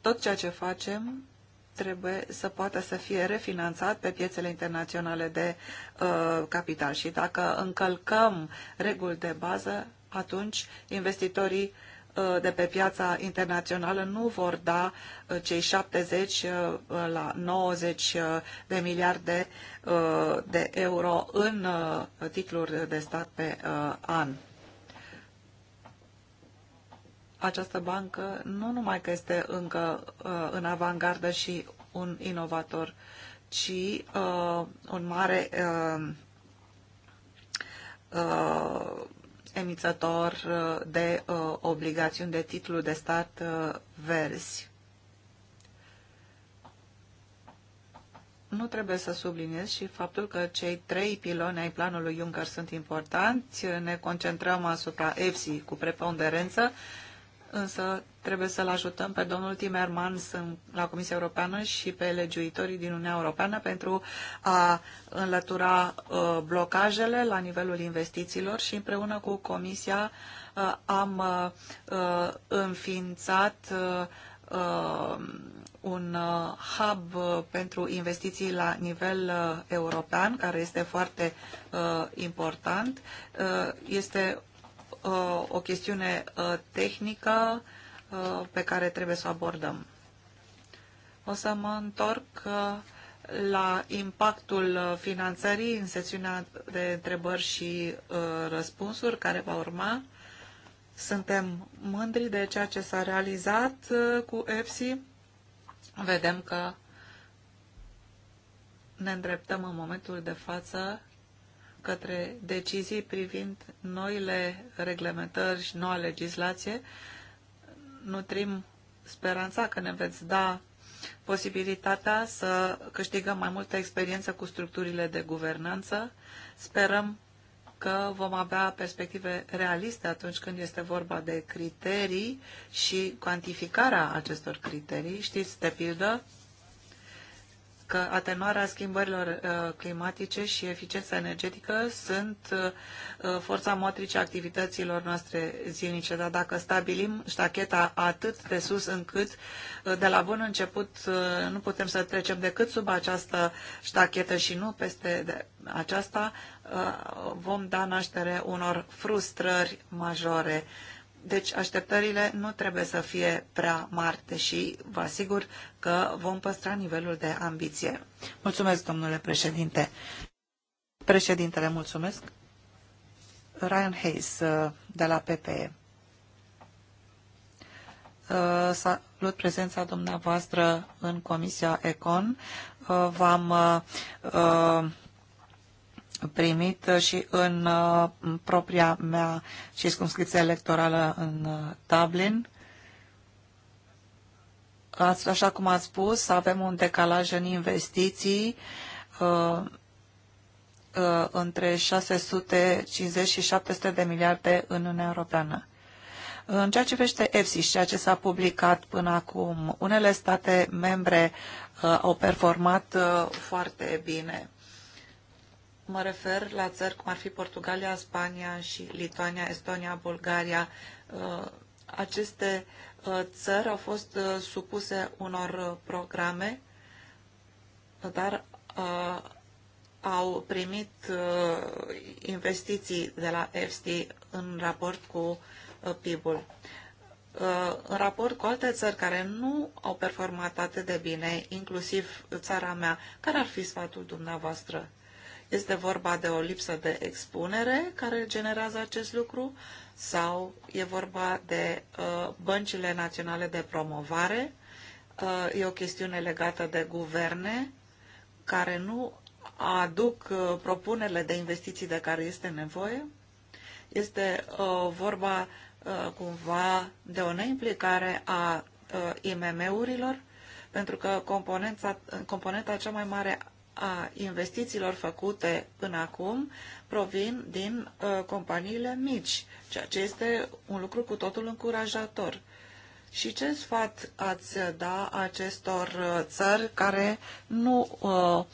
Tot ceea ce facem trebuie să poată să fie refinanțat pe piețele internaționale de uh, capital și dacă încălcăm reguli de bază, atunci investitorii uh, de pe piața internațională nu vor da uh, cei 70 uh, la 90 uh, de miliarde de euro în titluri de stat pe an. Această bancă nu numai că este încă în avangardă și un inovator, ci un mare emițător uh, de uh, obligațiuni de titlu de stat uh, verzi. Nu trebuie să subliniez și faptul că cei trei piloni ai planului Juncker sunt importanți. Ne concentrăm asupra EFSI cu preponderență, însă trebuie să-l ajutăm pe domnul Timmermans la Comisia Europeană și pe legiuitorii din Uniunea Europeană pentru a înlătura uh, blocajele la nivelul investițiilor și împreună cu Comisia uh, am uh, înființat un hub pentru investiții la nivel european, care este foarte important. Este o chestiune tehnică Uh, pe care trebuie să o abordăm. O să mă întorc uh, la impactul uh, finanțării în sesiunea de întrebări și răspunsuri care va urma. Suntem mândri de ceea ce s-a realizat cu EPSI. Vedem că ne îndreptăm în momentul de față către decizii privind noile reglementări și noua legislație nutrim speranța că ne veți da posibilitatea să câștigăm mai multă experiență cu structurile de guvernanță. Sperăm că vom avea perspective realiste atunci când este vorba de criterii și cuantificarea acestor criterii. Știți, de pildă, că atenuarea schimbărilor uh, climatice și eficiența energetică sunt uh, forța motrice activităților noastre zilnice, dar dacă stabilim ștacheta atât de sus încât uh, de la bun început nu putem să trecem decât sub această ștachetă și nu peste aceasta, vom da naștere unor frustrări majore deci așteptările nu trebuie să fie prea mari, deși vă asigur că vom păstra nivelul de ambiție. Mulțumesc, domnule președinte. Președintele, mulțumesc. Ryan Hayes, uh, de la PPE. Uh, salut prezența dumneavoastră în Comisia Econ. Uh, v-am primit uh, și în uh, propria mea circumscripție electorală în uh, Dublin. Așa cum ați spus, avem un decalaj în investiții între 650 și 700 de miliarde în Uniunea Europeană. În ceea ce privește EFSI și ceea ce s-a publicat până acum, unele state membre uh, au performat uh, foarte bine. Mă refer la țări cum ar fi Portugalia, Spania și Lituania, Estonia, Bulgaria. Uh, aceste uh, țări au fost uh, supuse unor programe, dar au primit investiții de la EFSI în raport cu PIB-ul. În raport cu alte țări care nu au performat atât de bine, inclusiv țara mea, care ar fi sfatul dumneavoastră? Este vorba de o lipsă de expunere care generează acest lucru sau e vorba de uh, băncile naționale de promovare? Uh, e o chestiune legată de guverne care nu aduc uh, propunerile de investiții de care este nevoie? Este uh, vorba uh, cumva de o neimplicare a uh, IMM-urilor? Pentru că componenta componenta cea mai mare a investițiilor făcute până acum provin din uh, companiile mici, ceea ce este un lucru cu totul încurajator. Și ce sfat ați da acestor uh, țări care nu uh,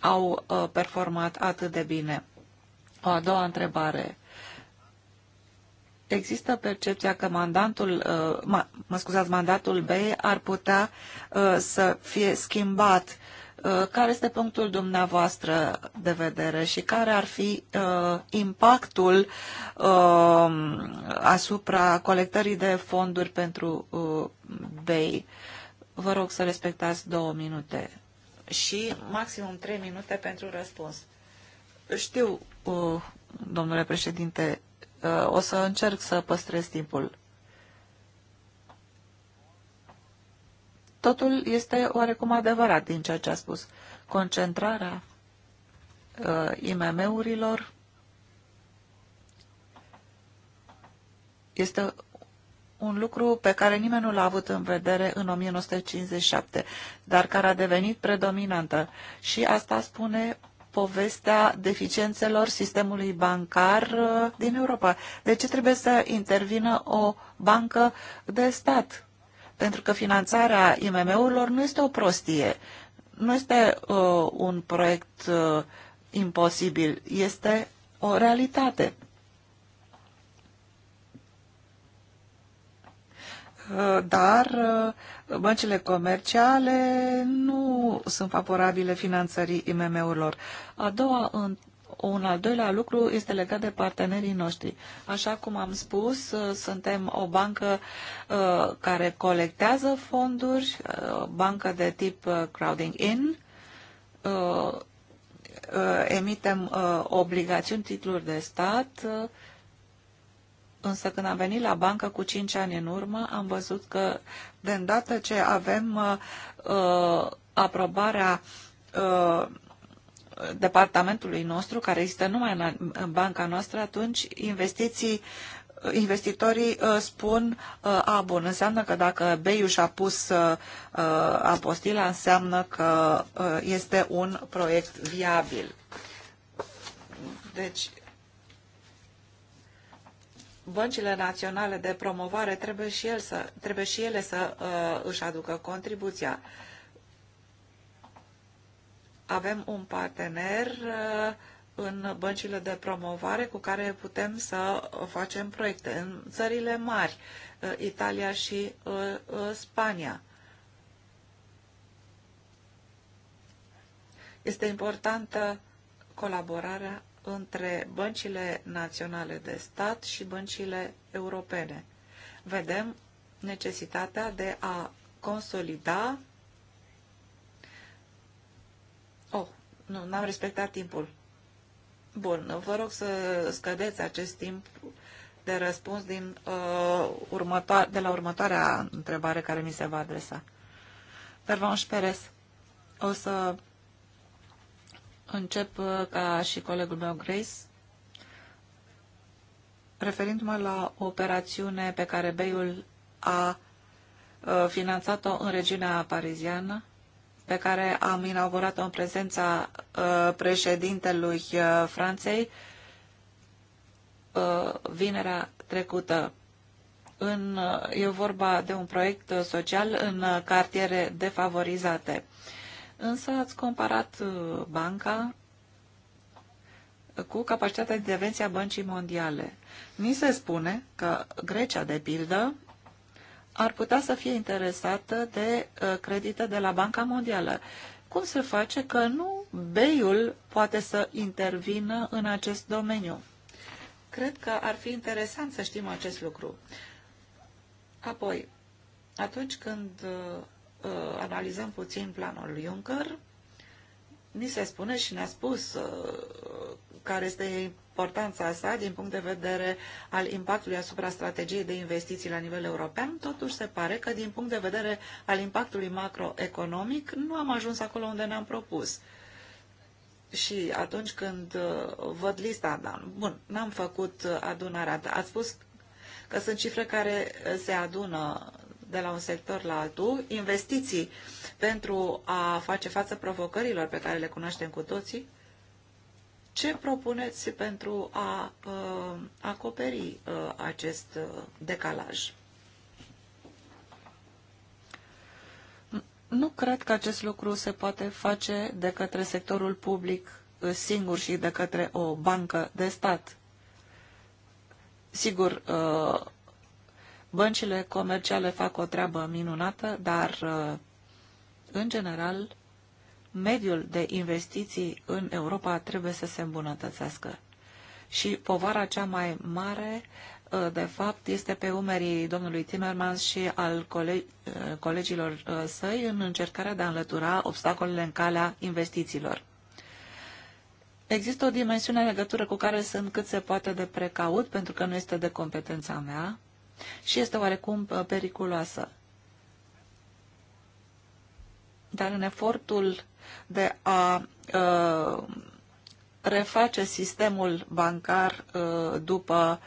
au uh, performat atât de bine? O a doua întrebare. Există percepția că mandantul, uh, mă scuzați, mandatul B ar putea uh, să fie schimbat uh, Uh, care este punctul dumneavoastră de vedere și care ar fi uh, impactul uh, asupra colectării de fonduri pentru BEI? Vă rog să respectați două minute și maximum trei minute pentru răspuns. Știu, domnule președinte, o să încerc să păstrez timpul totul este oarecum adevărat din ceea ce a spus. Concentrarea uh, IMM-urilor este un lucru pe care nimeni nu l-a avut în vedere în 1957, dar care a devenit predominantă. Și asta spune povestea deficiențelor sistemului bancar uh, din Europa. De ce trebuie să intervină o bancă de stat? Pentru că finanțarea IMM-urilor nu este o prostie, nu este uh, un proiect uh, imposibil, este o realitate. Uh, dar uh, băncile comerciale nu sunt favorabile finanțării IMM-urilor. A doua un al doilea lucru este legat de partenerii noștri. Așa cum am spus, uh, suntem o bancă uh, care colectează fonduri, uh, bancă de tip crowding in, emitem obligațiuni, titluri de stat, însă când am venit la bancă cu 5 ani în urmă, am văzut că de îndată ce avem aprobarea departamentului nostru, care există numai în banca noastră, atunci investiții investitorii uh, spun uh, a, bun, înseamnă că dacă BEI și-a pus uh, uh, apostila, înseamnă că uh, este un proiect viabil. Deci, băncile naționale de promovare trebuie și, el să, trebuie și ele să uh, își aducă contribuția. Uh, avem un partener uh, în băncile de promovare cu care putem să facem proiecte în țările mari, uh, Italia și uh, Spania. Este importantă colaborarea între băncile naționale de stat și băncile europene. Vedem necesitatea de a consolida Nu, n-am respectat timpul. Bun, vă rog să scădeți acest timp de răspuns din, uh, următoare, de la următoarea întrebare care mi se va adresa. vă înșperez. o să încep uh, ca și colegul meu Grace, referindu-mă la operațiune pe care Beiul a uh, finanțat-o în regiunea pariziană, pe care am inaugurat-o în prezența uh, președintelui uh, Franței uh, vinerea trecută. În, e vorba de un proiect social în cartiere defavorizate. Însă ați comparat banca cu capacitatea de intervenție a băncii mondiale. Mi se spune că Grecia, de pildă, ar putea să fie interesată de uh, credite de la Banca Mondială. Cum se face că nu BEI-ul poate să intervină în acest domeniu? Cred că ar fi interesant să știm acest lucru. Apoi, atunci când uh, uh analizăm puțin planul Juncker, ni se spune și ne-a spus uh, care este importanța sa din punct de vedere al impactului asupra strategiei de investiții la nivel european, totuși se pare că din punct de vedere al impactului macroeconomic nu am ajuns acolo unde ne-am propus. Și atunci când uh, văd lista, da, bun, n-am făcut uh, adunarea, ați spus că sunt cifre care uh, se adună de la un sector la altul, investiții pentru a face față provocărilor pe care le cunoaștem cu toții, ce propuneți pentru a uh, acoperi uh, acest uh, decalaj? Nu cred că acest lucru se poate face de către sectorul public singur și de către o bancă de stat. Sigur, băncile comerciale fac o treabă minunată, dar, în general, mediul de investiții în Europa trebuie să se îmbunătățească. Și povara cea mai mare, uh, de fapt, este pe umerii domnului Timmermans și al uh, colegilor uh, săi în încercarea de a înlătura obstacolele în calea investițiilor. Există o dimensiune în legătură cu care sunt cât se poate de precaut, pentru că nu este de competența mea și este oarecum periculoasă. Dar în efortul de a uh, reface sistemul bancar uh, după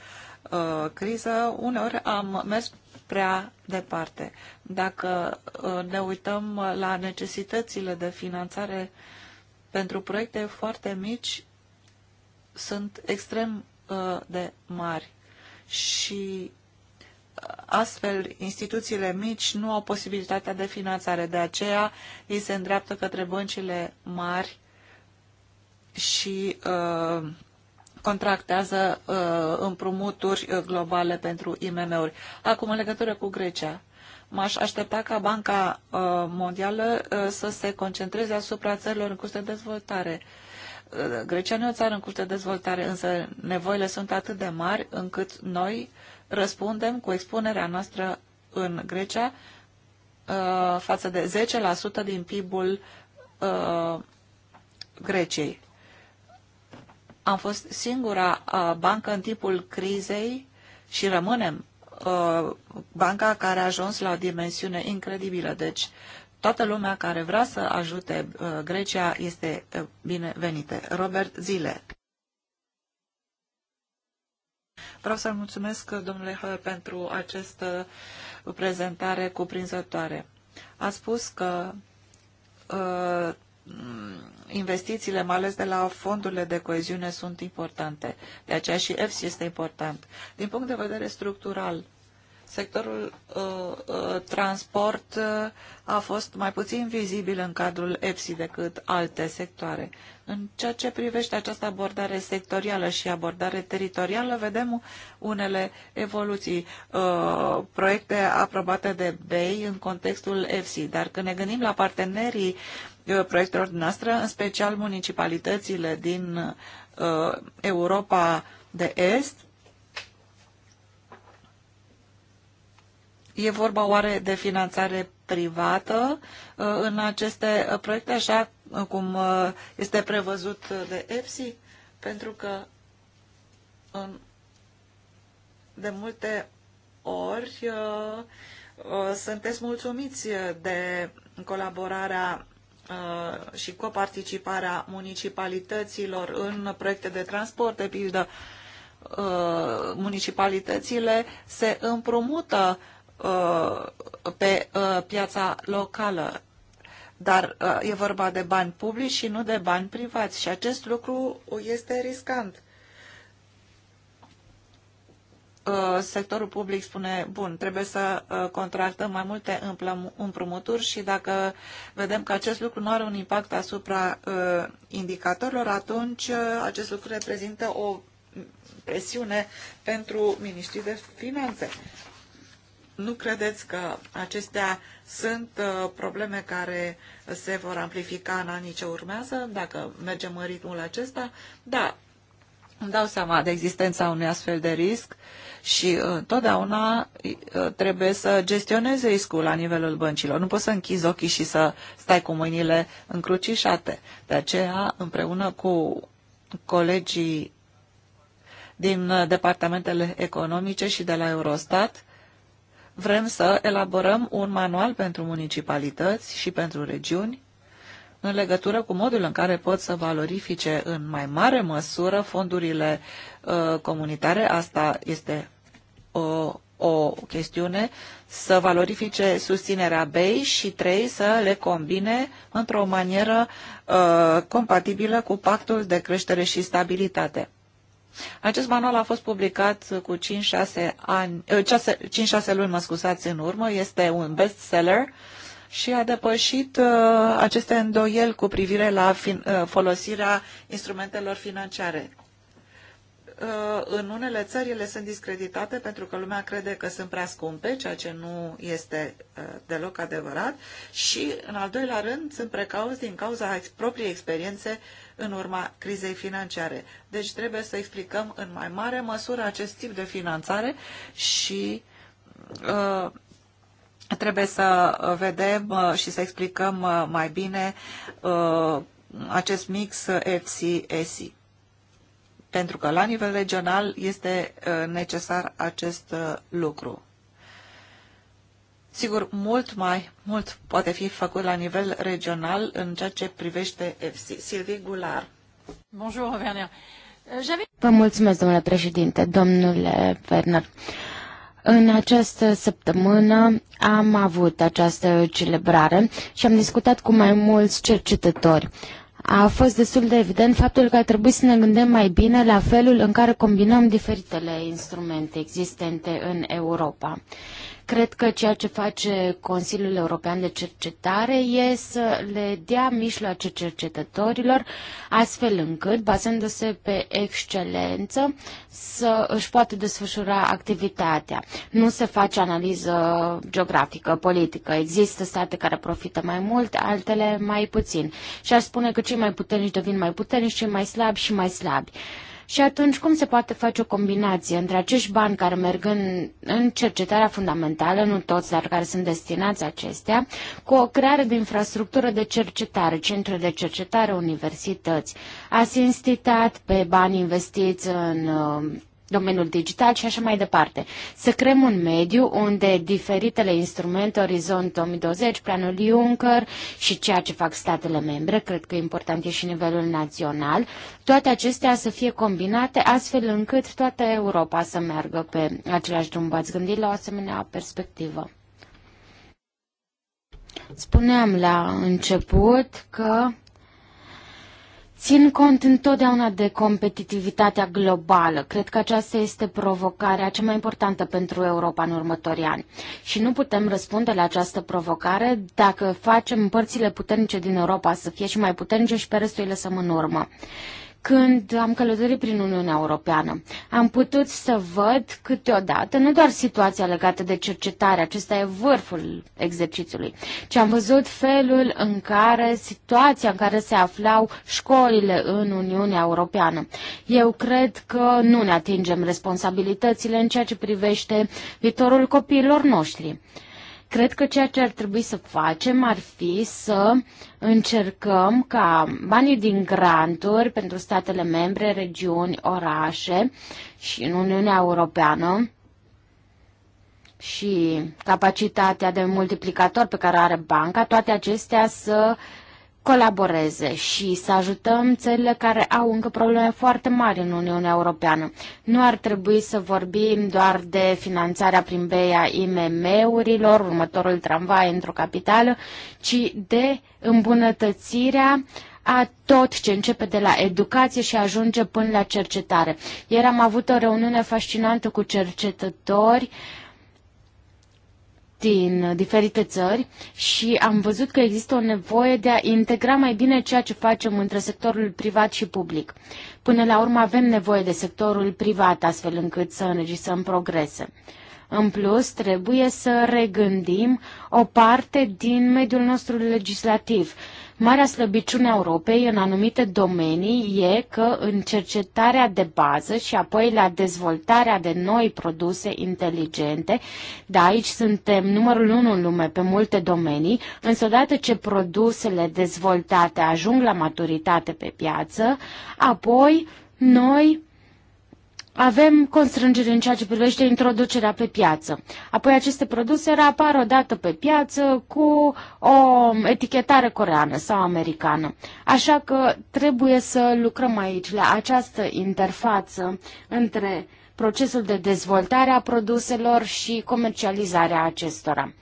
uh, criză, uneori am mers prea departe. Dacă ne uităm la necesitățile de finanțare pentru proiecte foarte mici, sunt extrem de mari și Astfel, instituțiile mici nu au posibilitatea de finanțare, de aceea ei se îndreaptă către băncile mari și uh, contractează uh, împrumuturi uh, globale pentru IMM-uri. Acum, în legătură cu Grecia, m-aș aștepta ca Banca uh, Mondială uh, să se concentreze asupra țărilor în curs de dezvoltare. Uh, Grecia nu e o țară în curs de dezvoltare, însă nevoile sunt atât de mari încât noi răspundem cu expunerea noastră în Grecia uh, față de 10% din PIB-ul uh, Greciei. Am fost singura uh, bancă în timpul crizei și rămânem banca care a ajuns la o dimensiune incredibilă. Deci, Toată lumea care vrea să ajute uh, Grecia este uh, binevenită. Robert Zile. Vreau să-l mulțumesc, domnule Hă, pentru această prezentare cuprinzătoare. A spus că uh, investițiile, mai ales de la fondurile de coeziune, sunt importante. De aceea și EFSI este important. Din punct de vedere structural, sectorul uh, uh, transport uh, a fost mai puțin vizibil în cadrul EPSI decât alte sectoare. În ceea ce privește această abordare sectorială și abordare teritorială, vedem unele evoluții, uh, proiecte aprobate de BEI în contextul EPSI, dar când ne gândim la partenerii uh, proiectelor noastre, în special municipalitățile din uh, Europa de Est, E vorba oare de finanțare privată uh, în aceste uh, proiecte, așa uh, cum este prevăzut de EPSI? Pentru că de multe ori sunteți mulțumiți de colaborarea și coparticiparea municipalităților în proiecte de transport, de pildă, municipalitățile se împrumută Uh, pe uh, piața locală. Dar uh, e vorba de bani publici și nu de bani privați și acest lucru este riscant. Sectorul public spune, bun, trebuie să contractăm mai multe împrumuturi și dacă vedem că acest lucru nu are un impact asupra indicatorilor, atunci acest lucru reprezintă o presiune pentru ministrii de finanțe. Nu credeți că acestea sunt uh, probleme care se vor amplifica în anii ce urmează, dacă mergem în ritmul acesta? Da, îmi dau seama de existența unui astfel de risc și uh, întotdeauna uh, trebuie să gestionezi riscul la nivelul băncilor. Nu poți să închizi ochii și să stai cu mâinile încrucișate. De aceea, împreună cu colegii din uh, departamentele economice și de la Eurostat, Vrem să elaborăm un manual pentru municipalități și pentru regiuni în legătură cu modul în care pot să valorifice în mai mare măsură fondurile uh, comunitare. Asta este o, o chestiune, să valorifice susținerea BEI și, trei, să le combine într-o manieră uh, compatibilă cu pactul de creștere și stabilitate. Acest manual a fost publicat cu 5-6 ani, 5-6 ă, luni, mă scuzați, în urmă. Este un bestseller și a depășit uh, aceste îndoieli cu privire la fin, uh, folosirea instrumentelor financiare. Uh, în unele țări ele sunt discreditate pentru că lumea crede că sunt prea scumpe, ceea ce nu este uh, deloc adevărat și, în al doilea rând, sunt precauți din cauza propriei experiențe uh, în urma crizei financiare. Deci trebuie să explicăm în mai mare măsură acest tip de finanțare și uh, trebuie să vedem uh, și să explicăm uh, mai bine uh, acest mix EFSI-ESI. Pentru că la nivel regional este uh, necesar acest lucru. Sigur, mult mai mult poate fi făcut la nivel regional în ceea ce privește EFSI. Silvie Gular. Bonjour, Werner. Euh, Vă mulțumesc, domnule președinte, domnule Werner. În această săptămână am avut această celebrare și am discutat cu mai mulți cercetători. A fost destul de evident faptul că ar trebui să ne gândim mai bine la felul în care combinăm diferitele instrumente existente în Europa Cred că ceea ce face Consiliul European de Cercetare e să le dea mijloace cercetătorilor, astfel încât, bazându-se pe excelență, să își poată desfășura activitatea. Nu se face analiză geografică, politică. Există state care profită mai mult, altele mai puțin. Și aș spune că cei mai puternici devin mai puternici, cei mai slabi și mai slabi. Uh, și atunci cum se poate face o combinație între acești bani care merg în, în cercetarea fundamentală, nu toți, dar care sunt destinați acestea, cu o creare de infrastructură de cercetare, centre de cercetare, universități? Ați insistat pe bani investiți în uh, domeniul digital și așa mai departe. Să creăm un mediu unde diferitele instrumente, Orizont 2020, Planul Juncker și ceea ce fac statele membre, cred că important e și nivelul național, toate acestea să fie combinate astfel încât toată Europa să meargă pe același drum. V-ați gândit la o asemenea perspectivă? Spuneam la început că Țin cont întotdeauna de competitivitatea globală. Cred că aceasta este provocarea cea mai importantă pentru Europa în următorii ani. Și nu putem răspunde la această provocare dacă facem părțile puternice din Europa să fie și mai puternice și pe restul ele să în urmă când am călătorit prin Uniunea Europeană. Am putut să văd câteodată nu doar situația legată de cercetare, acesta e vârful exercițiului, ci am văzut felul în care, situația în care se aflau școlile în Uniunea Europeană. Eu cred că nu ne atingem responsabilitățile în ceea ce privește viitorul copiilor noștri. Cred că ceea ce ar trebui să facem ar fi să încercăm ca banii din granturi pentru statele membre, regiuni, orașe și în Uniunea Europeană și capacitatea de multiplicator pe care are banca, toate acestea să uh, colaboreze și să ajutăm țările care au încă probleme foarte mari în Uniunea Europeană. Nu ar trebui să vorbim doar de finanțarea prin beia IMM-urilor, următorul tramvai într-o capitală, ci de îmbunătățirea a tot ce începe de la educație și ajunge până la cercetare. Ieri am avut o reuniune fascinantă cu cercetători uh, din diferite țări și am văzut că există o nevoie de a integra mai bine ceea ce facem între sectorul privat și public. Până la urmă avem nevoie de sectorul privat astfel încât să înregistrăm progrese. În plus, trebuie să regândim o parte din mediul nostru legislativ Marea slăbiciune a Europei în anumite domenii e că în cercetarea de bază și apoi la dezvoltarea de noi produse inteligente, da, aici suntem numărul unu în lume pe multe domenii, însă odată ce produsele dezvoltate ajung la maturitate pe piață, apoi noi avem constrângeri în ceea ce privește introducerea pe piață. Apoi aceste produse reapar odată pe piață cu o etichetare coreană sau americană. Așa că trebuie să lucrăm aici la această interfață între procesul de dezvoltare a produselor și comercializarea acestora.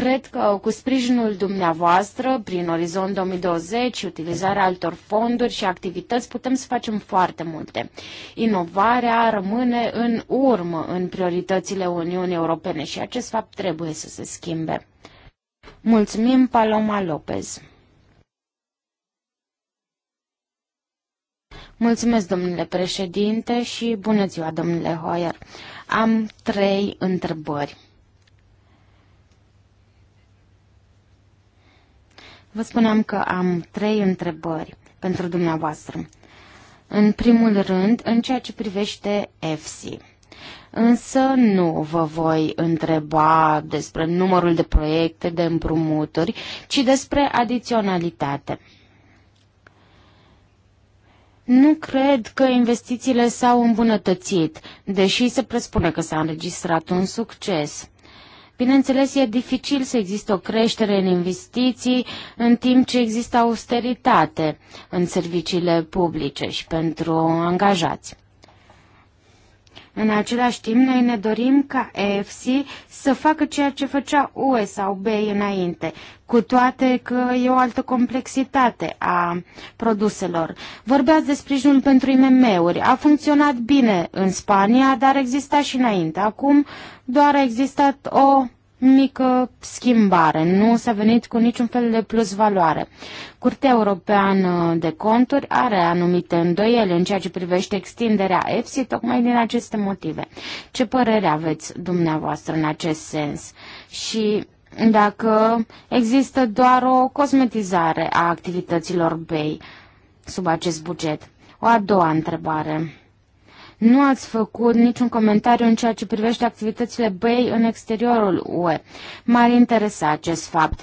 Cred că cu sprijinul dumneavoastră, prin Orizont 2020, utilizarea altor fonduri și activități, putem să facem foarte multe. Inovarea rămâne în urmă în prioritățile Uniunii Europene și acest fapt trebuie să se schimbe. Mulțumim, Paloma Lopez. Mulțumesc, domnule președinte, și bună ziua, domnule Hoyer. Am trei întrebări. Vă spuneam că am trei întrebări pentru dumneavoastră. În primul rând, în ceea ce privește EFSI. Însă nu vă voi întreba despre numărul de proiecte, de împrumuturi, ci despre adiționalitate. Nu cred că investițiile s-au îmbunătățit, deși se presupune că s-a înregistrat un succes. Bineînțeles, e dificil să existe o creștere în investiții în timp ce există austeritate în serviciile publice și pentru angajați. În același timp, noi ne dorim ca EFC să facă ceea ce făcea UE sau B înainte, cu toate că e o altă complexitate a produselor. Vorbeați de sprijinul pentru IMM-uri. A funcționat bine în Spania, dar exista și înainte. Acum doar a existat o mică schimbare, nu s-a venit cu niciun fel de plus valoare. Curtea Europeană de Conturi are anumite îndoiele în ceea ce privește extinderea EFSI, tocmai din aceste motive. Ce părere aveți dumneavoastră în acest sens? Și dacă există doar o cosmetizare a activităților BEI sub acest buget? O a doua întrebare. Nu ați făcut niciun comentariu în ceea ce privește activitățile BEI în exteriorul UE. M-ar interesa acest fapt.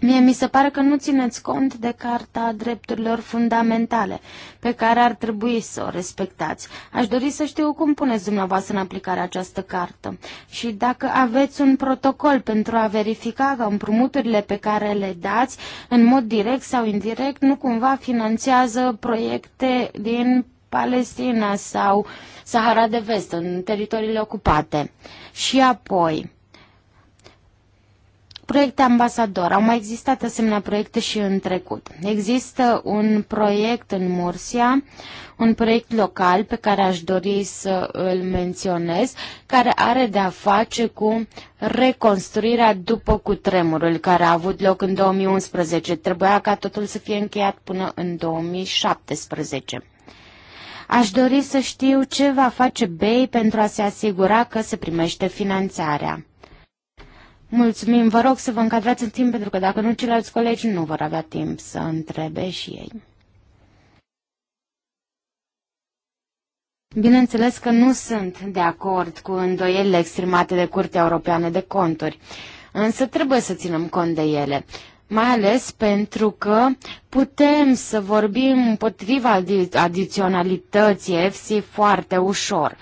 Mie mi se pare că nu țineți cont de Carta Drepturilor Fundamentale, pe care ar trebui să o respectați. Aș dori să știu cum puneți dumneavoastră în aplicare această cartă și dacă aveți un protocol pentru a verifica că împrumuturile pe care le dați, în mod direct sau indirect, nu cumva finanțează proiecte din Palestina sau Sahara de Vest, în teritoriile ocupate. Și apoi, proiecte ambasador. Au mai existat asemenea proiecte și în trecut. Există un proiect în Mursia, un proiect local pe care aș dori să îl menționez, care are de-a face cu reconstruirea după cutremurul care a avut loc în 2011. Trebuia ca totul să fie încheiat până în 2017. Aș dori să știu ce va face BEI pentru a se asigura că se primește finanțarea. Mulțumim, vă rog să vă încadrați în timp, pentru că dacă nu, ceilalți colegi nu vor avea timp să întrebe și ei. Bineînțeles că nu sunt de acord cu îndoielile exprimate de Curtea Europeană de Conturi, însă trebuie să ținem cont de ele mai ales pentru că putem să vorbim împotriva adi- adiționalității FC foarte ușor.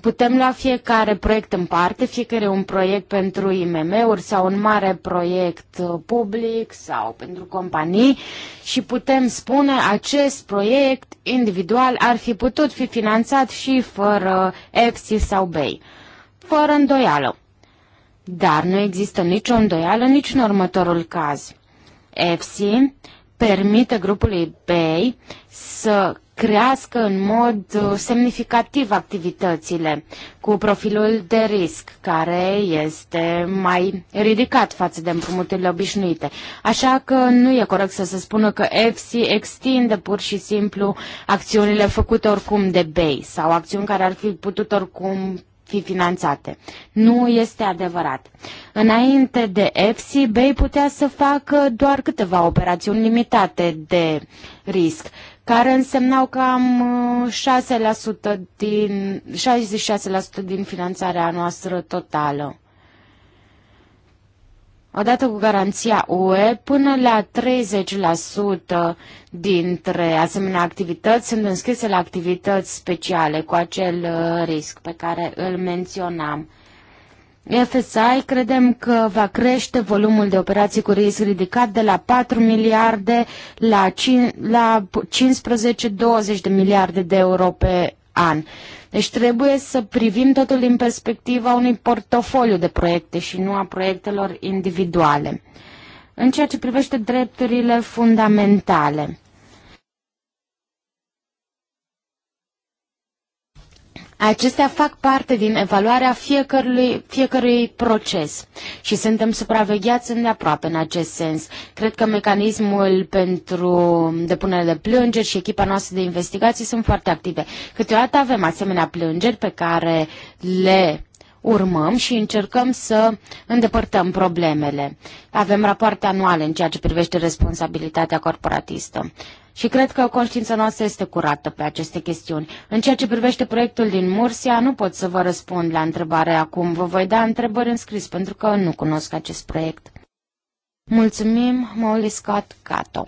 Putem lua fiecare proiect în parte, fiecare un proiect pentru IMM-uri sau un mare proiect uh, public sau pentru companii și putem spune acest proiect individual ar fi putut fi finanțat și fără FC sau BEI, fără îndoială. Dar nu există nicio îndoială nici în următorul caz. EFSI permite grupului BEI să crească în mod uh, semnificativ activitățile cu profilul de risc care este mai ridicat față de împrumuturile obișnuite. Așa că nu e corect să se spună că EFSI extinde pur și simplu acțiunile făcute oricum de BEI sau acțiuni care ar fi putut oricum fi finanțate. Nu mhm. este adevărat. Înainte de EFSI, BEI putea să facă doar câteva operațiuni limitate de risc, care însemnau cam 6% uh, din, 66% din finanțarea noastră totală odată cu garanția UE, până la 30% dintre asemenea activități sunt înscrise la activități speciale cu acel uh, risc pe care îl menționam. FSI credem că va crește volumul de operații cu risc ridicat de la 4 miliarde la, la 15-20 de miliarde de euro pe an. Deci trebuie să privim totul din perspectiva unui portofoliu de proiecte și nu a proiectelor individuale. În ceea ce privește drepturile fundamentale, Acestea fac parte din evaluarea fiecărui, fiecărui proces și suntem supravegheați îndeaproape în acest sens. Cred că mecanismul pentru depunere de plângeri și echipa noastră de investigații sunt foarte active. Câteodată avem asemenea plângeri pe care le urmăm și încercăm să îndepărtăm problemele. Avem rapoarte anuale în ceea ce privește responsabilitatea corporatistă și cred că conștiința noastră este curată pe aceste chestiuni. În ceea ce privește proiectul din Mursia, nu pot să vă răspund la întrebare acum. Vă voi da întrebări în scris, pentru că nu cunosc acest proiect. Mulțumim, Mauli Scott Cato.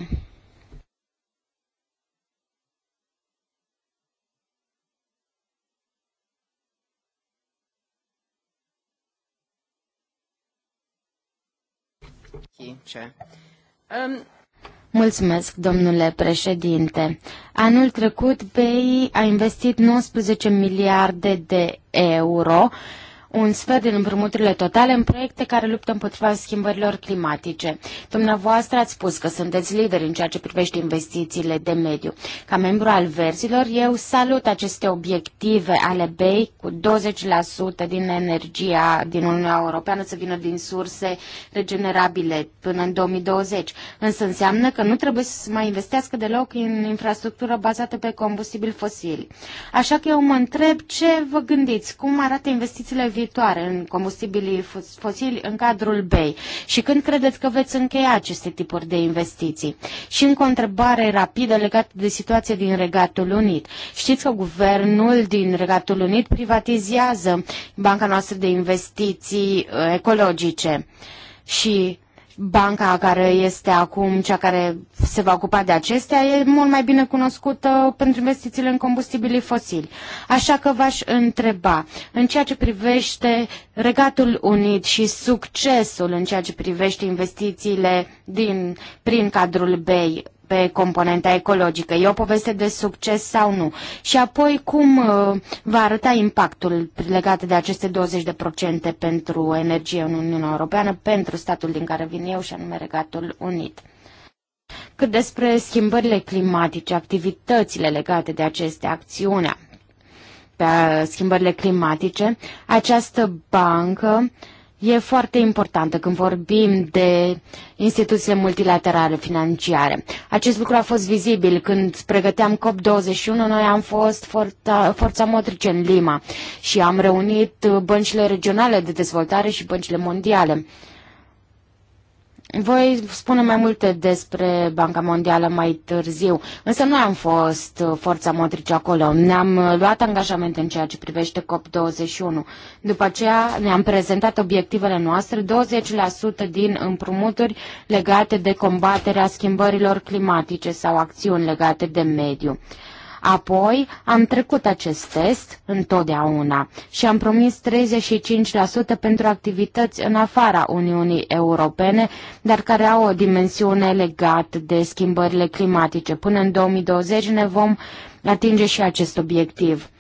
Ce? Um, Mulțumesc, domnule președinte. Anul trecut, BEI a investit 19 miliarde de euro un sfert din împrumuturile totale în proiecte care luptă împotriva schimbărilor climatice. Dumneavoastră ați spus că sunteți lideri în ceea ce privește investițiile de mediu. Ca membru al verzilor, eu salut aceste obiective ale BEI cu 20% din energia din Uniunea Europeană să vină din surse regenerabile până în 2020. Însă înseamnă că nu trebuie să mai investească deloc în infrastructură bazată pe combustibil fosil. Așa că eu mă întreb ce vă gândiți, cum arată investițiile viitoare viitoare în combustibilii fosili în cadrul BEI și când credeți că veți încheia aceste tipuri de investiții? Și încă o întrebare rapidă legată de situația din Regatul Unit. Știți că guvernul din Regatul Unit privatizează banca noastră de investiții uh, ecologice și banca care este acum cea care se va ocupa de acestea e mult mai bine cunoscută pentru investițiile în combustibilii fosili. Așa că v-aș întreba, în ceea ce privește Regatul Unit și succesul în ceea ce privește investițiile din, prin cadrul BEI pe componenta ecologică. E o poveste de succes sau nu? Și apoi, cum uh, va arăta impactul legat de aceste 20% pentru energie în Uniunea Europeană, pentru statul din care vin eu, și anume Regatul Unit? Cât despre schimbările climatice, activitățile legate de aceste acțiuni pe schimbările climatice, această bancă uh, e foarte importantă când vorbim de instituțiile multilaterale financiare. Acest lucru a fost vizibil când pregăteam COP21, noi am fost forța, forța motrice în Lima și am reunit băncile regionale de dezvoltare și băncile mondiale. Voi spune mai multe despre Banca Mondială mai târziu, însă nu am fost uh, forța motrice acolo. Ne-am uh, luat angajament în ceea ce privește COP21. După aceea ne-am prezentat obiectivele noastre, 20% din împrumuturi legate de combaterea schimbărilor climatice sau acțiuni legate de mediu. Apoi am trecut acest test întotdeauna și am promis 35% pentru activități în afara Uniunii Europene, dar care au o dimensiune legată de schimbările climatice. Până în 2020 ne vom atinge și acest obiectiv.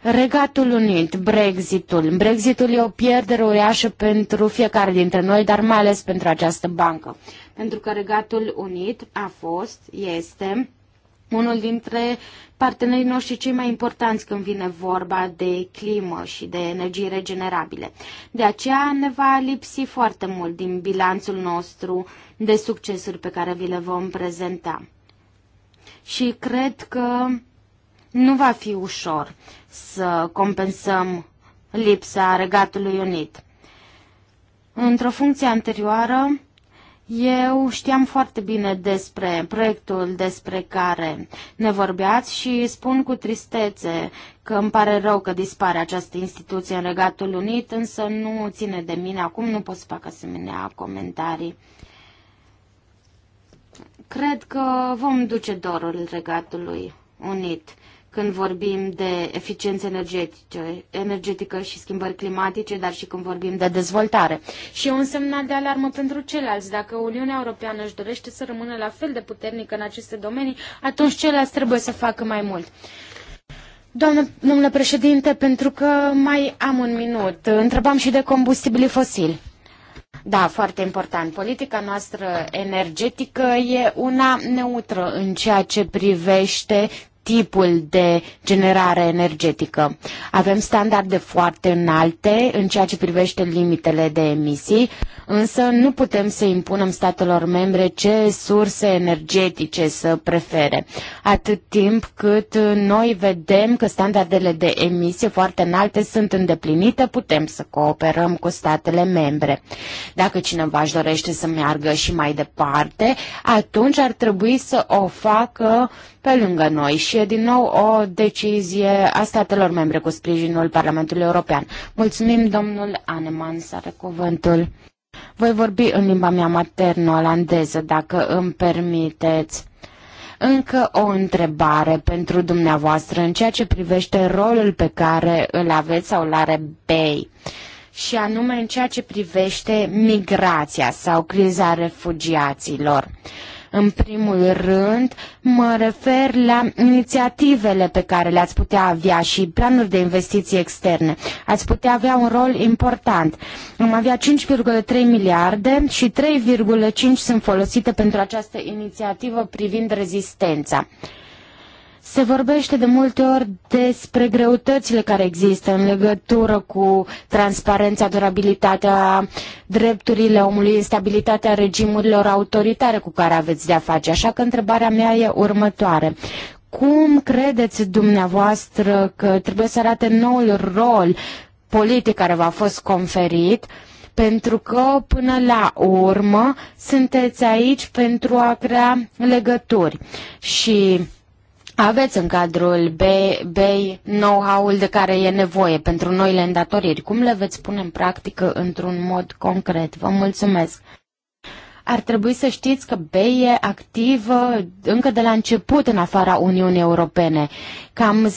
Regatul Unit, Brexitul. Brexitul e o pierdere uriașă pentru fiecare dintre noi, dar mai ales pentru această bancă. Pentru că Regatul Unit a fost, este unul dintre partenerii noștri cei mai importanți când vine vorba de climă și de energii regenerabile. De aceea ne va lipsi foarte mult din bilanțul nostru de succesuri pe care vi le vom prezenta. Și cred că nu va fi ușor să compensăm lipsa Regatului Unit. Într-o funcție anterioară, eu știam foarte bine despre proiectul despre care ne vorbeați și spun cu tristețe că îmi pare rău că dispare această instituție în Regatul Unit, însă nu ține de mine. Acum nu pot să fac asemenea comentarii. Cred că vom duce dorul Regatului Unit când vorbim de eficiență energetică, energetică și schimbări climatice, dar și când vorbim de dezvoltare. Și e un semnal de alarmă pentru ceilalți. Dacă Uniunea Europeană își dorește să rămână la fel de puternică în aceste domenii, atunci ceilalți trebuie să facă mai mult. Doamnă, domnule președinte, pentru că mai am un minut, întrebam și de combustibili fosili. Da, foarte important. Politica noastră energetică e una neutră în ceea ce privește tipul de generare energetică. Avem standarde foarte înalte în ceea ce privește limitele de emisii, însă nu putem să impunem statelor membre ce surse energetice să prefere, atât timp cât noi vedem că standardele de emisie foarte înalte sunt îndeplinite, putem să cooperăm cu statele membre. Dacă cineva își dorește să meargă și mai departe, atunci ar trebui să o facă uh, pe lângă noi și e din nou o decizie a statelor membre cu sprijinul Parlamentului European. Mulțumim, domnul Aneman, să are cuvântul. Voi vorbi în limba mea maternă olandeză, dacă îmi permiteți. Încă o întrebare pentru dumneavoastră în ceea ce privește rolul pe care îl aveți sau îl are BEI și anume în ceea ce privește migrația sau criza refugiaților. În primul rând, mă refer la inițiativele pe care le-ați putea avea și planuri de investiții externe. Ați putea avea un rol important. Am avea 5,3 miliarde și 3,5 sunt folosite pentru această inițiativă privind rezistența. Se vorbește de multe ori despre greutățile care există în legătură cu transparența, durabilitatea, drepturile omului, instabilitatea regimurilor autoritare cu care aveți de-a face. Așa că întrebarea mea e următoare. Cum credeți dumneavoastră că trebuie să arate noul rol politic care v-a fost conferit pentru că până la urmă sunteți aici pentru a crea legături și aveți în cadrul BEI know-how-ul de care e nevoie pentru noile îndatoriri. Cum le veți pune în practică într-un mod concret? Vă mulțumesc! ar trebui să știți că BEI e activă încă de la început în afara Uniunii Europene. Cam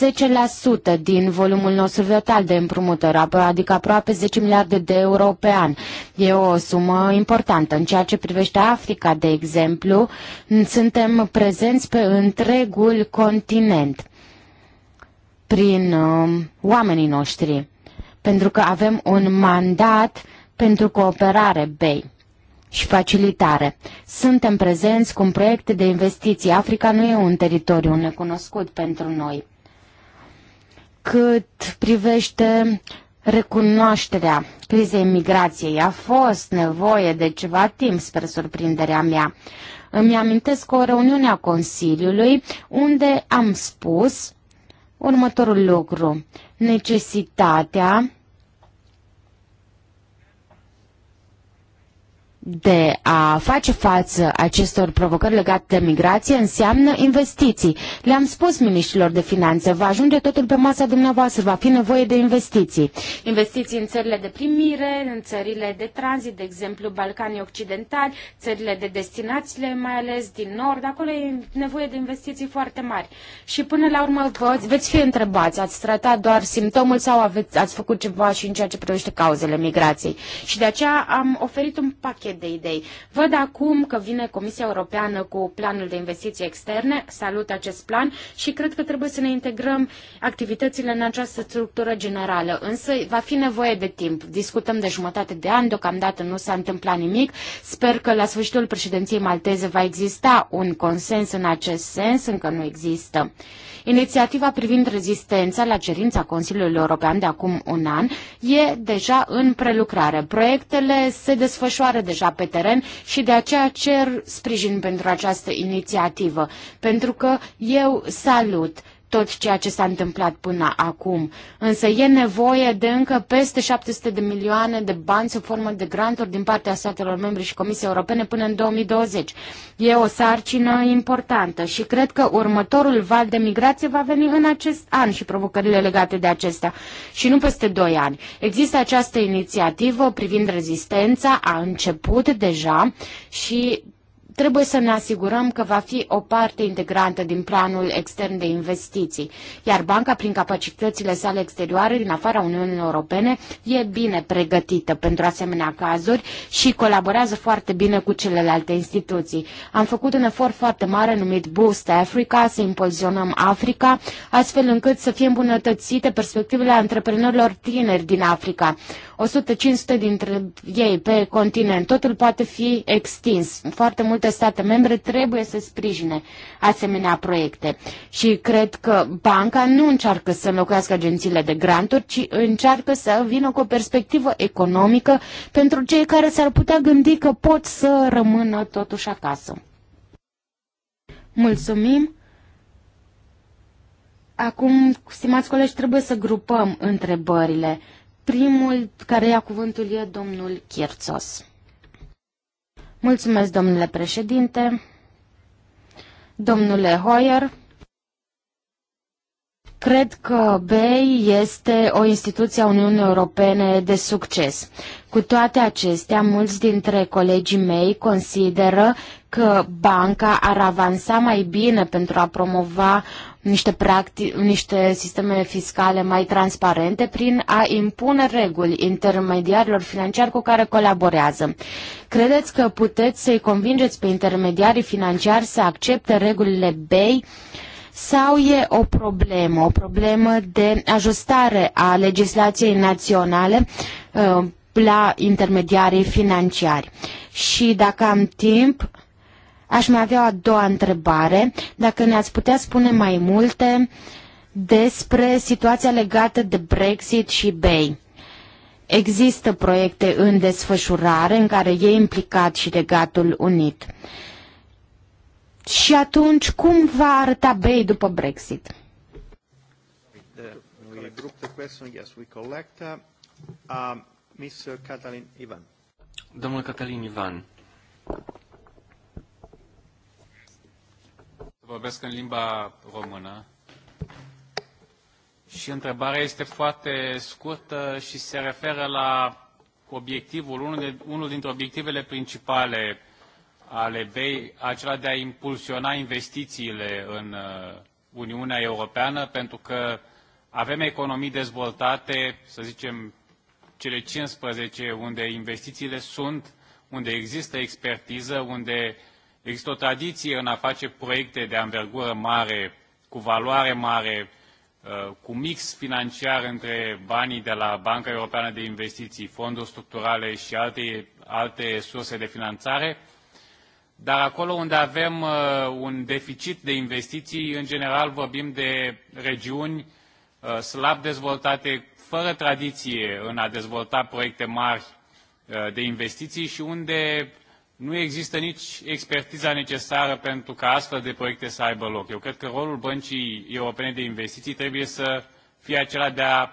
10% din volumul nostru total de împrumutări, adică aproape 10 miliarde de euro pe an. E o sumă importantă. În ceea ce privește Africa, de exemplu, suntem prezenți pe întregul continent prin uh, oamenii noștri, pentru că avem un mandat pentru cooperare BEI și facilitare. Suntem prezenți cu un proiect de investiții. Africa nu e un teritoriu necunoscut pentru noi. Cât privește recunoașterea crizei migrației, a fost nevoie de ceva timp, spre surprinderea mea. Îmi amintesc o reuniune a Consiliului unde am spus următorul lucru. Necesitatea de a face față acestor provocări legate de migrație înseamnă investiții. Le-am spus miniștrilor de finanțe, va ajunge totul pe masa dumneavoastră, va fi nevoie de investiții. Investiții în țările de primire, în țările de tranzit, de exemplu Balcanii Occidentali, țările de destinațiile, mai ales din nord, acolo e nevoie de investiții foarte mari. Și până la urmă veți fi întrebați, ați tratat doar simptomul sau aveți, ați făcut ceva și în ceea ce privește cauzele migrației. Și de aceea am oferit un pachet pachet de idei. Văd acum că vine Comisia Europeană cu planul de investiții externe, salut acest plan și cred că trebuie să ne integrăm activitățile în această structură generală, însă va fi nevoie de timp. Discutăm de jumătate de an, deocamdată nu s-a întâmplat nimic. Sper că la sfârșitul președinției malteze va exista un consens în acest sens, încă nu există. Inițiativa privind rezistența la cerința Consiliului European de acum un an e deja în prelucrare. Proiectele se desfășoară deja pe teren și de aceea cer sprijin pentru această inițiativă, pentru că eu salut tot ceea ce s-a întâmplat până acum. Însă e nevoie de încă peste 700 de milioane de bani sub formă de granturi din partea statelor membre și Comisiei Europene până în 2020. E o sarcină importantă și cred că următorul val de migrație va veni în acest an și provocările legate de acesta și nu peste 2 ani. Există această inițiativă privind rezistența, a început deja și Trebuie să ne asigurăm că va fi o parte integrantă din planul extern de investiții, iar banca, prin capacitățile sale exterioare din afara Uniunii Europene, e bine pregătită pentru asemenea cazuri și colaborează foarte bine cu celelalte instituții. Am făcut un efort foarte mare numit Boost Africa, să impulsionăm Africa, astfel încât să fie îmbunătățite perspectivele antreprenorilor tineri din Africa. 100-500 dintre ei pe continent, totul poate fi extins. Foarte multe multe state membre trebuie să sprijine asemenea proiecte. Și cred că banca nu încearcă să înlocuiască agențiile de granturi, ci încearcă să vină cu o perspectivă economică pentru cei care s-ar putea gândi că pot să rămână totuși acasă. Mulțumim! Acum, stimați colegi, trebuie să grupăm întrebările. Primul care ia cuvântul e domnul Chirțos. Mulțumesc, domnule președinte. Domnule Hoyer, cred că BEI este o instituție a Uniunii Europene de succes. Cu toate acestea, mulți dintre colegii mei consideră că banca ar avansa mai bine pentru a promova niște, practi, niște sisteme fiscale mai transparente prin a impune reguli intermediarilor financiari cu care colaborează. Credeți că puteți să-i convingeți pe intermediarii financiari să accepte regulile BEI sau e o problemă, o problemă de ajustare a legislației naționale uh, la intermediarii financiari? Și dacă am timp, Aș mai avea o a doua întrebare. Dacă ne-ați putea spune mai multe despre situația legată de Brexit și BEI. Există proiecte în desfășurare în care e implicat și Regatul Unit. Și atunci, cum va arăta BEI după Brexit? Domnul Catalin Ivan. vorbesc în limba română. Și întrebarea este foarte scurtă și se referă la obiectivul, unul, de, unul dintre obiectivele principale ale BEI, acela de a impulsiona investițiile în uh, Uniunea Europeană, pentru că avem economii dezvoltate, să zicem, cele 15, unde investițiile sunt, unde există expertiză, unde uh, Există o tradiție în a face proiecte de anvergură mare, cu valoare mare, uh, cu mix financiar între banii de la Banca Europeană de Investiții, fonduri structurale și alte, alte surse de finanțare, dar acolo unde avem uh, un deficit de investiții, în general vorbim de regiuni uh, slab dezvoltate, fără tradiție în a dezvolta proiecte mari de investiții și unde nu există nici expertiza necesară pentru ca astfel de proiecte să aibă loc. Eu cred că rolul Băncii Europene de Investiții trebuie să fie acela de a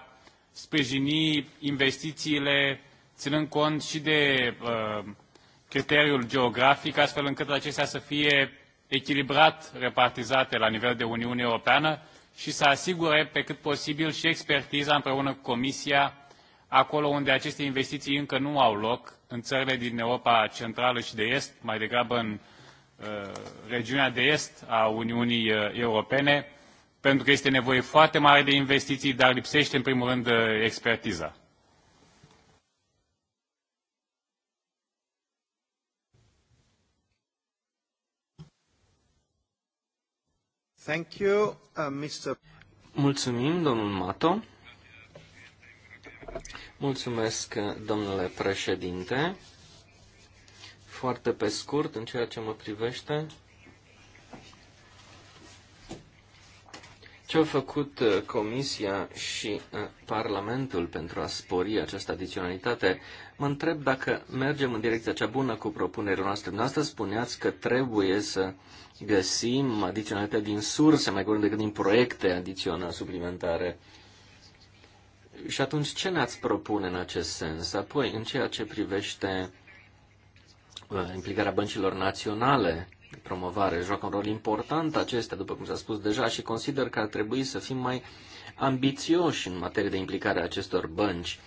sprijini investițiile ținând cont și de uh, criteriul geografic, astfel încât acestea să fie echilibrat repartizate la nivel de Uniune Europeană și să asigure pe cât posibil și expertiza împreună cu Comisia acolo unde aceste investiții încă nu au loc, în țările din Europa Centrală și de Est, mai degrabă în uh, regiunea de est a Uniunii uh, Europene, pentru că este nevoie foarte mare de investiții, dar lipsește în primul rând uh, expertiza. Thank you, uh, Mr. Mulțumim, domnul Mato. Mulțumesc, domnule președinte. Foarte pe scurt, în ceea ce mă privește, ce au făcut uh, Comisia și uh, Parlamentul pentru a spori această adiționalitate, mă întreb dacă mergem în direcția cea bună cu propunerea noastră. Dumneavoastră spuneați că trebuie să găsim adiționalitate din surse mai curând decât din proiecte adiționale suplimentare. Și atunci ce ne-ați propune în acest sens? Apoi, în ceea ce privește uh, implicarea băncilor naționale de promovare, joacă un rol important acestea, după cum s-a spus deja, și consider că ar trebui să fim mai ambițioși în materie de implicare a acestor bănci.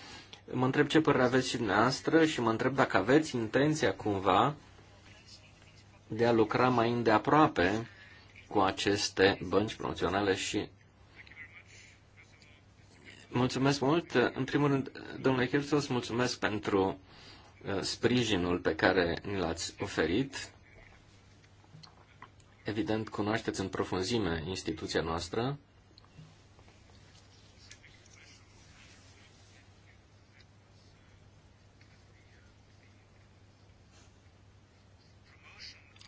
Mă întreb ce părere aveți și dumneavoastră și mă întreb dacă aveți intenția cumva de a lucra mai îndeaproape cu aceste bănci promoționale și Mulțumesc mult. În primul rând, domnule Hirtos, mulțumesc pentru uh, sprijinul pe care ni l-ați oferit. Evident, cunoașteți în profunzime instituția noastră.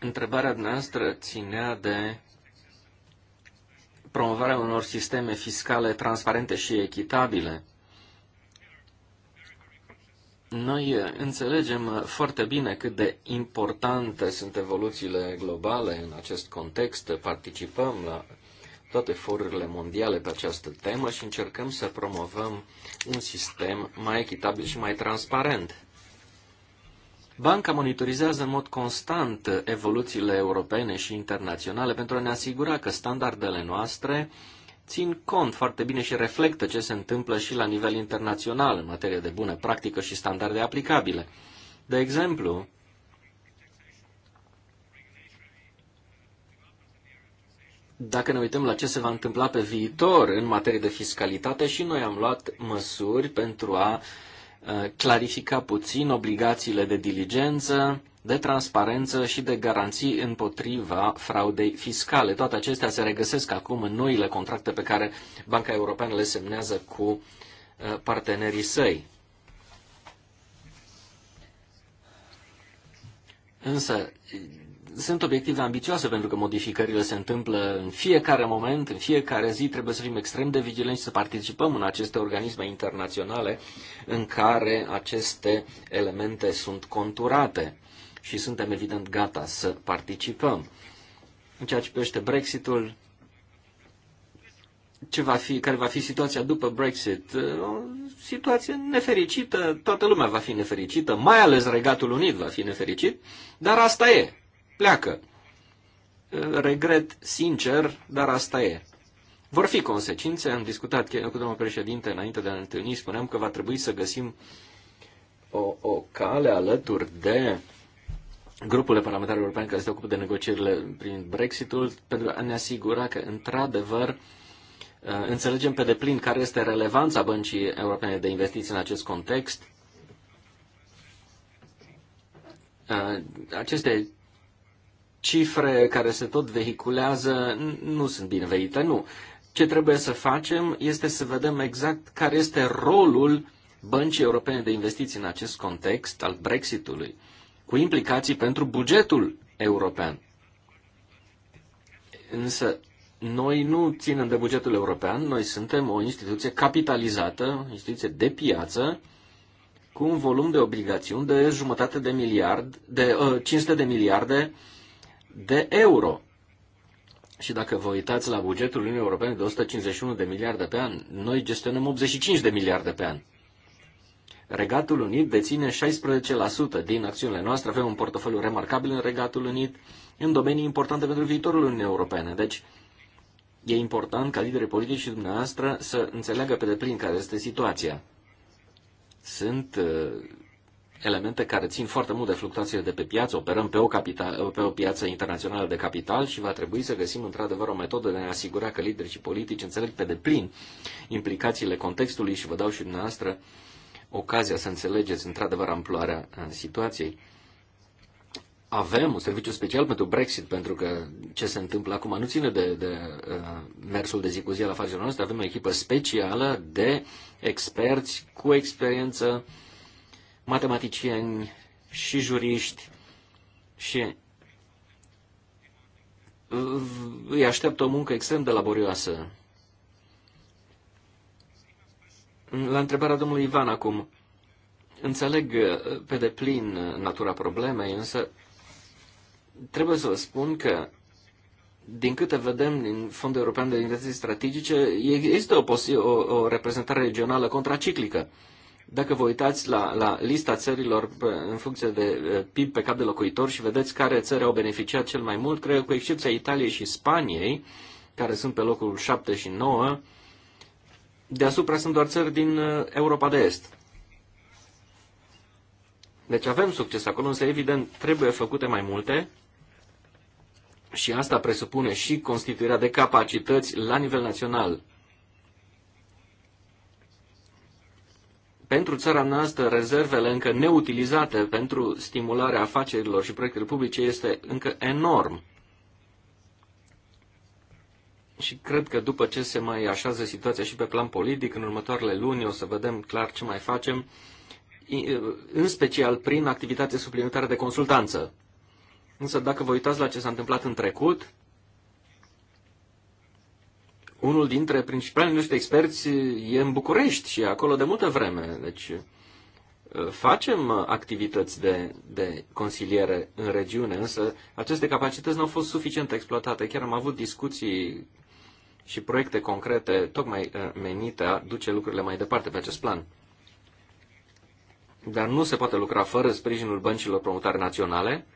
Întrebarea noastră ținea de promovarea unor sisteme fiscale transparente și echitabile. Noi înțelegem foarte bine cât de importante sunt evoluțiile globale în acest context. Participăm la toate forurile mondiale pe această temă și încercăm să promovăm un sistem mai echitabil și mai transparent. Banca monitorizează în mod constant evoluțiile europene și internaționale pentru a ne asigura că standardele noastre țin cont foarte bine și reflectă ce se întâmplă și la nivel internațional în materie de bună practică și standarde aplicabile. De exemplu, dacă ne uităm la ce se va întâmpla pe viitor în materie de fiscalitate și noi am luat măsuri pentru a Eh, clarifica puțin obligațiile de diligență, de transparență și de garanții împotriva fraudei fiscale. Toate acestea se regăsesc acum în noile contracte pe care Banca Europeană le semnează cu eh, partenerii săi. Însă, sunt obiective ambițioase pentru că modificările se întâmplă în fiecare moment, în fiecare zi trebuie să fim extrem de vigilenți și să participăm în aceste organisme internaționale în care aceste elemente sunt conturate și suntem evident gata să participăm. În ceea ce privește Brexitul, ce va fi, care va fi situația după Brexit. O situație nefericită, toată lumea va fi nefericită, mai ales Regatul Unit va fi nefericit, dar asta e pleacă. Uh, regret sincer, dar asta e. Vor fi consecințe. Am discutat cu domnul președinte înainte de a ne întâlni. Spuneam că va trebui să găsim o, o cale alături de grupurile parlamentare europene care se ocupă de negocierile prin Brexitul pentru a ne asigura că, într-adevăr, uh, înțelegem pe deplin care este relevanța băncii europene de investiții în acest context. Uh, aceste cifre care se tot vehiculează nu sunt binevenite, nu. Ce trebuie să facem este să vedem exact care este rolul Băncii Europene de Investiții în acest context al Brexitului, cu implicații pentru bugetul european. Însă, noi nu ținem de bugetul european, noi suntem o instituție capitalizată, o instituție de piață, cu un volum de obligațiuni de jumătate de miliard, de uh, 500 de miliarde uh, de euro. Și dacă vă uitați la bugetul Uniunii Europene de 151 de miliarde pe an, noi gestionăm 85 de miliarde pe an. Regatul Unit deține 16% din acțiunile noastre, avem un portofoliu remarcabil în Regatul Unit, în domenii importante pentru viitorul Uniunii Europene. Deci, e important ca liderii politici și dumneavoastră să înțeleagă pe deplin care este situația. Sunt uh, elemente care țin foarte mult de fluctuațiile de pe piață. Operăm pe o, capital, pe o piață internațională de capital și va trebui să găsim într-adevăr o metodă de a ne asigura că liderii și politici înțeleg pe deplin implicațiile contextului și vă dau și dumneavoastră ocazia să înțelegeți într-adevăr amploarea situației. Avem un serviciu special pentru Brexit, pentru că ce se întâmplă acum nu ține de, de uh, mersul de zi cu zi la afacerilor noastre. Avem o echipă specială de experți cu experiență uh, matematicieni și juriști și îi așteaptă o muncă extrem de laborioasă. La întrebarea domnului Ivan acum, înțeleg pe deplin natura problemei, însă trebuie să vă spun că din câte vedem din Fondul European de Investiții Strategice, există o, o, o reprezentare regională contraciclică. Uh, dacă vă uitați la, la lista țărilor în funcție de eh, PIB pe cap de locuitor și vedeți care țări au beneficiat cel mai mult, cred că cu excepția Italiei și Spaniei, care sunt pe locul 7 și 9, deasupra sunt doar țări din eh, Europa de Est. Deci avem succes acolo, însă evident trebuie făcute mai multe și asta presupune și constituirea de capacități la nivel național pentru țara noastră rezervele încă neutilizate pentru stimularea afacerilor și proiectelor publice este încă enorm. Și cred că după ce se mai așează situația și pe plan politic, în următoarele luni o să vedem clar ce mai facem, în special prin activitate suplimentară de consultanță. Însă dacă vă uitați la ce s-a întâmplat în trecut, unul dintre principalii noștri experți e în București și e acolo de multă vreme. Deci uh, facem uh, activități de, de consiliere în regiune, însă aceste capacități nu au fost suficient exploatate. Chiar am avut discuții și proiecte concrete tocmai uh, menite a duce lucrurile mai departe pe acest plan. Dar nu se poate lucra fără sprijinul băncilor promotare naționale.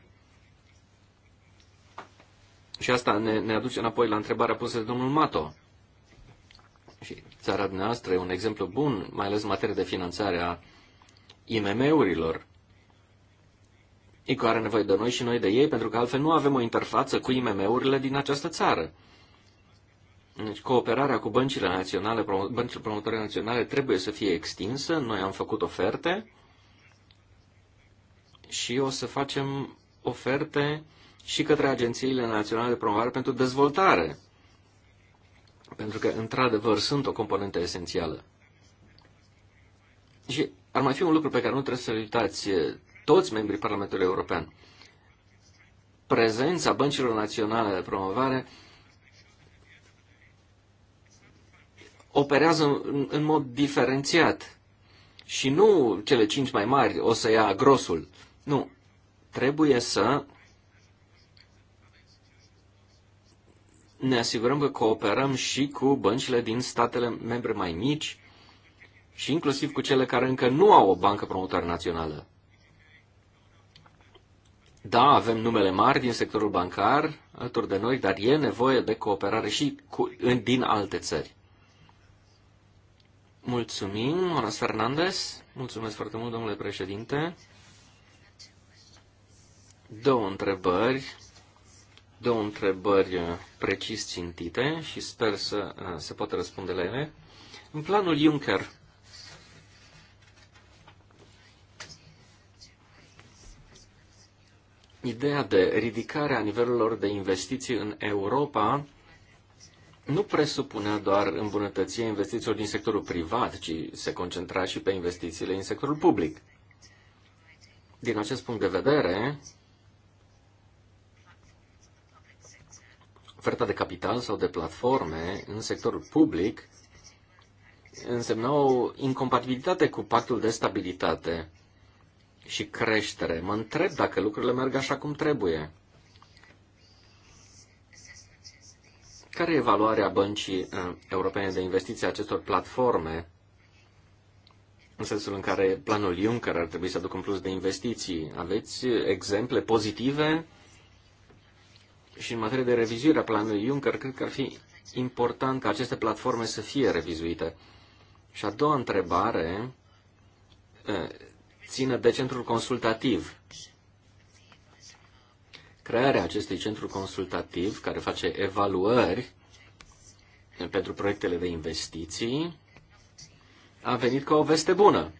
Și asta ne, ne aduce înapoi la întrebarea pusă de domnul Mato și țara dumneavoastră e un exemplu bun, mai ales în materie de finanțare a IMM-urilor. ICO are nevoie de noi și noi de ei, pentru că altfel nu avem o interfață cu IMM-urile din această țară. Deci cooperarea cu băncile naționale, băncile promotoare naționale trebuie să fie extinsă. Noi am făcut oferte și o să facem oferte și către agențiile naționale de promovare pentru dezvoltare pentru că, într-adevăr, sunt o componentă esențială. Și ar mai fi un lucru pe care nu trebuie să-l uitați toți membrii Parlamentului European. Prezența băncilor naționale de promovare operează în, în mod diferențiat. Și nu cele cinci mai mari o să ia grosul. Nu. Trebuie să ne asigurăm că cooperăm și cu băncile din statele membre mai mici și inclusiv cu cele care încă nu au o bancă promotoare națională. Da, avem numele mari din sectorul bancar alături de noi, dar e nevoie de cooperare și cu, în, din alte țări. Mulțumim, Onas Fernandez. Mulțumesc foarte mult, domnule președinte. Două întrebări două întrebări uh, precis țintite și sper să uh, se poată răspunde la ele. În planul Juncker, ideea de ridicare a nivelurilor de investiții în Europa nu presupunea doar îmbunătățirea investițiilor din sectorul privat, ci se concentra și pe investițiile în sectorul public. Din acest punct de vedere, oferta de capital sau de platforme în sectorul public însemna o incompatibilitate cu pactul de stabilitate și creștere. Mă întreb dacă lucrurile merg așa cum trebuie. Care e evaluarea băncii uh, europene de investiții a acestor platforme în sensul în care planul Juncker ar trebui să aducă un plus de investiții? Aveți exemple pozitive și în materie de revizuire a planului Juncker, cred că ar fi important ca aceste platforme să fie revizuite. Și a doua întrebare ține de centrul consultativ. Crearea acestui centru consultativ, care face evaluări pentru proiectele de investiții, a venit ca o veste bună.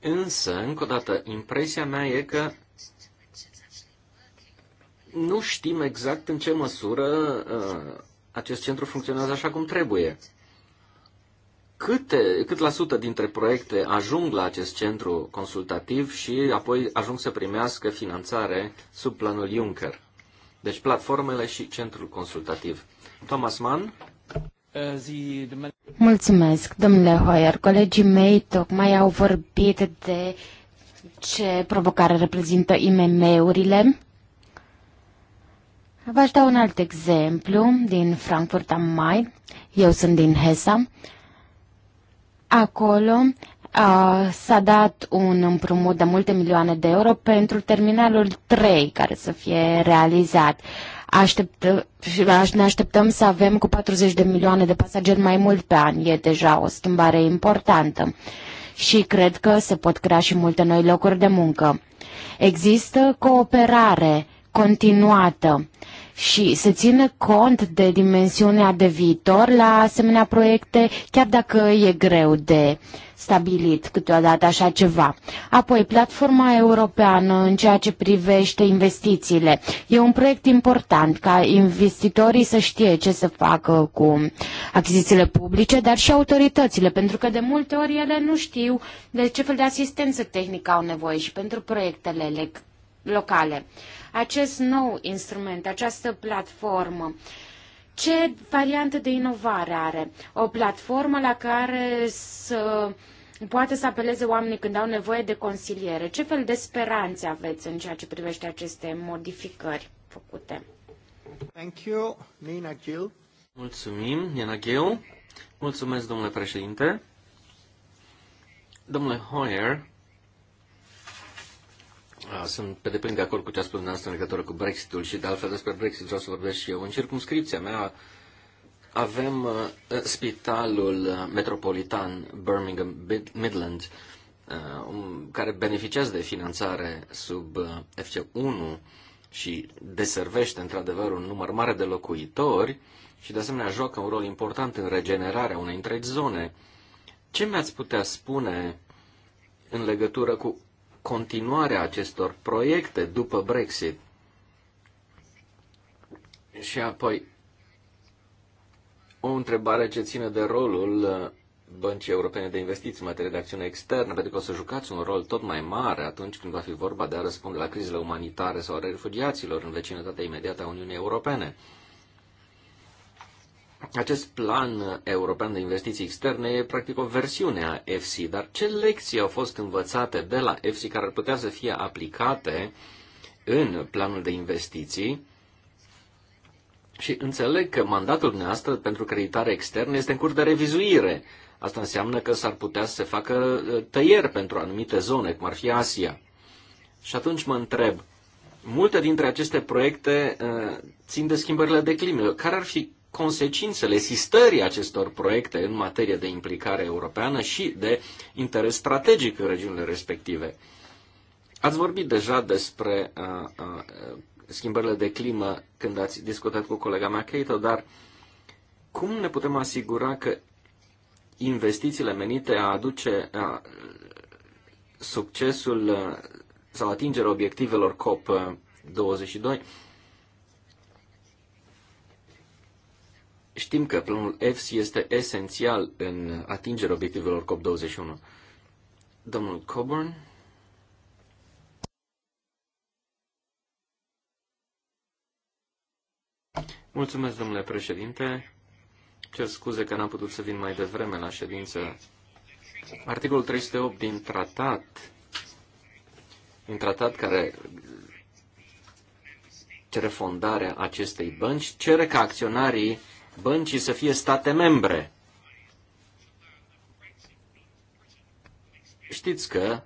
Însă, încă o dată, impresia mea e că nu știm exact în ce măsură uh, acest centru funcționează așa cum trebuie. Câte, cât la sută dintre proiecte ajung la acest centru consultativ și apoi ajung să primească finanțare sub planul Juncker? Deci platformele și centrul consultativ. Thomas Mann? Mulțumesc, domnule Hoyer. Colegii mei tocmai au vorbit de ce provocare reprezintă IMM-urile V-aș da un alt exemplu din Frankfurt am Main. Eu sunt din Hesa. Acolo s-a dat un împrumut de multe milioane de euro pentru terminalul 3 care să fie realizat. Aștept, ne așteptăm să avem cu 40 de milioane de pasageri mai mult pe an. E deja o schimbare importantă și cred că se pot crea și multe noi locuri de muncă. Există cooperare continuată și se ține cont de dimensiunea de viitor la asemenea proiecte, chiar dacă e greu de stabilit câteodată așa ceva. Apoi, platforma europeană în ceea ce privește investițiile. E un proiect important ca investitorii să știe ce să facă cu achizițiile publice, dar și autoritățile, pentru că de multe ori ele nu știu de ce fel de asistență tehnică au nevoie și pentru proiectele locale. Acest nou instrument, această platformă, ce variantă de inovare are? O platformă la care să poate să apeleze oamenii când au nevoie de consiliere. Ce fel de speranțe aveți în ceea ce privește aceste modificări făcute? Thank you, Nina Gil. Mulțumim, Nina Gil. Mulțumesc, domnule președinte. Domnule Hoyer, Ah, sunt pe deplin de acord cu ce a spus dumneavoastră în legătură cu Brexitul și de altfel despre Brexit vreau să vorbesc și eu. În circumscripția mea avem uh, spitalul uh, metropolitan Birmingham Midland uh, um, care beneficiază de finanțare sub FC1 și deservește într-adevăr un număr mare de locuitori și de asemenea joacă un rol important în regenerarea unei întregi zone. Ce mi-ați putea spune în legătură cu continuarea acestor proiecte după Brexit. Și apoi, o întrebare ce ține de rolul uh, Băncii Europene de Investiții în materie de acțiune externă, pentru că o să jucați un rol tot mai mare atunci când va fi vorba de a răspunde la crizele umanitare sau a refugiaților în vecinătatea imediată a Uniunii Europene. Acest plan european de investiții externe e practic o versiune a EFSI, dar ce lecții au fost învățate de la EFSI care ar putea să fie aplicate în planul de investiții? Și înțeleg că mandatul dumneavoastră pentru creditare externă este în curs de revizuire. Asta înseamnă că s-ar putea să se facă ă, tăieri pentru anumite zone, cum ar fi Asia. Și atunci mă întreb, multe dintre aceste proiecte ă, țin de schimbările de climă. Care ar fi consecințele sistării acestor proiecte în materie de implicare europeană și de interes strategic în regiunile respective. Ați vorbit deja despre a, uh, a, uh, schimbările de climă când ați discutat cu colega mea, Cato, dar cum ne putem asigura că investițiile menite a aduce a, succesul uh, sau atingerea obiectivelor COP22 Știm că planul EFS este esențial în atingerea obiectivelor COP21. Domnul Coburn. Mulțumesc, domnule președinte. Cer scuze că n-am putut să vin mai devreme la ședință. Articolul 308 din tratat, din tratat care cere fondarea acestei bănci, cere ca acționarii băncii să fie state membre. Știți că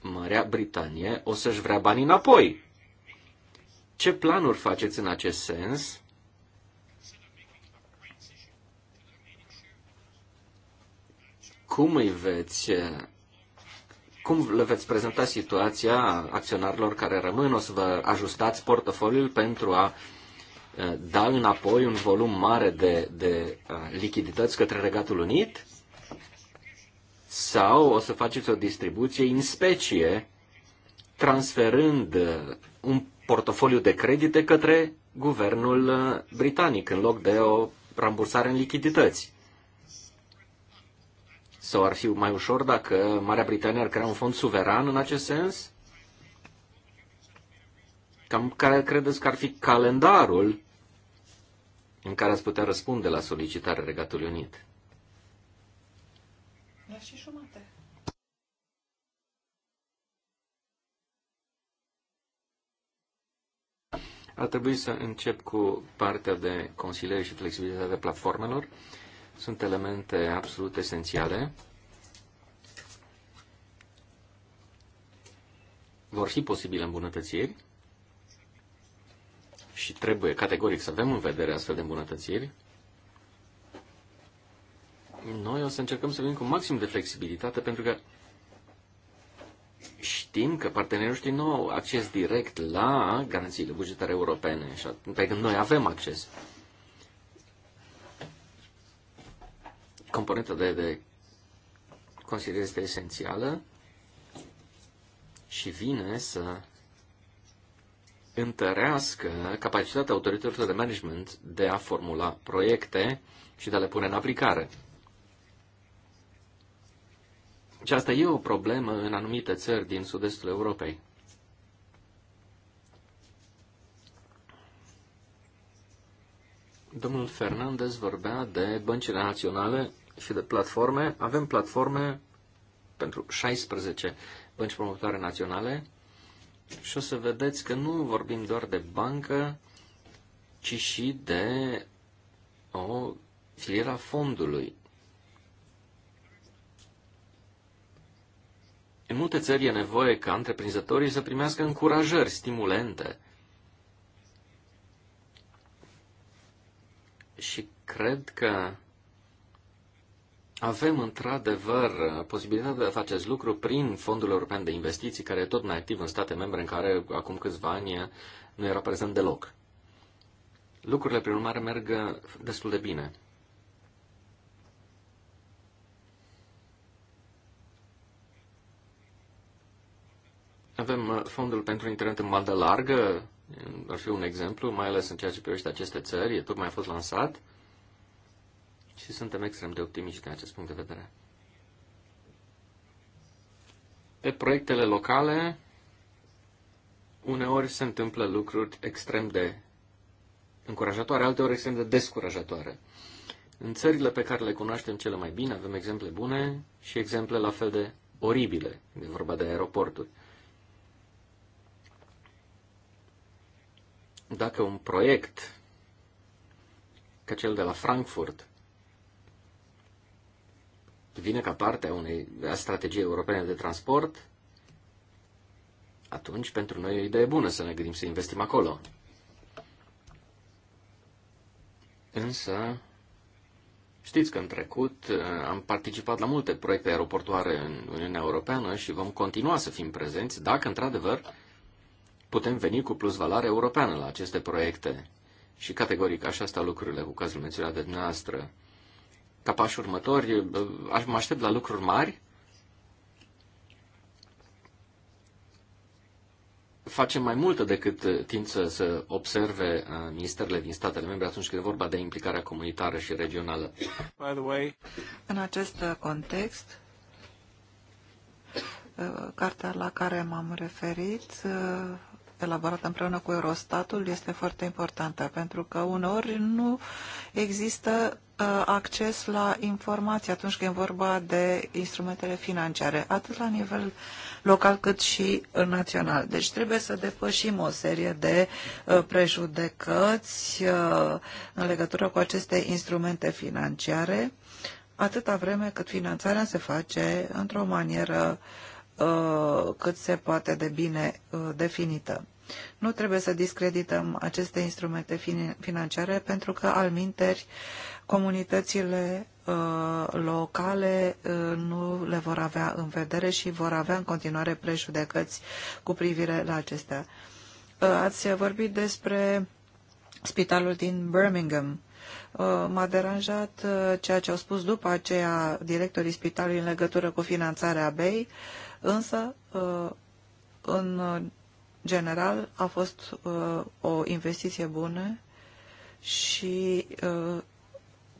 Marea Britanie o să-și vrea banii înapoi. Ce planuri faceți în acest sens? Cum îi veți cum le veți prezenta situația acționarilor care rămân? O să vă ajustați portofoliul pentru a da înapoi un volum mare de, de uh, lichidități către Regatul Unit sau o să faceți o distribuție în specie, transferând uh, un portofoliu de credite către guvernul uh, britanic în loc de o rambursare în lichidități. Sau ar fi mai ușor dacă Marea Britanie ar crea un fond suveran în acest sens? Cam care credeți că ar fi calendarul în care ați putea răspunde la solicitarea Regatului Unit? Dar și jumate. Ar trebui să încep cu partea de consiliere și flexibilitatea platformelor. Sunt elemente absolut esențiale. Vor fi posibile îmbunătățiri și trebuie categoric să avem în vedere astfel de îmbunătățiri, noi o să încercăm să venim cu maxim de flexibilitate pentru că știm că partenerii noștri nu au acces direct la garanțiile bugetare europene, și pe când noi avem acces. Componenta de, de consider este esențială și vine să întărească capacitatea autorităților de management de a formula proiecte și de a le pune în aplicare. Și asta e o problemă în anumite țări din sud-estul Europei. Domnul Fernandez vorbea de băncile naționale și de platforme. Avem platforme pentru 16 bănci promotoare naționale și o să vedeți că nu vorbim doar de bancă, ci și de o filiera fondului. În multe țări e nevoie ca întreprinzătorii să primească încurajări stimulente. Și cred că avem într-adevăr posibilitatea de a face acest lucru prin Fondul European de Investiții, care e tot mai activ în state membre în care acum câțiva ani nu era prezent deloc. Lucrurile, prin urmare, merg destul de bine. Avem uh, fondul pentru internet în bandă largă, ar fi un exemplu, mai ales în ceea ce privește aceste țări, e tocmai a fost lansat și suntem extrem de optimiști din acest punct de vedere. Pe proiectele locale, uneori se întâmplă lucruri extrem de încurajatoare, alteori extrem de descurajatoare. În țările pe care le cunoaștem cele mai bine avem exemple bune și exemple la fel de oribile, de vorba de aeroporturi. Dacă un proiect ca cel de la Frankfurt vine ca parte a unei a strategiei europene de transport, atunci pentru noi e o idee bună să ne gândim să investim acolo. Însă, știți că în trecut uh, am participat la multe proiecte aeroportoare în Uniunea Europeană și vom continua să fim prezenți dacă, într-adevăr, putem veni cu plus valoare europeană la aceste proiecte. Și categoric, așa stau lucrurile cu cazul menționat de dumneavoastră ca pași următori, mă aștept la lucruri mari. Facem mai multă decât tind să, să observe uh, ministerele din statele membre atunci când e vorba de implicarea comunitară și regională. By the way... În acest context, uh, cartea la care m-am referit uh, elaborată împreună cu Eurostatul este foarte importantă, pentru că uneori nu există uh, acces la informații atunci când e vorba de instrumentele financiare, atât la nivel local cât și uh, național. Deci trebuie să depășim o serie de uh, prejudecăți în legătură cu aceste instrumente financiare, atâta vreme cât finanțarea se face într-o manieră Uh, cât se poate de bine uh, definită. Nu trebuie să discredităm aceste instrumente financiare pentru că, al minteri, comunitățile uh, locale nu le vor avea în vedere și vor avea în continuare prejudecăți cu privire la acestea. Ați vorbit despre spitalul din Birmingham. M-a deranjat ceea ce au spus după aceea directorii spitalului în legătură cu finanțarea BEI însă uh, în general a fost uh, o investiție bună și uh,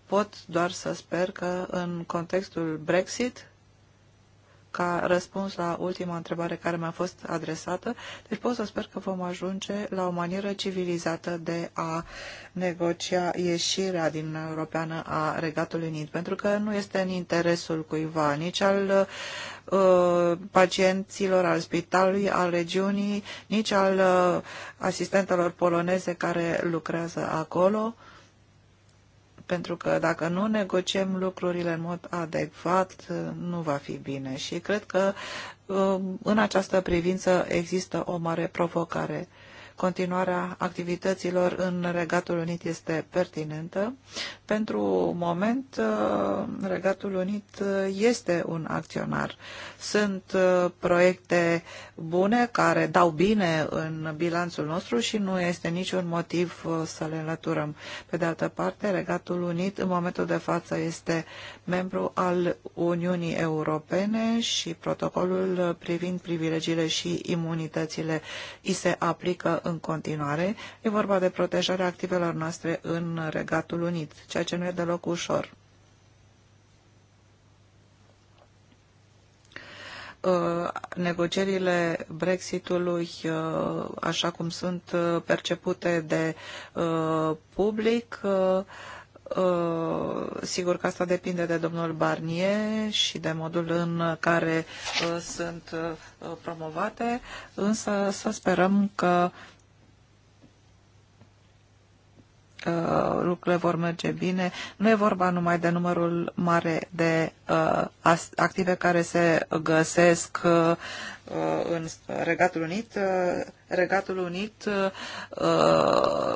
pot doar să sper că în contextul Brexit ca răspuns la ultima întrebare care mi-a fost adresată, deci pot să sper că vom ajunge la o manieră civilizată de a negocia ieșirea din Europeană a Regatului Unit, pentru că nu este în interesul cuiva, nici al uh, pacienților al spitalului, al regiunii, nici al uh, asistentelor poloneze care lucrează acolo pentru că dacă nu negociem lucrurile în mod adecvat, nu va fi bine. Și cred că uh, în această privință există o mare provocare continuarea activităților în Regatul Unit este pertinentă. Pentru moment, uh, Regatul Unit uh, este un acționar. Sunt uh, proiecte bune care dau bine în bilanțul nostru și nu este niciun motiv să le înlăturăm. Pe de altă parte, Regatul Unit în momentul de față este membru al Uniunii Europene și protocolul privind privilegiile și imunitățile îi se aplică în continuare. E vorba de protejarea activelor noastre în Regatul Unit, ceea ce nu e deloc ușor. Uh, negocierile Brexitului, uh, așa cum sunt uh, percepute de public, Uh, sigur că asta depinde de domnul Barnier și de modul în care uh, sunt uh, promovate, însă să sperăm că Uh, lucrurile vor merge bine. Nu e vorba numai de numărul mare de uh, active care se găsesc uh, în Regatul Unit. Regatul Unit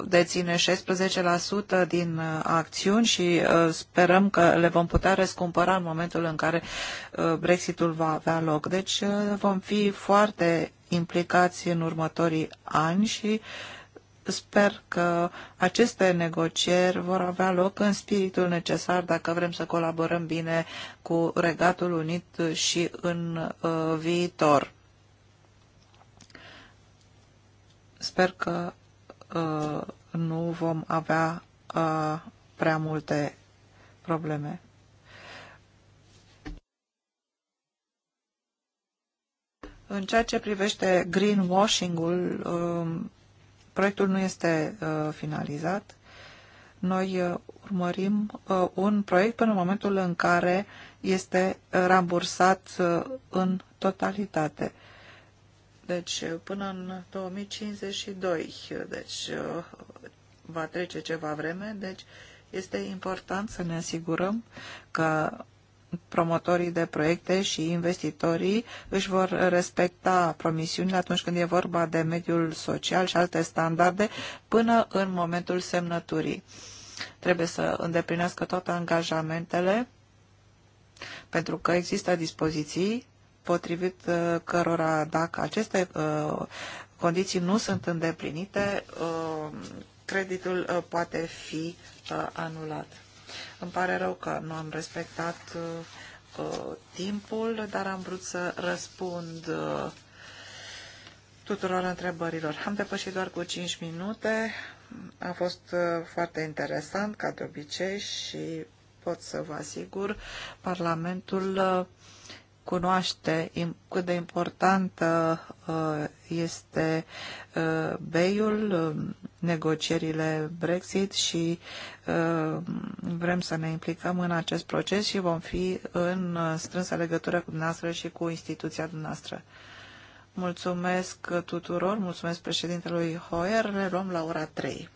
deține 16% din acțiuni și sperăm că le vom putea răscumpăra în momentul în care Brexitul va avea loc. Deci vom fi foarte implicați în următorii ani și uh, Sper că aceste negocieri vor avea loc în spiritul necesar dacă vrem să colaborăm bine cu Regatul Unit și în uh, viitor. Sper că uh, nu vom avea uh, prea multe probleme. În ceea ce privește greenwashing-ul, uh, proiectul nu este uh, finalizat. Noi uh, urmărim uh, un proiect până în momentul în care este rambursat în totalitate. Deci, până în 2052, deci va trece ceva vreme, deci este important să ne asigurăm că promotorii de proiecte și investitorii își vor respecta promisiunile atunci când e vorba de mediul social și alte standarde până în momentul semnăturii. Trebuie să îndeplinească toate angajamentele pentru că există dispoziții potrivit uh, cărora dacă aceste uh, condiții nu sunt îndeplinite, uh, creditul poate fi anulat. Îmi pare rău că nu am respectat uh, uh, timpul, dar am vrut să răspund uh, tuturor întrebărilor. Am depășit doar cu 5 minute. A fost uh, foarte interesant, ca de obicei, și pot să vă asigur, Parlamentul uh, cunoaște cât de importantă uh, este beiul um, negocierile Brexit și uh, vrem să ne implicăm în acest proces și vom fi în strânsă legătură cu dumneavoastră și cu instituția dumneavoastră. Mulțumesc tuturor, mulțumesc președintelui Hoyer, ne luăm la ora 3.